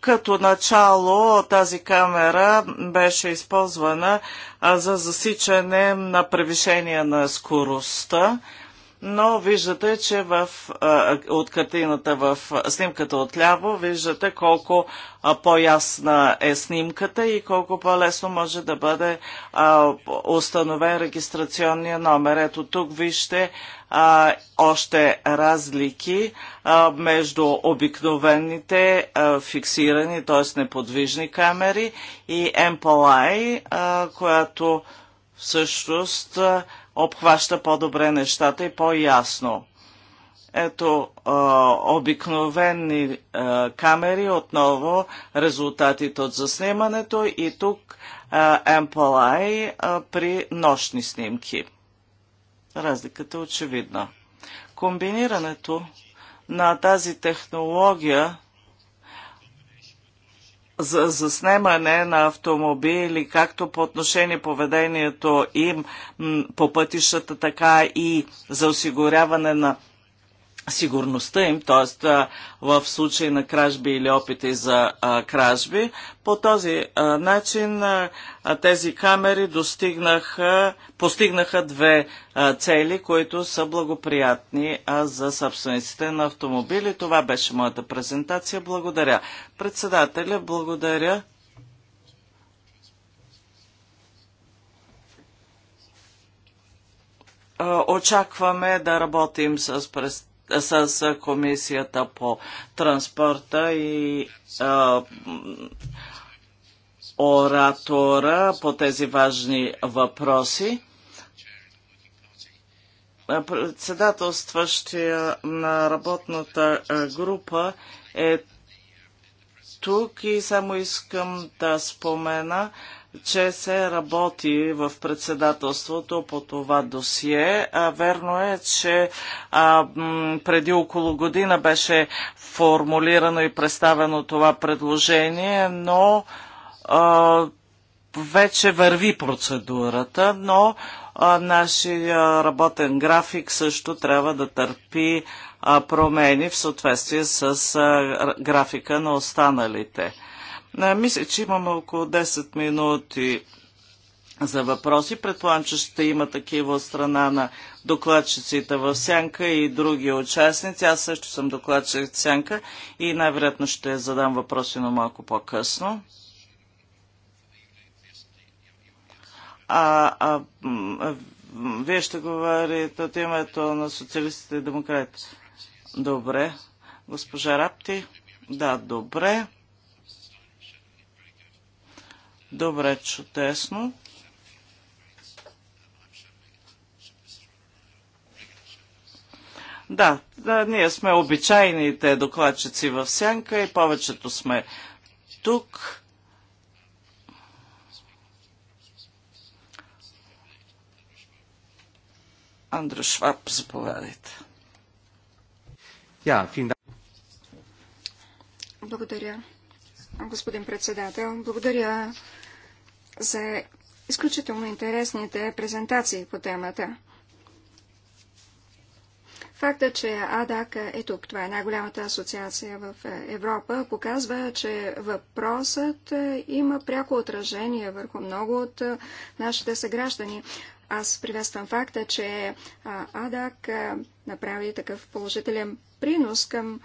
като начало тази камера беше използвана за засичане на превишение на скоростта но виждате, че в, от картината в снимката отляво виждате колко по-ясна е снимката и колко по-лесно може да бъде установен регистрационния номер. Ето тук вижте още разлики между обикновените фиксирани, т.е. неподвижни камери и MPLI, която всъщност обхваща по-добре нещата и по-ясно. Ето а, обикновени а, камери, отново резултатите от заснемането и тук а, MPLI а, при нощни снимки. Разликата е очевидна. Комбинирането на тази технология за заснемане на автомобили, както по отношение поведението им по пътищата, така и за осигуряване на сигурността им, т.е. в случай на кражби или опити за а, кражби. По този а, начин а, тези камери достигнаха, постигнаха две цели, които са благоприятни за собствениците на автомобили. Това беше моята презентация. Благодаря. Председателя, благодаря. Очакваме да работим с представителите с комисията по транспорта и а, оратора по тези важни въпроси. Председателстващия на работната група е тук и само искам да спомена, че се работи в председателството по това досие. А, верно е, че преди около година беше формулирано и представено това предложение, но вече върви процедурата, но нашия работен график също трябва да търпи промени в съответствие с графика на останалите мисля, че имаме около 10 минути за въпроси. Предполагам, че ще има такива от страна на докладчиците в Сянка и други участници. Аз също съм докладчик в Сянка и най-вероятно ще задам въпроси, но малко по-късно. А, а, а, вие ще говорите от името на социалистите и демократите. Добре. Госпожа Рапти? Да, добре. Добре, чудесно. Да, да, ние сме обичайните докладчици в сянка и повечето сме тук. Андра Шваб, заповядайте. Благодаря, господин председател. Благодаря за изключително интересните презентации по темата. Факта, че АДАК е тук, това е най-голямата асоциация в Европа, показва, че въпросът е, има пряко отражение върху много от е, нашите съграждани. Аз приветствам факта, че е, АДАК направи такъв положителен принос към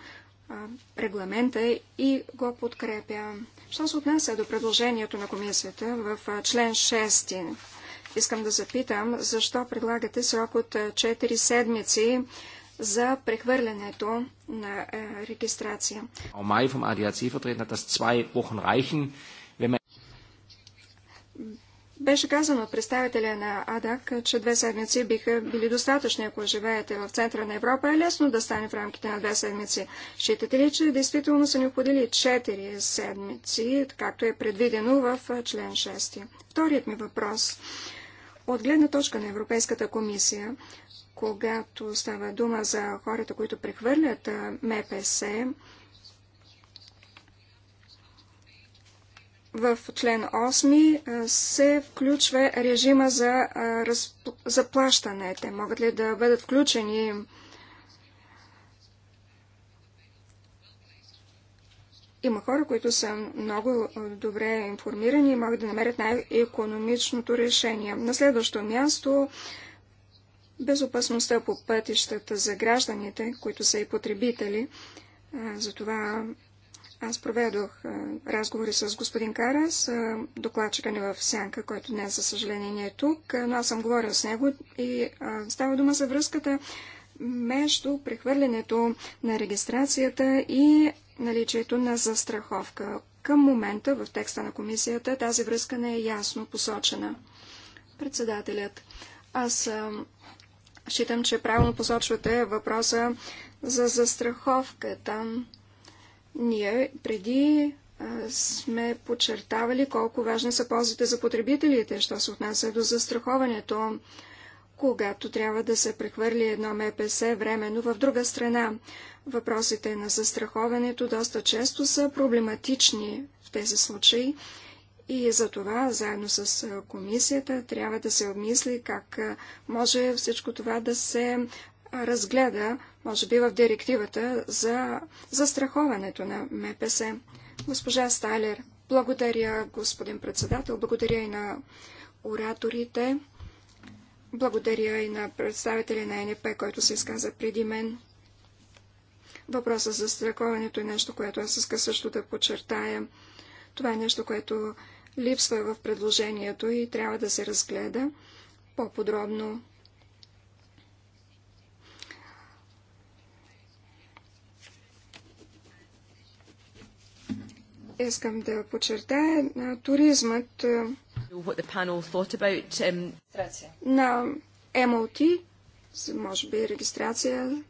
регламента и го подкрепя. Що се отнася до предложението на комисията в член 6, искам да запитам, защо предлагате срок от 4 седмици за прехвърлянето на регистрация. Беше казано от представителя на АДАК, че две седмици биха били достатъчни, ако живеете в центъра на Европа. Е лесно да стане в рамките на две седмици. Считате ли, че действително са необходили четири седмици, както е предвидено в член 6? Вторият ми въпрос. От гледна точка на Европейската комисия, когато става дума за хората, които прехвърлят МПС, в член 8 се включва режима за заплащане. Те могат ли да бъдат включени Има хора, които са много добре информирани и могат да намерят най-економичното решение. На следващо място безопасността по пътищата за гражданите, които са и потребители. Затова аз проведох разговори с господин Карас, докладчика ни в Сянка, който днес, за съжаление, не е тук, но аз съм говорил с него и става дума за връзката между прехвърлянето на регистрацията и наличието на застраховка. Към момента в текста на комисията тази връзка не е ясно посочена. Председателят, аз считам, че правилно посочвате въпроса за застраховката. Ние преди сме подчертавали колко важни са ползите за потребителите, що се отнася до застраховането, когато трябва да се прехвърли едно МПС временно в друга страна. Въпросите на застраховането доста често са проблематични в тези случаи и за това, заедно с комисията, трябва да се обмисли как може всичко това да се разгледа може би в директивата за застраховането на МПС. Госпожа Сталер, благодаря, господин председател, благодаря и на ораторите, благодаря и на представители на НП, който се изказа преди мен. Въпросът за страховането е нещо, което аз иска също да подчертая. Това е нещо, което липсва в предложението и трябва да се разгледа по-подробно. Искам да подчертая um, на туризмът на MOT, може би регистрация.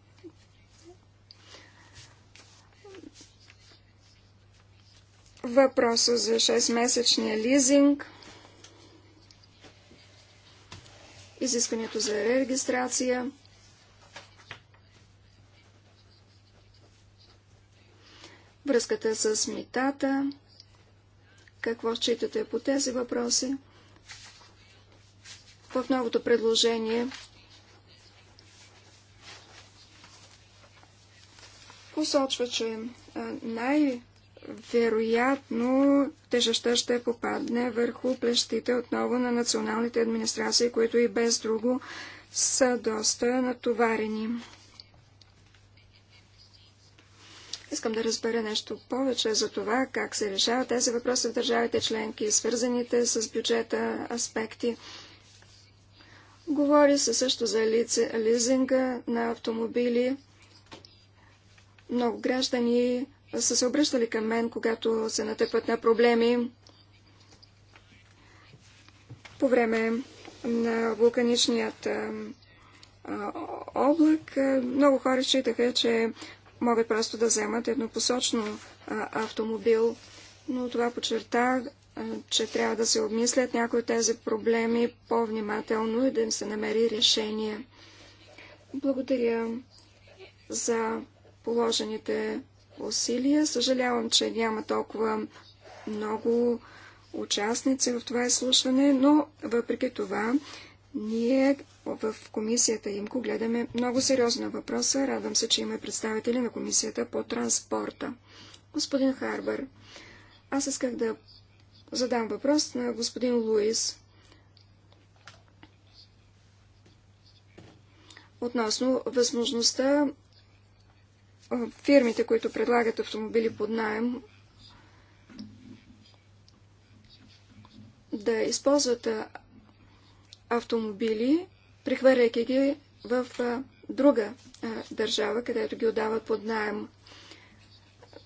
Въпроса за 6-месечния лизинг. Изискването за регистрация. връзката с митата? Какво считате по тези въпроси? В новото предложение посочва, че най-вероятно тежестта ще попадне върху плещите отново на националните администрации, които и без друго са доста натоварени. Искам да разбера нещо повече за това, как се решават тези въпроси в държавите членки, свързаните с бюджета аспекти. Говори се също за лице, лизинга на автомобили. Много граждани са се обръщали към мен, когато се натъкват на проблеми по време на вулканичният облак. Много хора считаха, че могат просто да вземат еднопосочно автомобил. Но това подчерта, че трябва да се обмислят някои от тези проблеми по-внимателно и да им се намери решение. Благодаря за положените усилия. Съжалявам, че няма толкова много участници в това изслушване, но въпреки това ние в комисията ИМКО гледаме много сериозно въпроса. Радвам се, че има представители на комисията по транспорта. Господин Харбър, аз исках да задам въпрос на господин Луис относно възможността фирмите, които предлагат автомобили под найем, да използват автомобили, прехвърляйки ги в друга държава, където ги отдават под найем.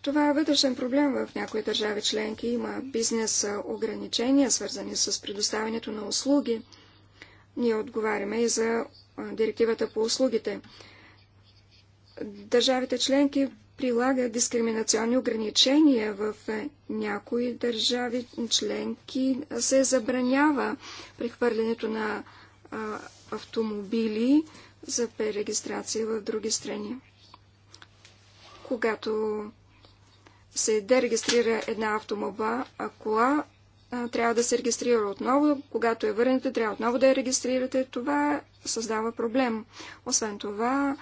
Това е вътрешен проблем в някои държави членки. Има бизнес ограничения, свързани с предоставянето на услуги. Ние отговаряме и за директивата по услугите. Държавите членки прилагат дискриминационни ограничения в някои държави членки. Се забранява прехвърлянето на автомобили за пререгистрация в други страни. Когато се дерегистрира една автомоба, а кола трябва да се регистрира отново. Когато е върнете, трябва отново да я регистрирате. Това създава проблем. Освен това,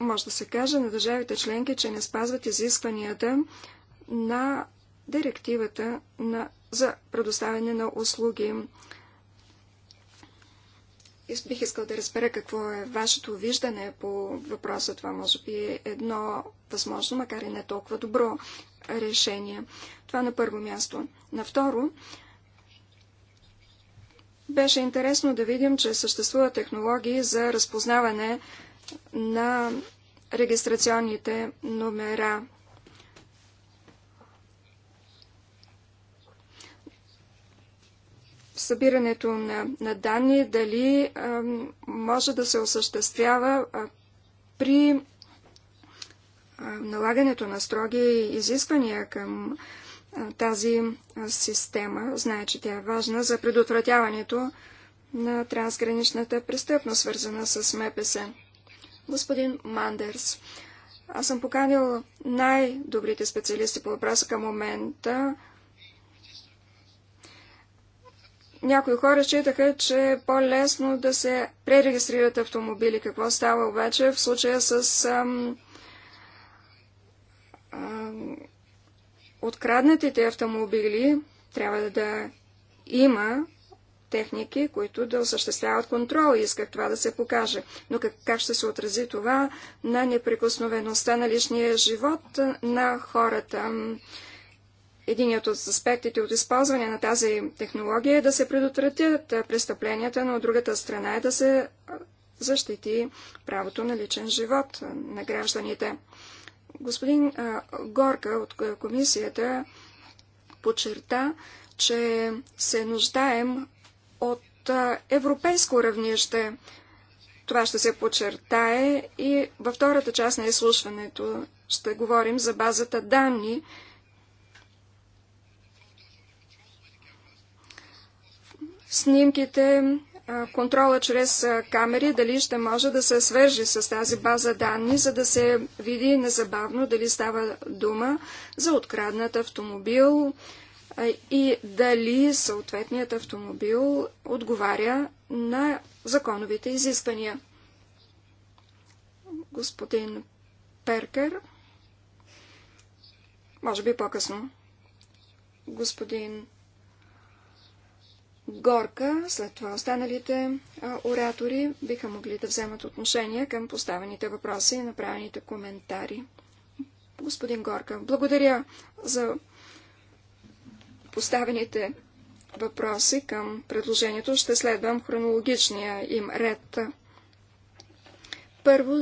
може да се каже на държавите членки, че не спазват изискванията на директивата на, за предоставяне на услуги. Бих искал да разбера какво е вашето виждане по въпроса. Това може би е едно възможно, макар и не толкова добро решение. Това на първо място. На второ, беше интересно да видим, че съществуват технологии за разпознаване на регистрационните номера събирането на, на данни, дали а, може да се осъществява а, при а, налагането на строги изисквания към а, тази а, система. Знае, че тя е важна за предотвратяването на трансграничната престъпност, свързана с МПС. Господин Мандерс, аз съм поканил най-добрите специалисти по въпроса към момента. Някои хора считаха, че е по-лесно да се пререгистрират автомобили. Какво става обаче в случая с ам, ам, откраднатите автомобили? Трябва да има техники, които да осъществяват контрол. и Исках това да се покаже. Но как, как ще се отрази това на неприкосновеността на личния живот на хората? Единият от аспектите от използване на тази технология е да се предотвратят престъпленията, но от другата страна е да се защити правото на личен живот на гражданите. Господин Горка от комисията подчерта, че се нуждаем от европейско равнище. Това ще се подчертае и във втората част на изслушването ще говорим за базата данни, снимките, контрола чрез камери, дали ще може да се свържи с тази база данни, за да се види незабавно дали става дума за откраднат автомобил и дали съответният автомобил отговаря на законовите изисквания. Господин Перкер, може би по-късно. Господин Горка, след това останалите оратори биха могли да вземат отношение към поставените въпроси и направените коментари. Господин Горка, благодаря за поставените въпроси към предложението. Ще следвам хронологичния им ред. Първо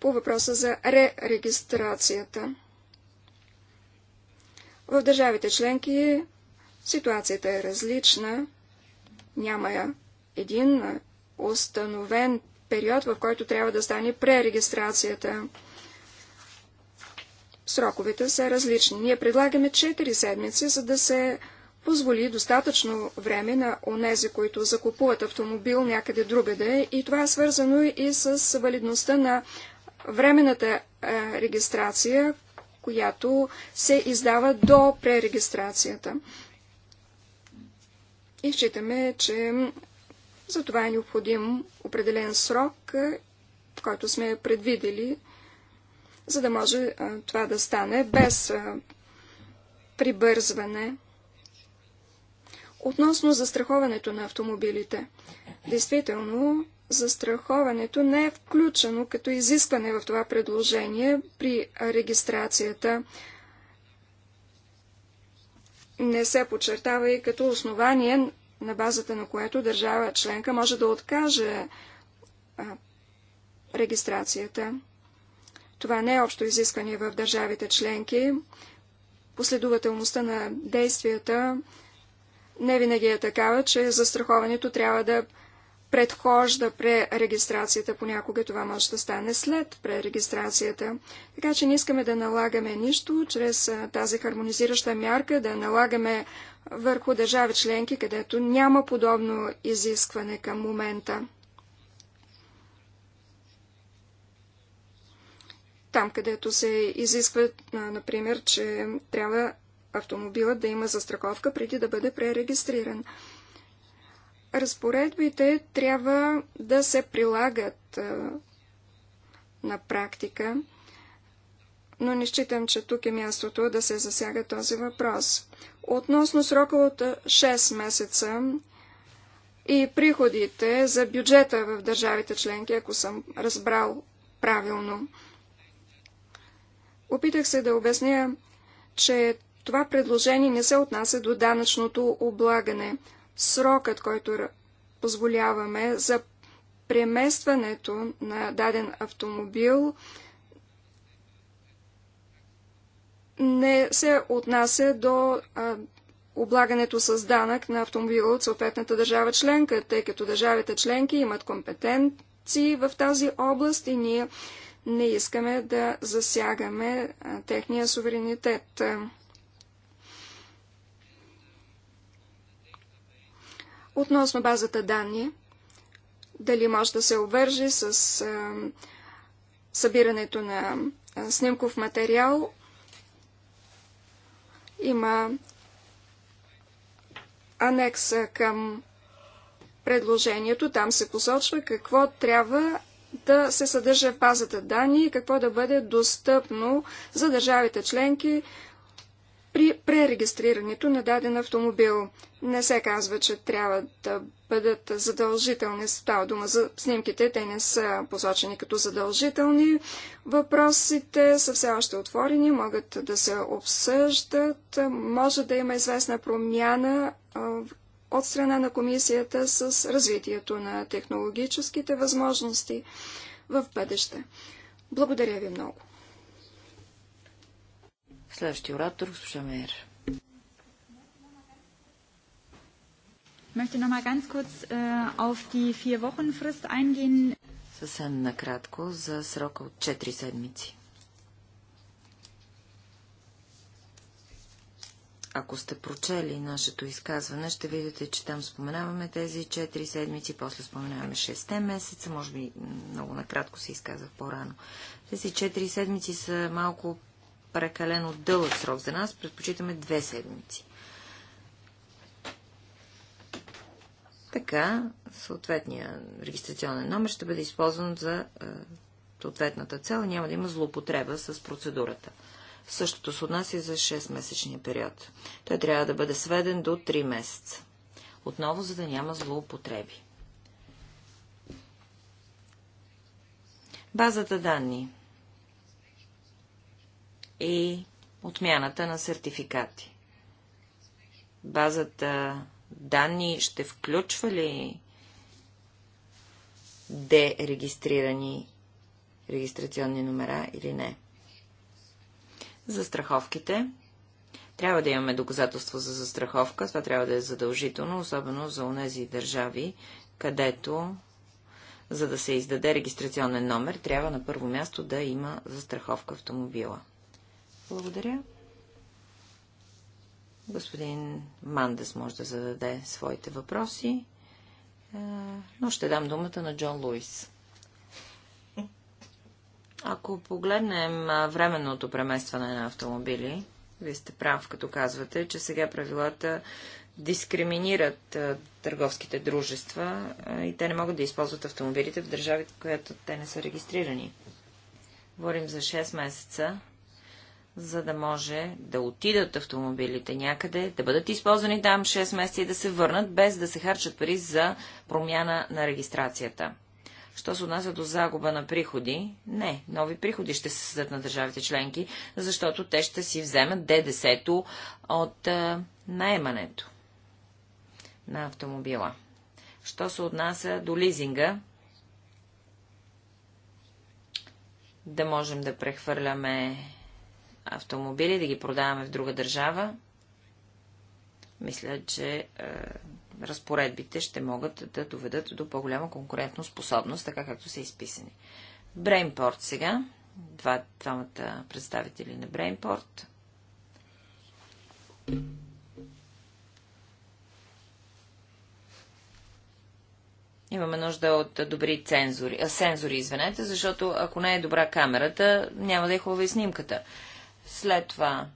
по въпроса за ререгистрацията. В държавите членки ситуацията е различна. Няма един установен период, в който трябва да стане пререгистрацията. Сроковете са различни. Ние предлагаме 4 седмици, за да се позволи достатъчно време на онези, които закупуват автомобил някъде другаде и това е свързано и с валидността на временната регистрация, която се издава до пререгистрацията. И считаме, че за това е необходим определен срок, е, който сме предвидели, за да може е, това да стане без е, прибързване. Относно застраховането на автомобилите. Действително, застраховането не е включено като изискване в това предложение при регистрацията не се подчертава и като основание, на базата на което държава членка може да откаже а, регистрацията. Това не е общо изискване в държавите членки. Последователността на действията не винаги е такава, че застраховането трябва да предхожда пререгистрацията. Понякога това може да стане след пререгистрацията. Така че не искаме да налагаме нищо чрез тази хармонизираща мярка, да налагаме върху държави членки, където няма подобно изискване към момента. Там, където се изисква, например, че трябва автомобилът да има застраховка преди да бъде пререгистриран разпоредбите трябва да се прилагат на практика, но не считам, че тук е мястото да се засяга този въпрос. Относно срока от 6 месеца и приходите за бюджета в държавите членки, ако съм разбрал правилно, опитах се да обясня, че това предложение не се отнася до данъчното облагане срокът, който позволяваме за преместването на даден автомобил, не се отнася до а, облагането с данък на автомобила от съответната държава членка, тъй като държавите членки имат компетенции в тази област и ние не искаме да засягаме а, техния суверенитет. Относно базата данни, дали може да се обвържи с а, събирането на а, снимков материал, има анекса към предложението. Там се посочва какво трябва да се съдържа в базата данни и какво да бъде достъпно за държавите членки, при пререгистрирането на даден автомобил. Не се казва, че трябва да бъдат задължителни. Става дума за снимките, те не са посочени като задължителни. Въпросите са все още отворени, могат да се обсъждат. Може да има известна промяна от страна на комисията с развитието на технологическите възможности в бъдеще. Благодаря ви много. Следващия оратор, госпожа Мейер. Möchte nochmal ganz kurz äh, auf die vier Wochen Frist eingehen. Съвсем накратко за срока от 4 седмици. Ако сте прочели нашето изказване, ще видите, че там споменаваме тези 4 седмици, после споменаваме 6 месеца, може би много накратко се изказах по-рано. Тези 4 седмици са малко прекалено дълъг срок за нас, предпочитаме две седмици. Така, съответния регистрационен номер ще бъде използван за е, съответната цел и няма да има злоупотреба с процедурата. Същото се отнася за 6-месечния период. Той трябва да бъде сведен до 3 месеца. Отново, за да няма злоупотреби. Базата данни и е отмяната на сертификати. Базата данни ще включва ли дерегистрирани регистрационни номера или не? За страховките. Трябва да имаме доказателство за застраховка. Това трябва да е задължително, особено за онези държави, където за да се издаде регистрационен номер, трябва на първо място да има застраховка автомобила. Благодаря. Господин Мандес може да зададе своите въпроси, е, но ще дам думата на Джон Луис. Ако погледнем временното преместване на автомобили, вие сте прав, като казвате, че сега правилата дискриминират търговските дружества и те не могат да използват автомобилите в държавите, в която те не са регистрирани. Говорим за 6 месеца за да може да отидат автомобилите някъде, да бъдат използвани там 6 месеца и да се върнат, без да се харчат пари за промяна на регистрацията. Що се отнася до загуба на приходи? Не, нови приходи ще се създадат на държавите членки, защото те ще си вземат ДДС-то от а, наемането на автомобила. Що се отнася до лизинга? Да можем да прехвърляме автомобили, да ги продаваме в друга държава, мисля, че е, разпоредбите ще могат да доведат до по-голяма конкурентно способност, така както са изписани. Брейнпорт сега. Два, двамата представители на Брейнпорт. Имаме нужда от добри цензори, а, сензори, извинете, защото ако не е добра камерата, няма да е хубава и снимката. След това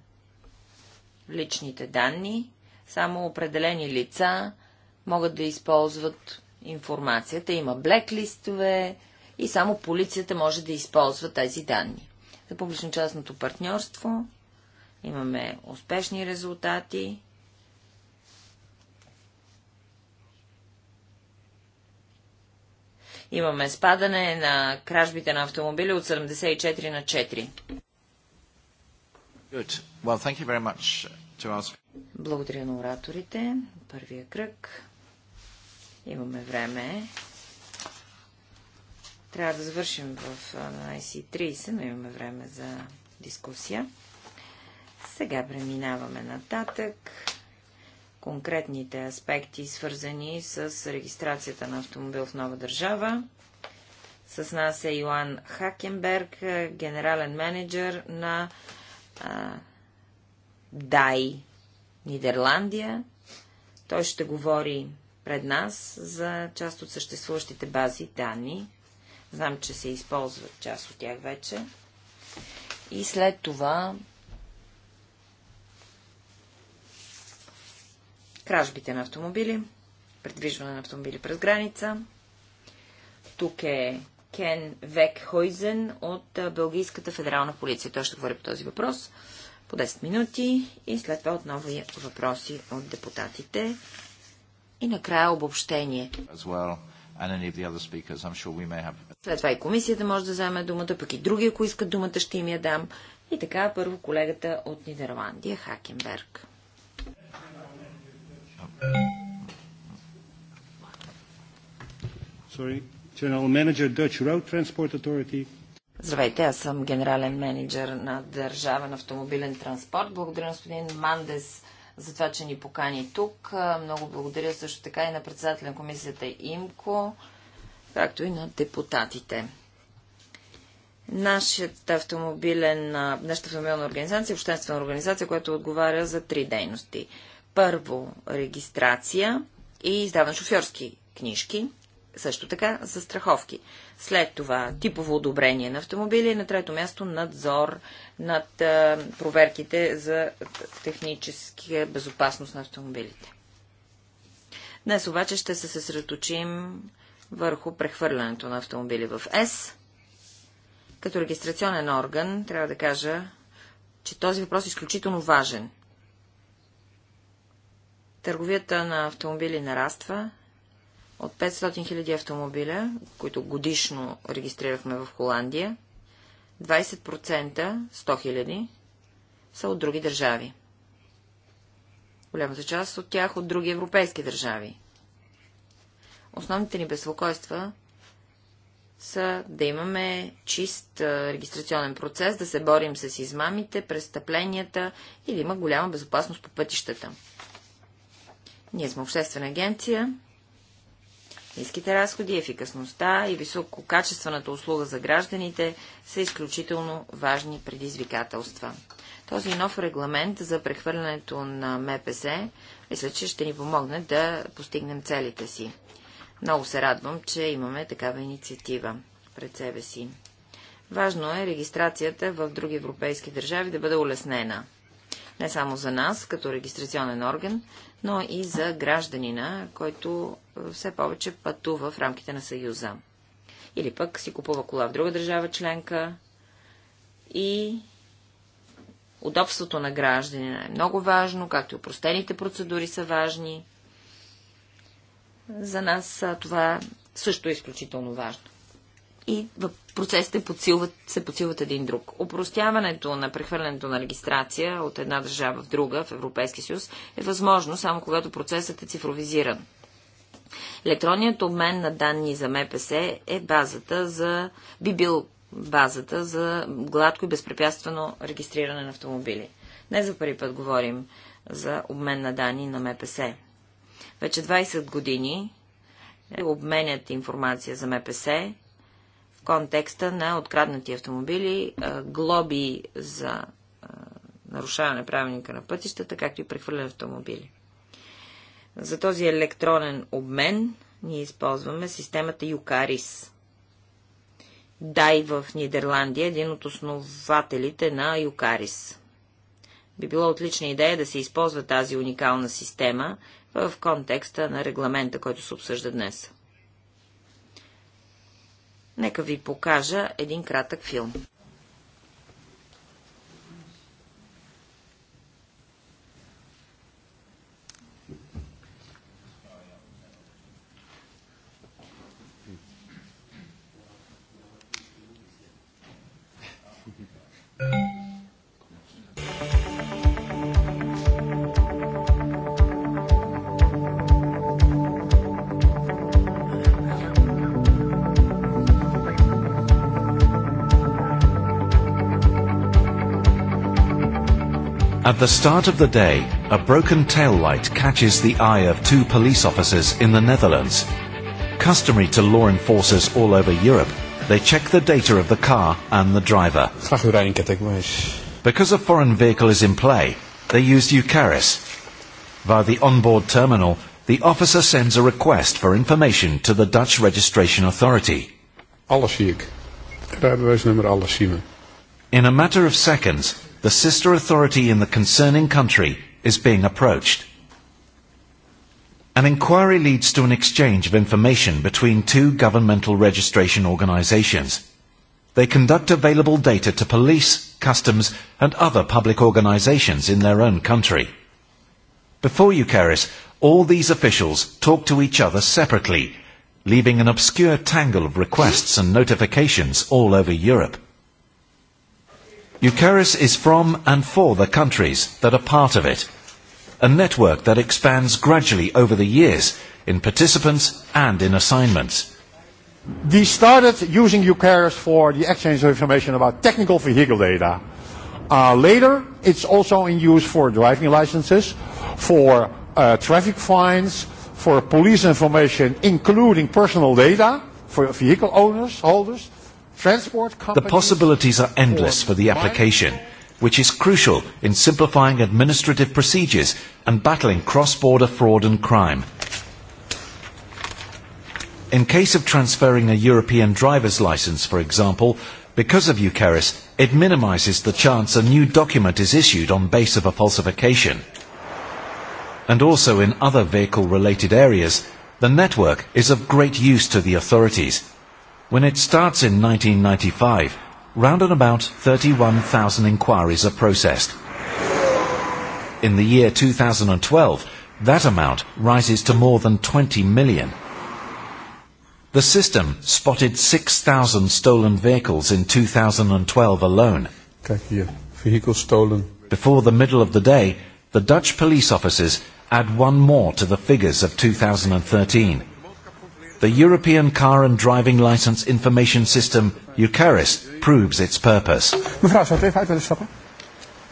личните данни. Само определени лица могат да използват информацията. Има блеклистове и само полицията може да използва тези данни. За публично-частното партньорство имаме успешни резултати. Имаме спадане на кражбите на автомобили от 74 на 4. Благодаря на ораторите. Първия кръг. Имаме време. Трябва да завършим в 11.30, но имаме време за дискусия. Сега преминаваме нататък. Конкретните аспекти, свързани с регистрацията на автомобил в нова държава. С нас е Йоан Хакенберг, генерален менеджер на а, Дай, Нидерландия. Той ще говори пред нас за част от съществуващите бази данни. Знам, че се използват част от тях вече. И след това кражбите на автомобили, предвижване на автомобили през граница. Тук е Кен Век от Белгийската федерална полиция. Той ще говори по този въпрос по 10 минути и след това отново въпроси от депутатите. И накрая обобщение. След това и комисията може да вземе думата, пък и други, ако искат думата, ще им я дам. И така, първо колегата от Нидерландия, Хакенберг. Sorry. Здравейте, аз съм генерален менеджер на Държавен автомобилен транспорт. Благодаря господин Мандес за това, че ни покани тук. Много благодаря също така и на председателя на комисията ИМКО, както и на депутатите. Нашата автомобилен, нашата автомобилна организация е обществена организация, която отговаря за три дейности. Първо, регистрация и издаване шофьорски книжки. Също така за страховки. След това типово одобрение на автомобили и на трето място надзор над а, проверките за техническа безопасност на автомобилите. Днес обаче ще се съсредоточим върху прехвърлянето на автомобили в ЕС. Като регистрационен орган трябва да кажа, че този въпрос е изключително важен. Търговията на автомобили нараства, от 500 000 автомобиля, които годишно регистрирахме в Холандия, 20%, 100 000, са от други държави. Голямата част от тях от други европейски държави. Основните ни безпокойства са да имаме чист регистрационен процес, да се борим с измамите, престъпленията и да има голяма безопасност по пътищата. Ние сме обществена агенция, Ниските разходи, ефикасността и висококачествената услуга за гражданите са изключително важни предизвикателства. Този нов регламент за прехвърлянето на МПС мисля, че ще ни помогне да постигнем целите си. Много се радвам, че имаме такава инициатива пред себе си. Важно е регистрацията в други европейски държави да бъде улеснена. Не само за нас, като регистрационен орган, но и за гражданина, който е, все повече пътува в рамките на Съюза. Или пък си купува кола в друга държава членка и удобството на гражданина е много важно, както и упростените процедури са важни. За нас това също е изключително важно и процесите подсилват, се подсилват един друг. Опростяването на прехвърлянето на регистрация от една държава в друга в Европейския съюз е възможно само когато процесът е цифровизиран. Електронният обмен на данни за МПС е базата за, би бил базата за гладко и безпрепятствено регистриране на автомобили. Не за първи път говорим за обмен на данни на МПС. Вече 20 години обменят информация за МПС контекста на откраднати автомобили, глоби за нарушаване правилника на пътищата, както и прехвърляне автомобили. За този електронен обмен ние използваме системата Юкарис. Дай в Нидерландия, един от основателите на Юкарис. Би била отлична идея да се използва тази уникална система в контекста на регламента, който се обсъжда днес. Нека ви покажа един кратък филм. Thank you. At the start of the day, a broken tail light catches the eye of two police officers in the Netherlands. Customary to law enforcers all over Europe, they check the data of the car and the driver. Because a foreign vehicle is in play, they use Eucaris. Via the onboard terminal, the officer sends a request for information to the Dutch Registration Authority. Alles zie ik. Rijbewijsnummer, alles zien we. In a matter of seconds, the sister authority in the concerning country is being approached. An inquiry leads to an exchange of information between two governmental registration organizations. They conduct available data to police, customs and other public organizations in their own country. Before Eucharis, all these officials talk to each other separately, leaving an obscure tangle of requests and notifications all over Europe. Eucharis is from and for the countries that are part of it, a network that expands gradually over the years in participants and in assignments. We started using Eucharis for the exchange of information about technical vehicle data. Uh, later, it's also in use for driving licenses, for uh, traffic fines, for police information, including personal data for vehicle owners, holders, The possibilities are endless for the application, which is crucial in simplifying administrative procedures and battling cross-border fraud and crime. In case of transferring a European driver's license, for example, because of Eucharis, it minimises the chance a new document is issued on base of a falsification. And also in other vehicle-related areas, the network is of great use to the authorities When it starts in 1995, round and about 31,000 inquiries are processed. In the year 2012, that amount rises to more than 20 million. The system spotted 6,000 stolen vehicles in 2012 alone. Kijk vehicles stolen. Before the middle of the day, the Dutch police officers add one more to the figures of 2013. The European Car and Driving Licence Information System, Eucharis, proves its purpose.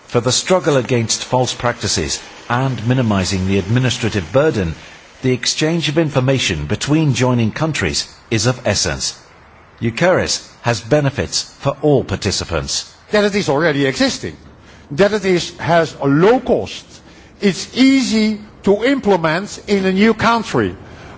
For the struggle against false practices and minimising the administrative burden, the exchange of information between joining countries is of essence. Eucharis has benefits for all participants. That it is already existing, that it is, has a low cost, it's easy to implement in a new country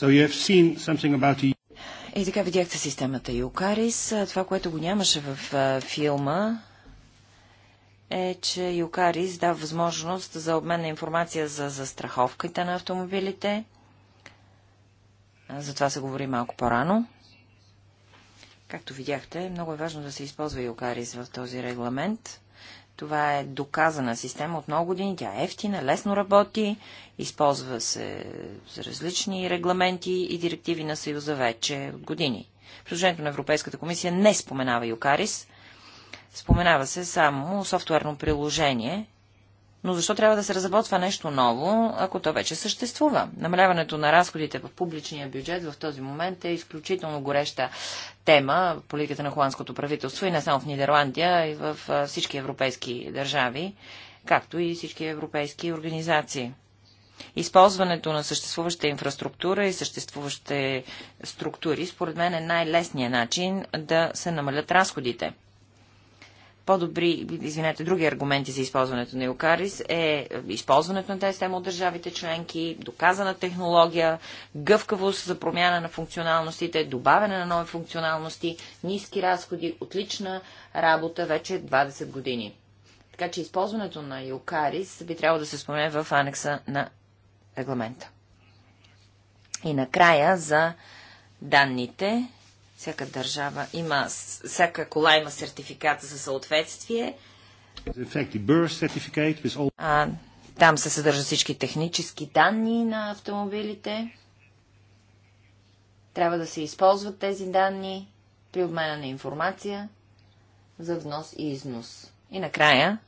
So you have seen something about the... И така видяхте системата Юкарис. Това, което го нямаше в а, филма, е, че Юкарис дава възможност за обмен на информация за застраховката на автомобилите. За това се говори малко по-рано. Както видяхте, много е важно да се използва Юкарис в този регламент. Това е доказана система от много години. Тя е ефтина, лесно работи Използва се за различни регламенти и директиви на Съюза вече години. Предложението на Европейската комисия не споменава Юкарис. Споменава се само софтуерно приложение, но защо трябва да се разработва нещо ново, ако то вече съществува? Намаляването на разходите в публичния бюджет в този момент е изключително гореща тема в политиката на холандското правителство и не само в Нидерландия, и в всички европейски държави, както и всички европейски организации. Използването на съществуваща инфраструктура и съществуващите структури, според мен, е най-лесният начин да се намалят разходите. По-добри, извинете, други аргументи за използването на Юкарис е използването на тези тема от държавите членки, доказана технология, гъвкавост за промяна на функционалностите, добавяне на нови функционалности, ниски разходи, отлична работа вече 20 години. Така че използването на Юкарис би трябвало да се спомене в анекса на регламента. И накрая за данните. Всяка държава има, всяка кола има сертификат за съответствие. А, там се съдържат всички технически данни на автомобилите. Трябва да се използват тези данни при обмена на информация за внос и износ. И накрая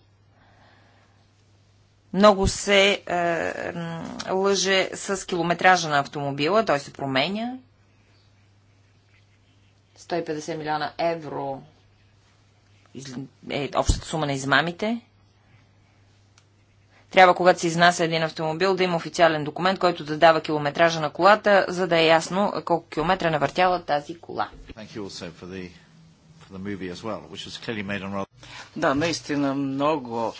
много се е, лъже с километража на автомобила, той се променя. 150 милиона евро е общата сума на измамите. Трябва, когато се изнася един автомобил, да има официален документ, който да дава километража на колата, за да е ясно колко километра навъртяла тази кола. Да, наистина много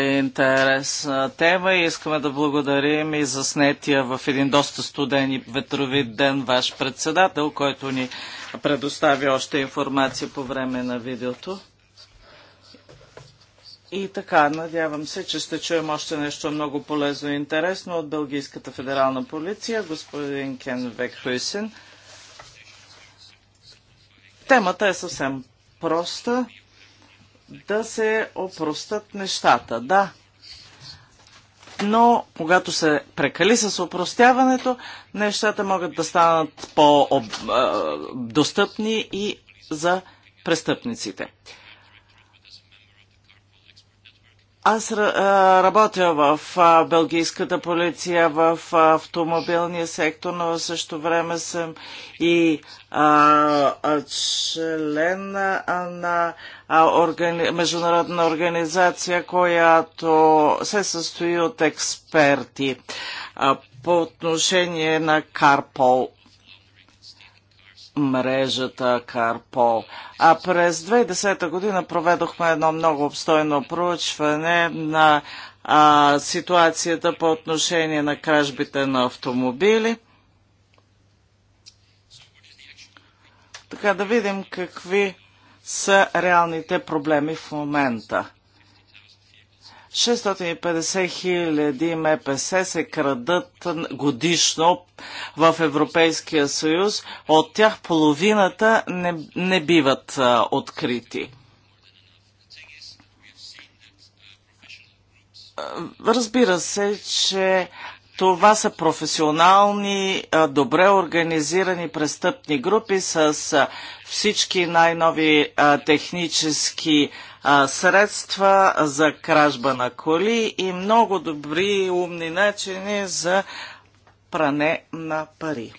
интересна тема и искаме да благодарим и за снетия в един доста студен и ветровит ден ваш председател, който ни предостави още информация по време на видеото. И така, надявам се, че ще чуем още нещо много полезно и интересно от Белгийската федерална полиция, господин Кен Векхуисен. Темата е съвсем проста да се опростат нещата. Да, но когато се прекали с опростяването, нещата могат да станат по-достъпни и за престъпниците. Аз работя в белгийската полиция, в автомобилния сектор, но също време съм и член на международна организация, която се състои от експерти по отношение на Карпол мрежата Карпол. А през 2010 година проведохме едно много обстойно проучване на а, ситуацията по отношение на кражбите на автомобили. Така да видим какви са реалните проблеми в момента. 650 хиляди МПС се крадат годишно в Европейския съюз. От тях половината не, не биват а, открити. Разбира се, че това са професионални, добре организирани престъпни групи с всички най-нови технически средства за кражба на коли и много добри умни начини за пране на пари.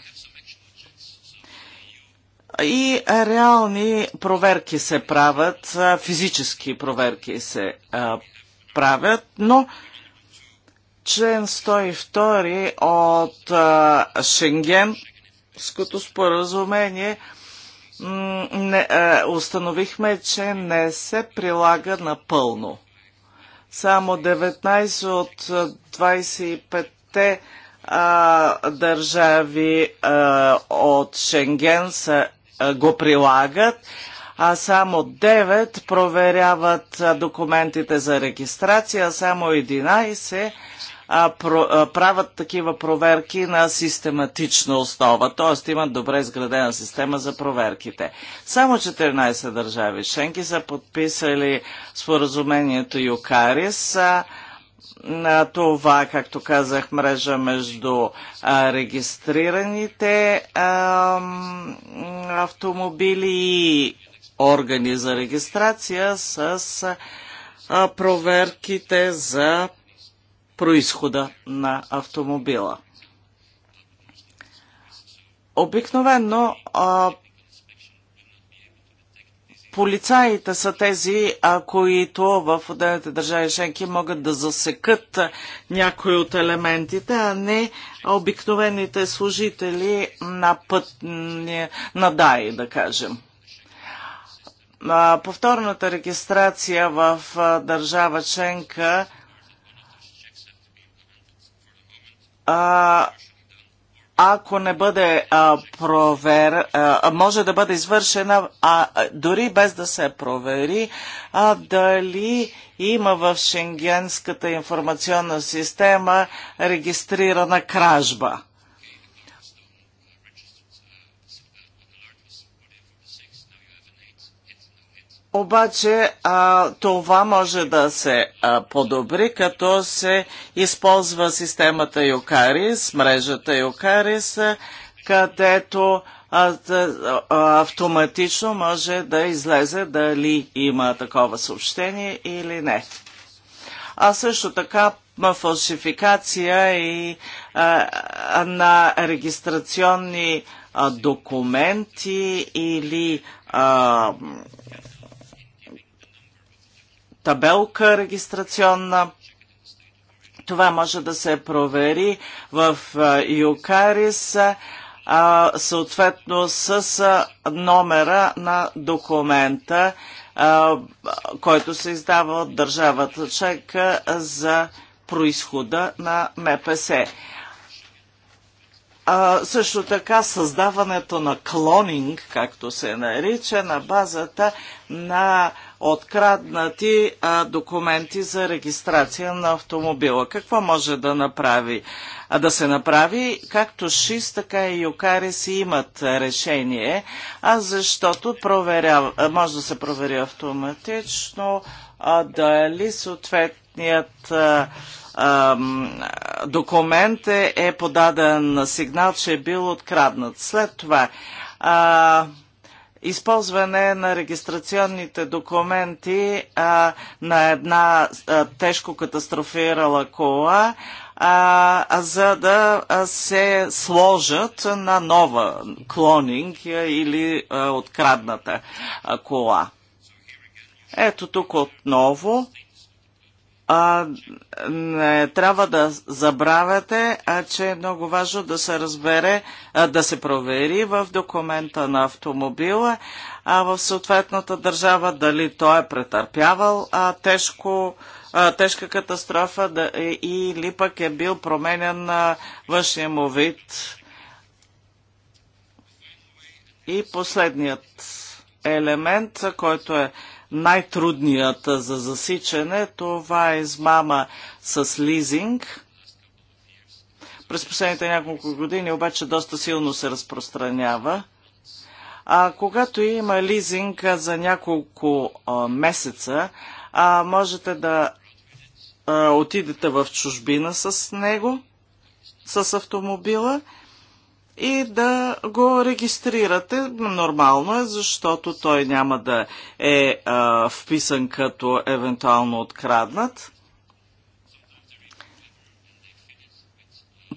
И реални проверки се правят, физически проверки се правят, но член 102 от Шенгенското споразумение не, е, установихме, че не се прилага напълно. Само 19 от 25-те е, е, държави а, е, от Шенген са, а, го прилагат, а само 9 проверяват а, документите за регистрация, а само 11 а, про, а, правят такива проверки на систематична основа, т.е. имат добре изградена система за проверките. Само 14 държави членки са подписали споразумението ЮКАРИС. на това, както казах, мрежа между а, регистрираните а, автомобили и органи за регистрация с а, проверките за происхода на автомобила. Обикновено а, полицаите са тези, а, които в отделните държави членки могат да засекат някои от елементите, а не обикновените служители на път на дай да кажем. А, повторната регистрация в а, държава членка – а, ако не бъде а, провер, а, може да бъде извършена, а, дори без да се провери, а, дали има в Шенгенската информационна система регистрирана кражба. Обаче а, това може да се а, подобри, като се използва системата Юкарис, мрежата Юкарис, където а, а, автоматично може да излезе дали има такова съобщение или не. А също така фалшификация и а, на регистрационни а, документи или а, табелка регистрационна. Това може да се провери в ЮКАРИС съответно с номера на документа, който се издава от държавата чека за происхода на МПС. А, също така създаването на клонинг, както се нарича, на базата на откраднати а, документи за регистрация на автомобила. Какво може да направи? А да се направи, както ШИС, така и Юкарис имат решение, а защото проверя, може да се провери автоматично а, дали съответният а, а, документ е, е подаден на сигнал, че е бил откраднат. След това а, използване на регистрационните документи а, на една а, тежко катастрофирала кола, а, а, за да се сложат на нова клонинг а, или а, открадната а, кола. Ето тук отново а, не трябва да забравяте, а, че е много важно да се разбере, а, да се провери в документа на автомобила, а в съответната държава дали той е претърпявал а, тежко, а, тежка катастрофа да, или пък е бил променен на външния му вид. И последният елемент, който е най-трудният за засичане. Това е измама с лизинг. През последните няколко години обаче доста силно се разпространява. А когато има лизинг за няколко а, месеца, а, можете да а, отидете в чужбина с него, с автомобила и да го регистрирате. Нормално е, защото той няма да е а, вписан като евентуално откраднат.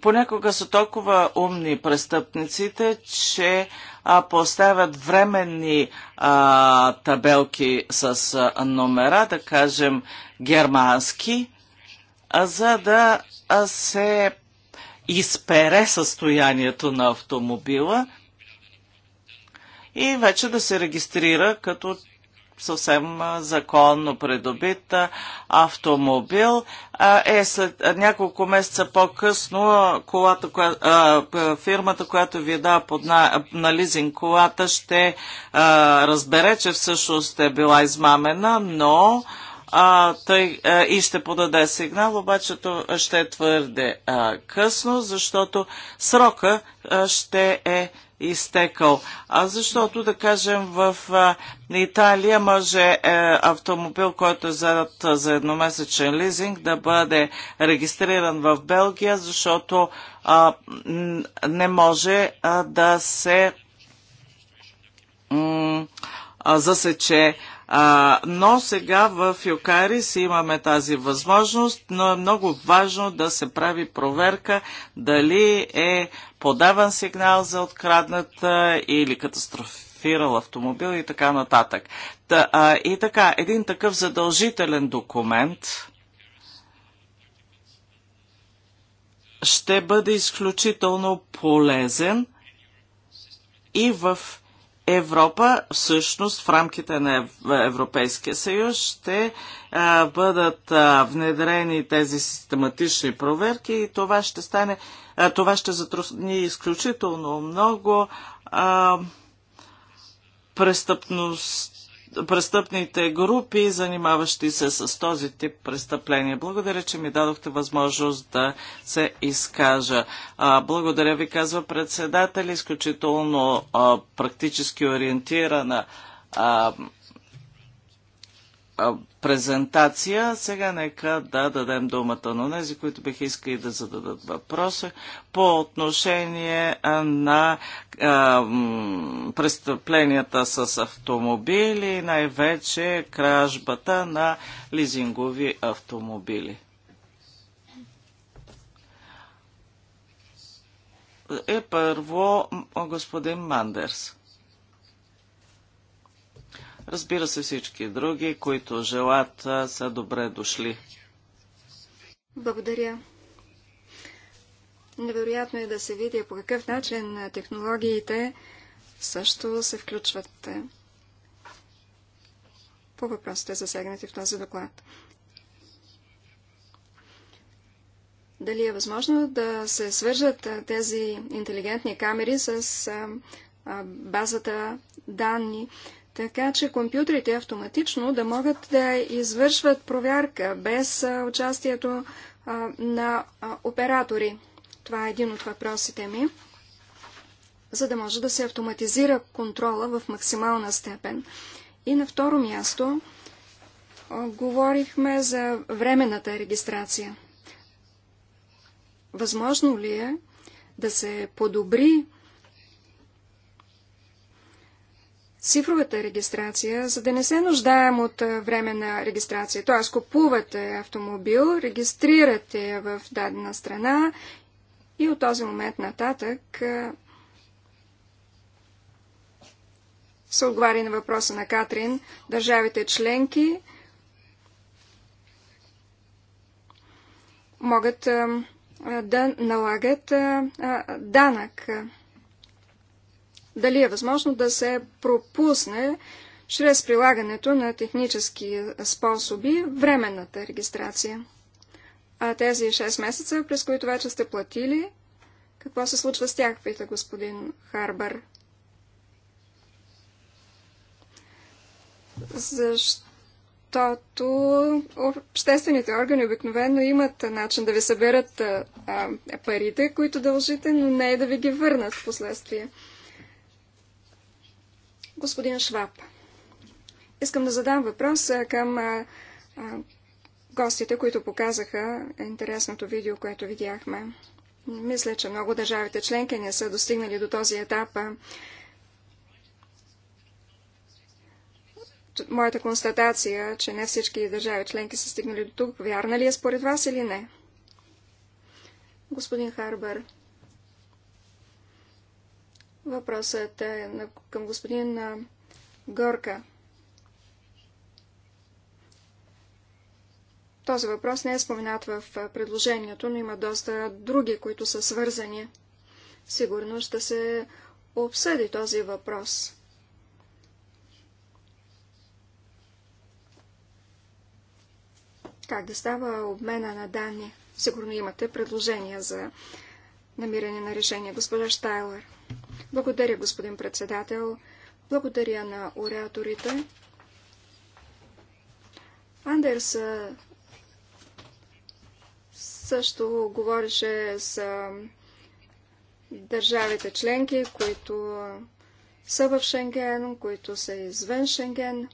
Понякога са толкова умни престъпниците, че а, поставят временни а, табелки с а, номера, да кажем германски, а, за да а, се изпере състоянието на автомобила и вече да се регистрира като съвсем законно придобит автомобил. Е, след няколко месеца по-късно колата, коя, фирмата, която ви е дава под на, на лизинг колата, ще разбере, че всъщност е била измамена, но а, а, тъй, а, и ще подаде сигнал, обаче то ще е твърде а, късно, защото срока а, ще е изтекал. А защото, да кажем, в а, Италия може е, автомобил, който е заед за едномесечен лизинг, да бъде регистриран в Белгия, защото а, не може а, да се засече а, но сега в Юкарис имаме тази възможност, но е много важно да се прави проверка дали е подаван сигнал за открадната или катастрофирал автомобил и така нататък. Та, а, и така, един такъв задължителен документ ще бъде изключително полезен и в Европа, всъщност в рамките на Европейския съюз, ще а, бъдат а, внедрени тези систематични проверки и това ще стане, а, това ще затрудни изключително много а, престъпност престъпните групи, занимаващи се с този тип престъпления. Благодаря, че ми дадохте възможност да се изкажа. Благодаря ви, казва председател, изключително практически ориентирана презентация. Сега нека да дадем думата на тези, които бих искали да зададат въпроса по отношение на а, престъпленията с автомобили, най-вече кражбата на лизингови автомобили. Е първо господин Мандерс. Разбира се, всички други, които желат, са добре дошли. Благодаря. Невероятно е да се види по какъв начин технологиите също се включват е, по въпросите засегнати в този доклад. Дали е възможно да се свържат тези интелигентни камери с базата данни, така че компютрите автоматично да могат да извършват проверка без участието на оператори. Това е един от въпросите ми, за да може да се автоматизира контрола в максимална степен. И на второ място говорихме за временната регистрация. Възможно ли е да се подобри цифровата регистрация, за да не се нуждаем от време на регистрация. т.е. купувате автомобил, регистрирате в дадена страна и от този момент нататък се отговаря на въпроса на Катрин, държавите членки могат да налагат данък дали е възможно да се пропусне чрез прилагането на технически способи временната регистрация. А тези 6 месеца, през които вече сте платили, какво се случва с тях, пита господин Харбър. Защото обществените органи обикновено имат начин да ви съберат а, парите, които дължите, но не и да ви ги върнат в последствие господин Шваб. Искам да задам въпрос към гостите, които показаха интересното видео, което видяхме. Мисля, че много държавите членки не са достигнали до този етап. Моята констатация, че не всички държави членки са стигнали до тук, вярна ли е според вас или не? Господин Харбър. Въпросът е към господин Горка. Този въпрос не е споменат в предложението, но има доста други, които са свързани. Сигурно ще се обсъди този въпрос. Как да става обмена на данни? Сигурно имате предложения за намиране на решение, госпожа Штайлер. Благодаря, господин председател. Благодаря на ораторите. Андерс също говореше за държавите членки, които са в Шенген, които са извън Шенген.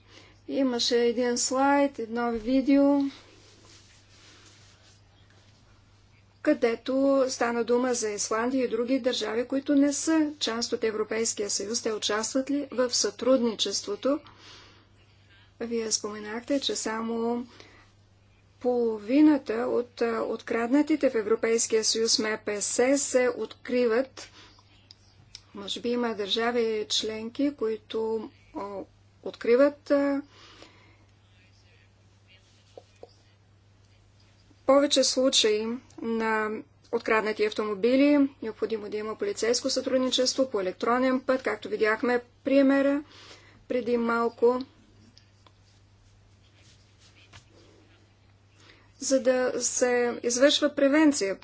Имаше един слайд, едно видео където стана дума за Исландия и други държави, които не са част от Европейския съюз. Те участват ли в сътрудничеството? Вие споменахте, че само половината от откраднатите в Европейския съюз МПС се откриват. Може би има държави членки, които откриват повече случаи на откраднати автомобили, необходимо да има полицейско сътрудничество по електронен път, както видяхме примера преди малко, за да се извършва превенция,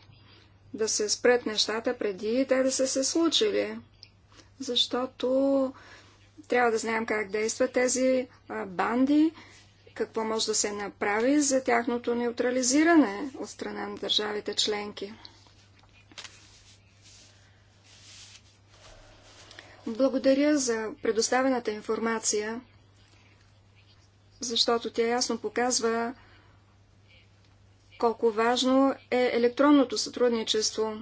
да се спрет нещата преди те да са се случили, защото трябва да знаем как действат тези банди, какво може да се направи за тяхното неутрализиране от страна на държавите членки. Благодаря за предоставената информация, защото тя ясно показва колко важно е електронното сътрудничество.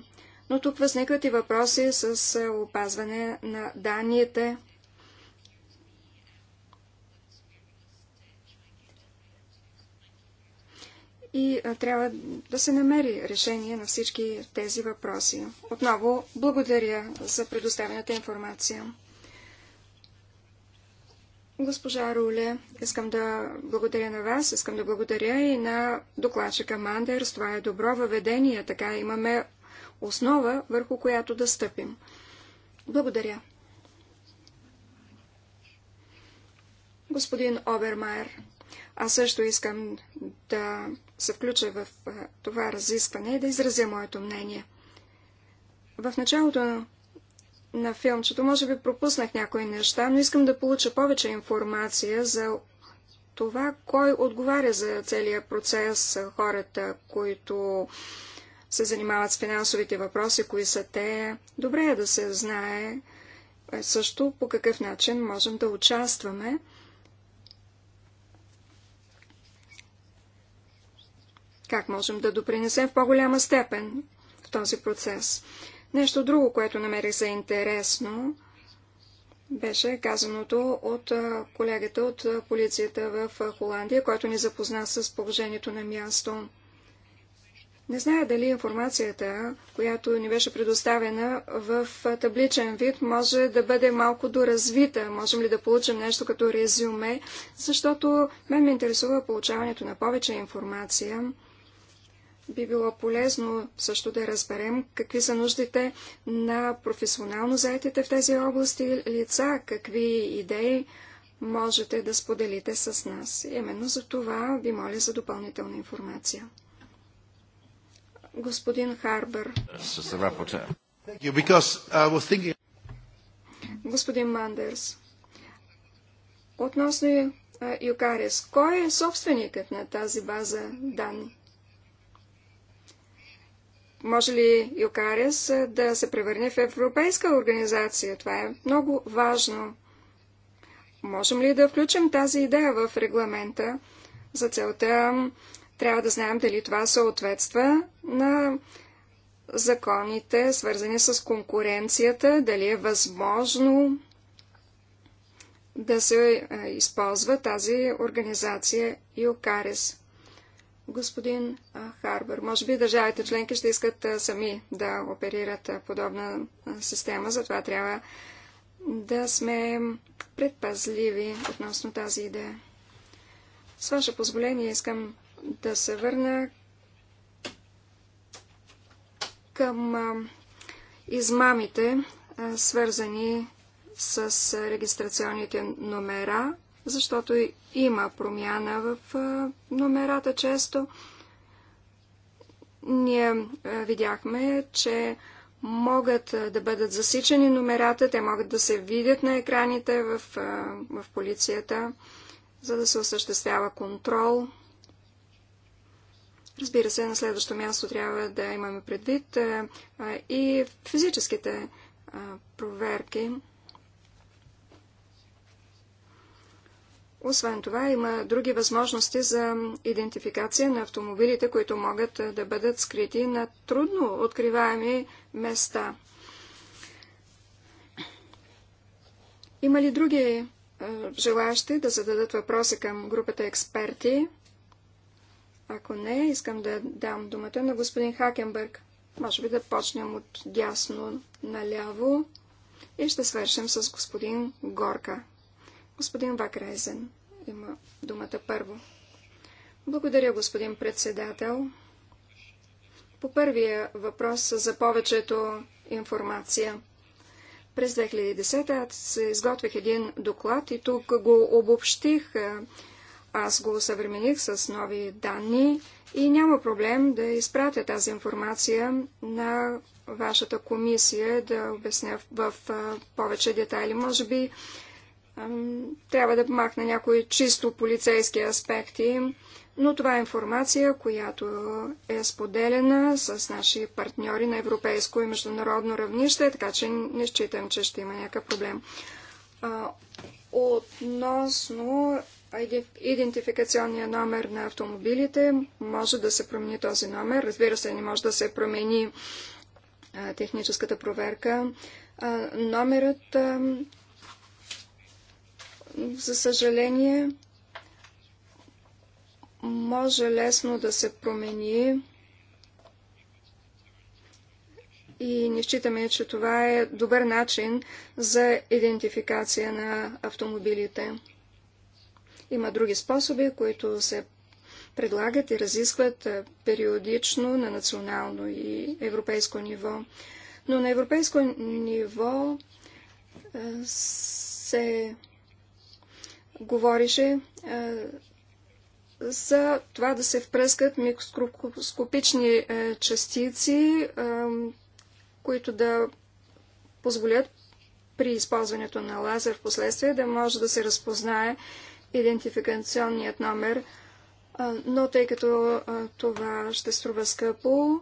Но тук възникват и въпроси с е, опазване на данните, и трябва да се намери решение на всички тези въпроси. Отново благодаря за предоставената информация. Госпожа Руле, искам да благодаря на вас, искам да благодаря и на докладчика Мандерс. Това е добро въведение, така имаме основа, върху която да стъпим. Благодаря. Господин Обермайер, аз също искам да се включа в това разискване и е да изразя моето мнение. В началото на филмчето може би пропуснах някои неща, но искам да получа повече информация за това, кой отговаря за целият процес, хората, които се занимават с финансовите въпроси, кои са те. Добре е да се знае е, също по какъв начин можем да участваме Как можем да допринесем в по-голяма степен в този процес? Нещо друго, което намерих за интересно, беше казаното от колегата от полицията в Холандия, който ни запозна с положението на място. Не зная дали информацията, която ни беше предоставена в табличен вид, може да бъде малко доразвита. Можем ли да получим нещо като резюме, защото мен ме интересува получаването на повече информация би било полезно също да разберем какви са нуждите на професионално заетите в тези области лица, какви идеи можете да споделите с нас. Именно за това ви моля за допълнителна информация. Господин Харбър. Господин Мандерс. Относно Юкарис, кой е собственикът на тази база данни? Може ли Юкарес да се превърне в европейска организация? Това е много важно. Можем ли да включим тази идея в регламента? За целта трябва да знаем дали това съответства на законите, свързани с конкуренцията, дали е възможно да се използва тази организация ЮКАРЕС господин Харбър. Може би държавите членки ще искат сами да оперират подобна система, затова трябва да сме предпазливи относно тази идея. С ваше позволение искам да се върна към измамите, свързани с регистрационните номера, защото има промяна в номерата често. Ние видяхме, че могат да бъдат засичани номерата, те могат да се видят на екраните в, в полицията, за да се осъществява контрол. Разбира се, на следващо място трябва да имаме предвид и физическите проверки. Освен това, има други възможности за идентификация на автомобилите, които могат да бъдат скрити на трудно откриваеми места. Има ли други желаящи да зададат въпроси към групата експерти? Ако не, искам да дам думата на господин Хакенбърг. Може би да почнем от дясно наляво и ще свършим с господин Горка. Господин Вакрайзен има думата първо. Благодаря, господин председател. По първия въпрос за повечето информация. През 2010 се изготвих един доклад и тук го обобщих. Аз го съвремених с нови данни и няма проблем да изпратя тази информация на вашата комисия, да обясня в повече детайли. Може би трябва да помахна някои чисто полицейски аспекти, но това е информация, която е споделена с наши партньори на европейско и международно равнище, така че не считам, че ще има някакъв проблем. Относно идентификационния номер на автомобилите, може да се промени този номер. Разбира се, не може да се промени техническата проверка. Номерът за съжаление, може лесно да се промени и не считаме, че това е добър начин за идентификация на автомобилите. Има други способи, които се предлагат и разискват е, периодично на национално и европейско ниво. Но на европейско ниво е, се говореше е, за това да се впрескат микроскопични е, частици, е, които да позволят при използването на лазер в последствие да може да се разпознае идентификационният номер, но тъй като това ще струва скъпо,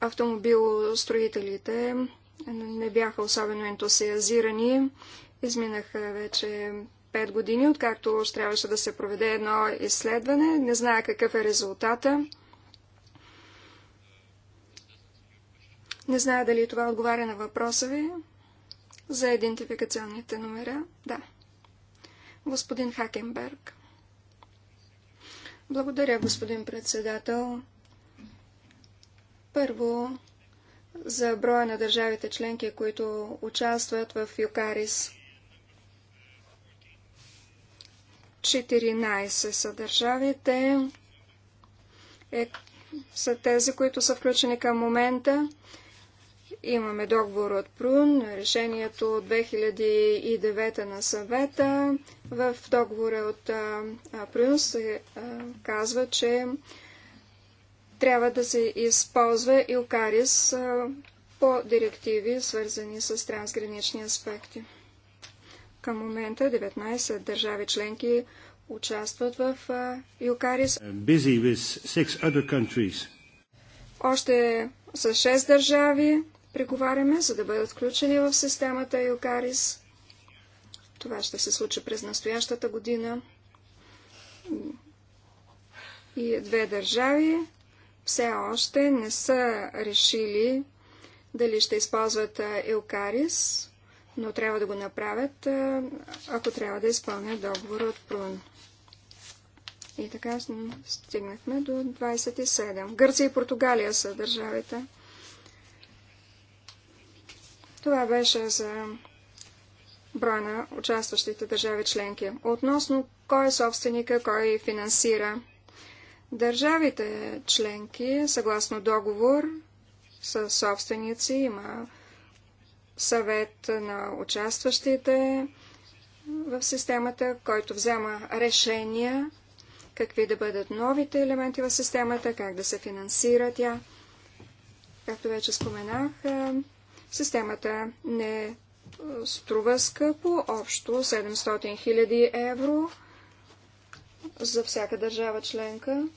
автомобилостроителите не бяха особено ентусиазирани Изминаха вече пет години, откакто трябваше да се проведе едно изследване. Не зная какъв е резултата. Не зная дали това отговаря на въпроса ви за идентификационните номера. Да. Господин Хакенберг. Благодаря, господин председател. Първо, за броя на държавите членки, които участват в ЮКАРИС. 14 са държавите, е, са тези, които са включени към момента. Имаме договор от Прун, решението от 2009 на съвета. В договора от Прун се казва, че трябва да се използва Илкарис по директиви, свързани с трансгранични аспекти. Към момента 19 държави членки участват в ЮКАРИС. Още с 6 държави преговаряме, за да бъдат включени в системата ЮКАРИС. Това ще се случи през настоящата година. И две държави все още не са решили дали ще използват елкарис но трябва да го направят, ако трябва да изпълнят договора от Прун. И така стигнахме до 27. Гърция и Португалия са държавите. Това беше за броя на участващите държави членки. Относно кой е собственика, кой финансира. Държавите членки, съгласно договор, са собственици, има съвет на участващите в системата, който взема решения какви да бъдат новите елементи в системата, как да се финансира тя. Както вече споменах, е, системата не струва скъпо, общо 700 000 евро за всяка държава членка.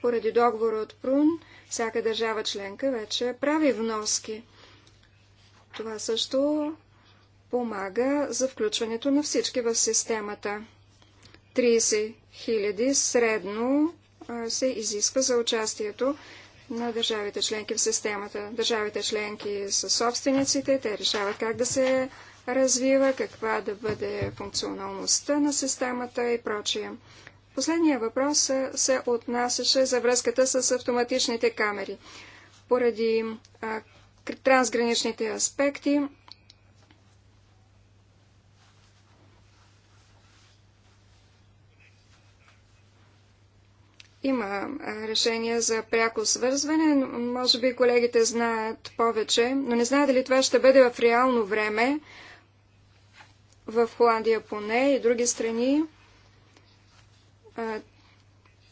Поради договора от Прун, всяка държава членка вече прави вноски – това също помага за включването на всички в системата. 30 000 средно се изисква за участието на държавите членки в системата. Държавите членки са собствениците, те решават как да се развива, каква да бъде функционалността на системата и прочие. Последния въпрос се отнасяше за връзката с автоматичните камери. Поради трансграничните аспекти. Има решение за пряко свързване. Може би колегите знаят повече, но не знаят дали това ще бъде в реално време. В Холандия поне и други страни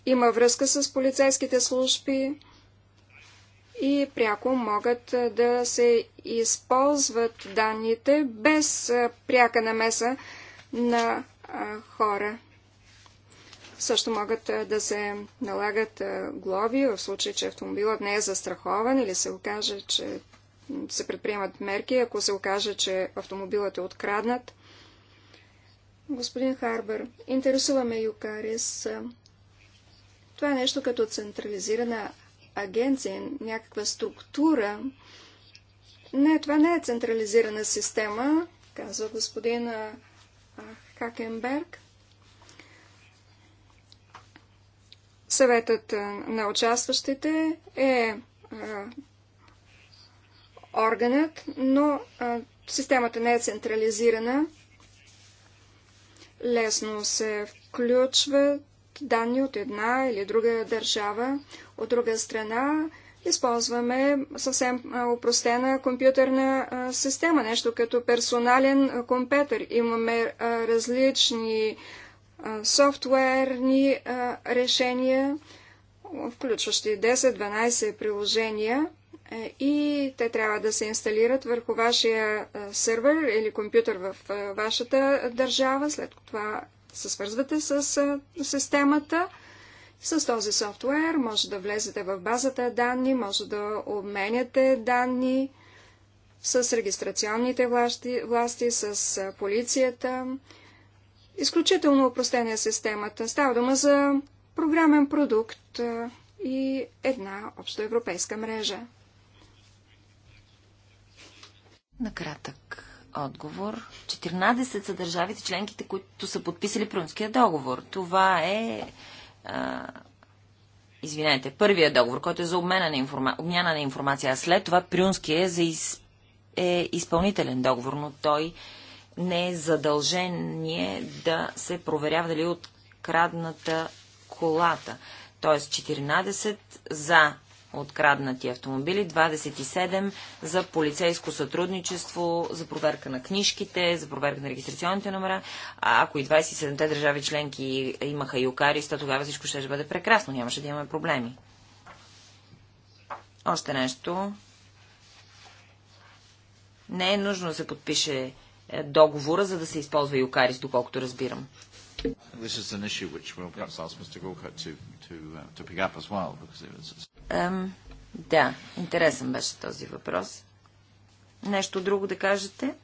има връзка с полицейските служби и пряко могат да се използват данните без пряка намеса на хора. Също могат да се налагат глоби в случай, че автомобилът не е застрахован или се окаже, че се предприемат мерки, ако се окаже, че автомобилът е откраднат. Господин Харбър, интересуваме Юкарис. Това е нещо като централизирана агенция, някаква структура. Не, това не е централизирана система, казва господин Хакенберг. Съветът на участващите е органът, но системата не е централизирана. Лесно се включват данни от една или друга държава. От друга страна, използваме съвсем упростена компютърна система, нещо като персонален компютър. Имаме различни софтуерни решения, включващи 10-12 приложения е, и те трябва да се инсталират върху вашия сервер или компютър в вашата държава. След това се свързвате с системата. С този софтуер може да влезете в базата данни, може да обменяте данни с регистрационните власти, власти с полицията. Изключително упростена е системата. Става дума за програмен продукт и една общоевропейска мрежа. Накратък отговор. 14 са държавите членките, които са подписали Прунския договор. Това е а, извинете, първия договор, който е за обмяна на информа... обмяна на информация, а след това Прюнския е, за из... е изпълнителен договор, но той не е задължение да се проверява дали е от крадната колата. Тоест 14 за откраднати автомобили, 27 за полицейско сътрудничество, за проверка на книжките, за проверка на регистрационните номера. А ако и 27-те държави членки имаха и юкариста, тогава всичко ще бъде прекрасно, нямаше да имаме проблеми. Още нещо. Не е нужно да се подпише е, договора, за да се използва юкарис, доколкото разбирам. This is an issue which we'll perhaps ask Mr. Gorka to, to, uh, to pick up as well, because it was Ам, да, интересен беше този въпрос. Нещо друго да кажете?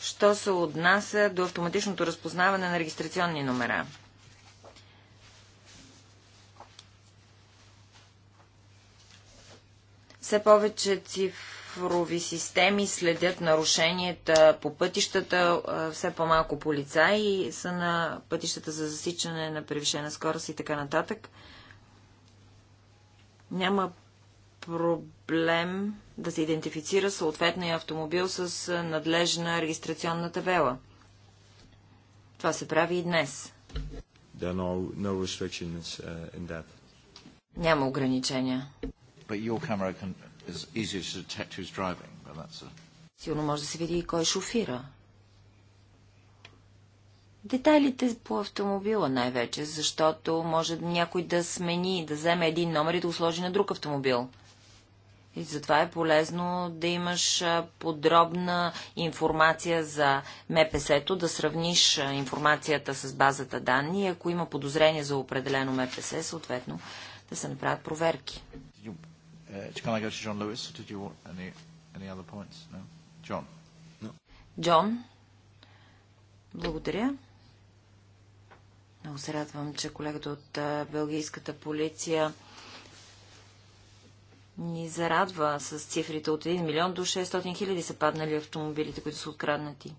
Що се отнася до автоматичното разпознаване на регистрационни номера? Все повече цифри цифрови системи следят нарушенията по пътищата, все по-малко полицаи са на пътищата за засичане на превишена скорост и така нататък. Няма проблем да се идентифицира съответния автомобил с надлежна регистрационна табела. Това се прави и днес. No, no uh, Няма ограничения. But your camera can driving, a... Сигурно може да се види и кой шофира. Детайлите по автомобила най-вече, защото може някой да смени, да вземе един номер и да го сложи на друг автомобил. И затова е полезно да имаш подробна информация за МПС-то, да сравниш информацията с базата данни и ако има подозрение за определено МПС, съответно да се направят проверки. Uh, can I go to John Lewis? Did you want any, any other points? No? John? No. Джон, благодаря. Много се радвам, че колегата от Белгийската полиция ни зарадва с цифрите от 1 милион до 600 хиляди са паднали автомобилите, които са откраднати.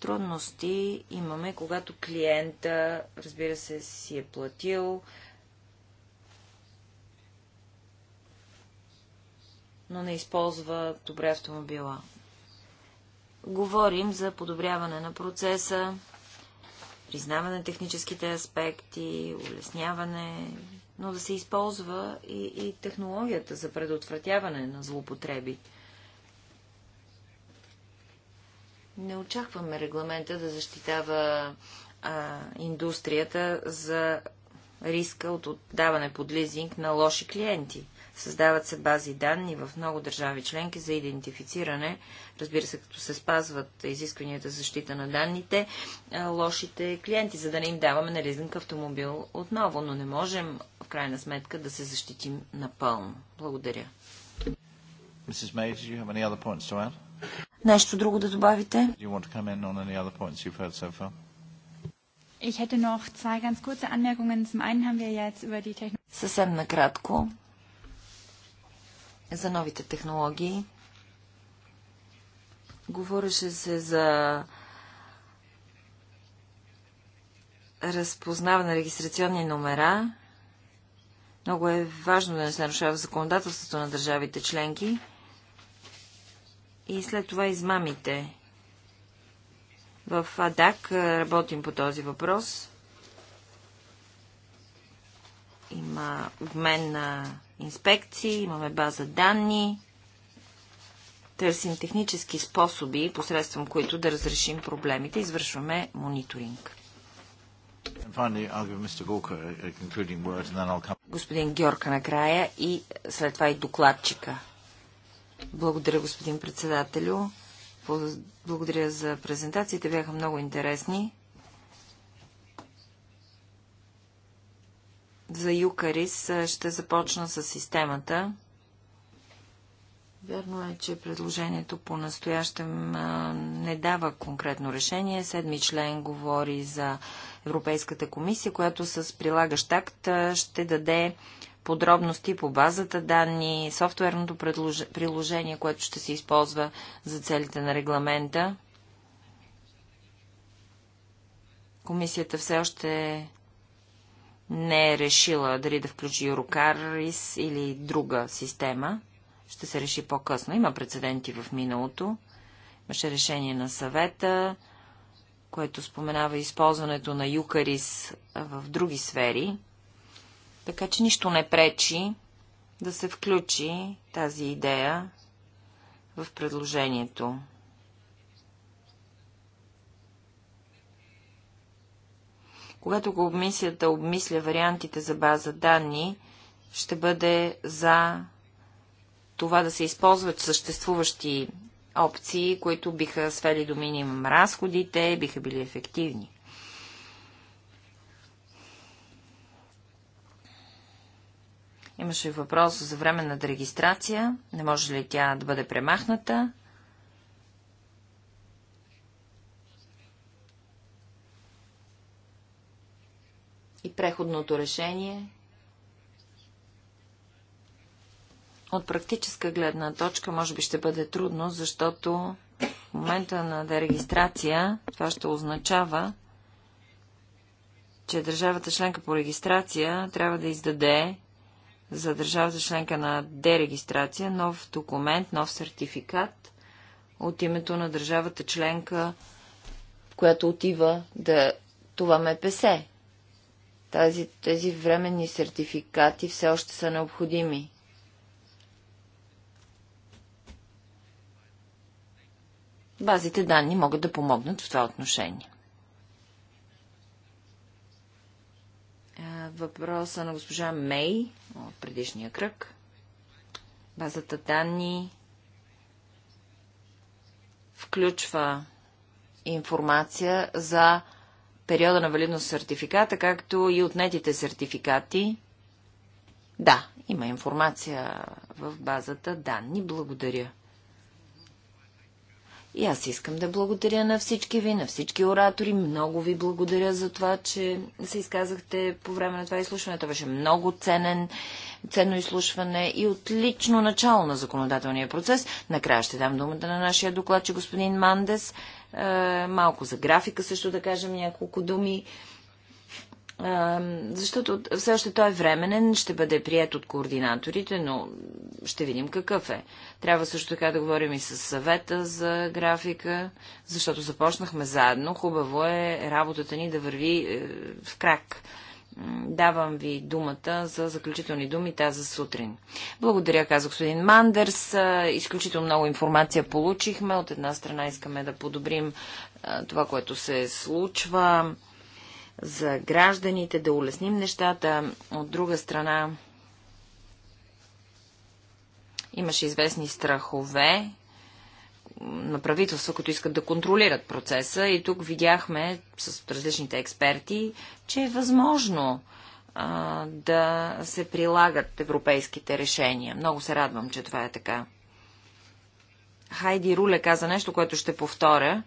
Трудности имаме, когато клиента, разбира се, си е платил, но не използва добре автомобила. Говорим за подобряване на процеса, признаване на техническите аспекти, улесняване, но да се използва и, и технологията за предотвратяване на злоупотреби. Не очакваме регламента да защитава а, индустрията за риска от отдаване под лизинг на лоши клиенти. Създават се бази данни в много държави членки за идентифициране, разбира се, като се спазват изискванията за защита на данните, е, лошите клиенти, за да не им даваме на лизинг автомобил отново, но не можем в крайна сметка да се защитим напълно. Благодаря. Нещо друго да добавите? Съвсем накратко за новите технологии. Говореше се за разпознаване на регистрационни номера. Много е важно да не се нарушава законодателството на държавите членки. И след това измамите. В АДАК работим по този въпрос. Има обмен на инспекции, имаме база данни, търсим технически способи, посредством които да разрешим проблемите, извършваме мониторинг. Господин Георка накрая и след това и докладчика. Благодаря, господин председателю. Благодаря за презентациите, бяха много интересни. за Юкарис ще започна с системата. Вярно е, че предложението по-настоящем не дава конкретно решение. Седми член говори за Европейската комисия, която с прилагащ акт ще даде подробности по базата данни, софтуерното приложение, което ще се използва за целите на регламента. Комисията все още не е решила дали да включи Юрокарис или друга система. Ще се реши по-късно. Има прецеденти в миналото. Имаше решение на съвета, което споменава използването на Юкарис в други сфери. Така че нищо не пречи да се включи тази идея в предложението. Когато комисията обмисля вариантите за база данни, ще бъде за това да се използват съществуващи опции, които биха свели до минимум разходите, биха били ефективни. Имаше въпрос за временната регистрация. Не може ли тя да бъде премахната? и преходното решение от практическа гледна точка може би ще бъде трудно, защото в момента на дерегистрация това ще означава, че държавата членка по регистрация трябва да издаде за държавата членка на дерегистрация нов документ, нов сертификат от името на държавата членка, в която отива да това песе, тази, тези временни сертификати все още са необходими. Базите данни могат да помогнат в това отношение. Въпроса на госпожа Мей от предишния кръг. Базата данни включва информация за периода на валидност сертификата, както и отнетите сертификати. Да, има информация в базата данни. Благодаря. И аз искам да благодаря на всички ви, на всички оратори. Много ви благодаря за това, че се изказахте по време на това изслушване. Това беше много ценен, ценно изслушване и отлично начало на законодателния процес. Накрая ще дам думата на нашия докладчик господин Мандес, е, малко за графика също да кажем няколко думи е, защото все още той е временен, ще бъде прият от координаторите, но ще видим какъв е. Трябва също така да говорим и с съвета за графика, защото започнахме заедно. Хубаво е работата ни да върви е, в крак. Давам ви думата за заключителни думи тази сутрин. Благодаря, каза господин Мандерс. Изключително много информация получихме. От една страна искаме да подобрим това, което се случва за гражданите, да улесним нещата. От друга страна имаше известни страхове на правителства, които искат да контролират процеса. И тук видяхме с различните експерти, че е възможно а, да се прилагат европейските решения. Много се радвам, че това е така. Хайди Руле каза нещо, което ще повторя.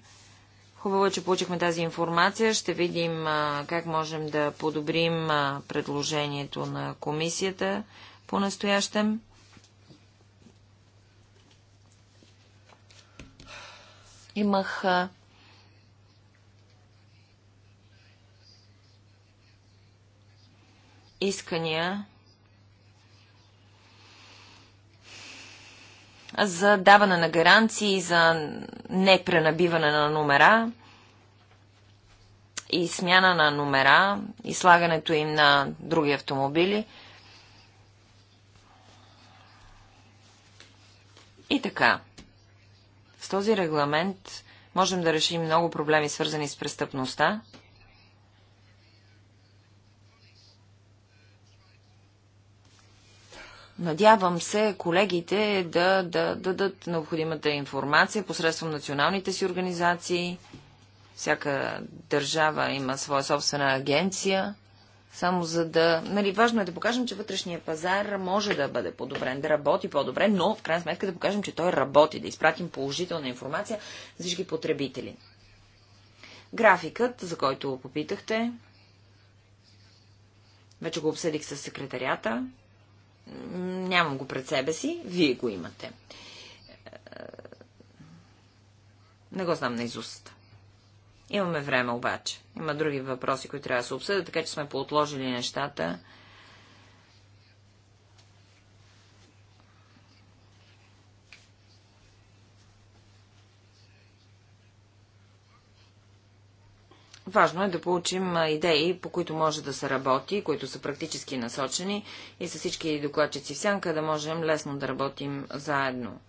Хубаво е, че получихме тази информация. Ще видим а, как можем да подобрим а, предложението на комисията по настоящем. Имах искания за даване на гаранции, за непренабиване на номера и смяна на номера и слагането им на други автомобили. И така. С този регламент можем да решим много проблеми, свързани с престъпността. Надявам се колегите да, да, да дадат необходимата информация посредством националните си организации. Всяка държава има своя собствена агенция само за да... Нали, важно е да покажем, че вътрешния пазар може да бъде подобрен, да работи по-добре, но в крайна сметка да покажем, че той работи, да изпратим положителна информация за всички потребители. Графикът, за който попитахте, вече го обсъдих с секретарията. Нямам го пред себе си, вие го имате. Не го знам на изуст. Имаме време обаче. Има други въпроси, които трябва да се обсъдят, така че сме поотложили нещата. Важно е да получим идеи, по които може да се работи, които са практически насочени и с всички докладчици в сянка да можем лесно да работим заедно.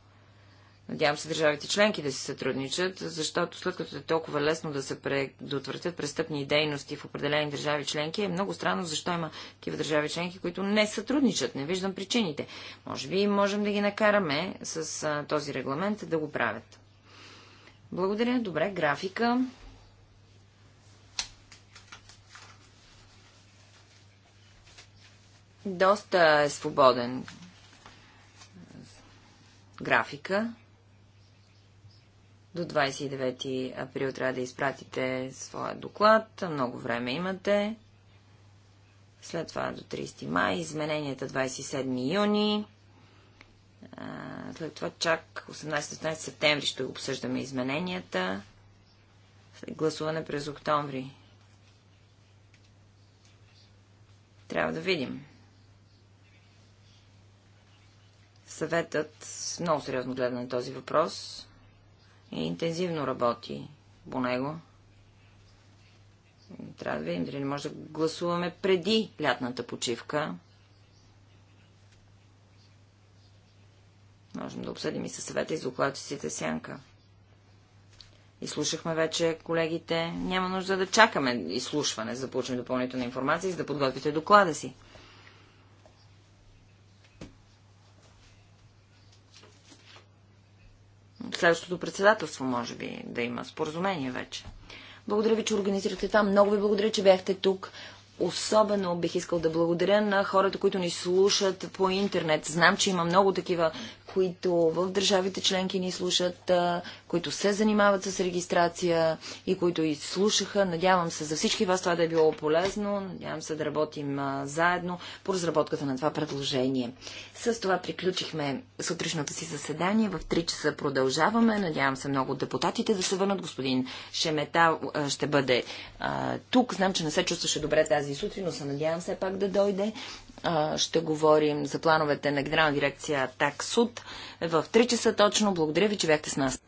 Надявам се държавите членки да си сътрудничат, защото след като е толкова лесно да се предотвратят престъпни дейности в определени държави членки, е много странно защо има такива държави членки, които не сътрудничат. Не виждам причините. Може би можем да ги накараме с а, този регламент да го правят. Благодаря. Добре, графика. Доста е свободен графика. До 29 април трябва да изпратите своя доклад. Много време имате. След това до 30 май. Измененията 27 юни. След това чак 18-19 септември ще обсъждаме измененията. След гласуване през октомври. Трябва да видим. Съветът много сериозно гледа на този въпрос интензивно работи по него. Трябва да видим дали не може да гласуваме преди лятната почивка. Можем да обсъдим и със съвета и за докладчиците сянка. Изслушахме вече колегите. Няма нужда да чакаме изслушване, за да получим допълнителна информация и за да подготвите доклада си. следващото председателство, може би, да има споразумение вече. Благодаря ви, че организирахте това. Много ви благодаря, че бяхте тук. Особено бих искал да благодаря на хората, които ни слушат по интернет. Знам, че има много такива, които в държавите членки ни слушат, които се занимават с регистрация и които и слушаха. Надявам се за всички вас това да е било полезно. Надявам се да работим заедно по разработката на това предложение. С това приключихме сутрешното си заседание. В 3 часа продължаваме. Надявам се много депутатите да се върнат. Господин Шемета ще бъде тук. Знам, че не се чувстваше добре тази сутрин, но се надявам все пак да дойде ще говорим за плановете на Генерална дирекция ТАКСУД в 3 часа точно. Благодаря ви, че бяхте с нас.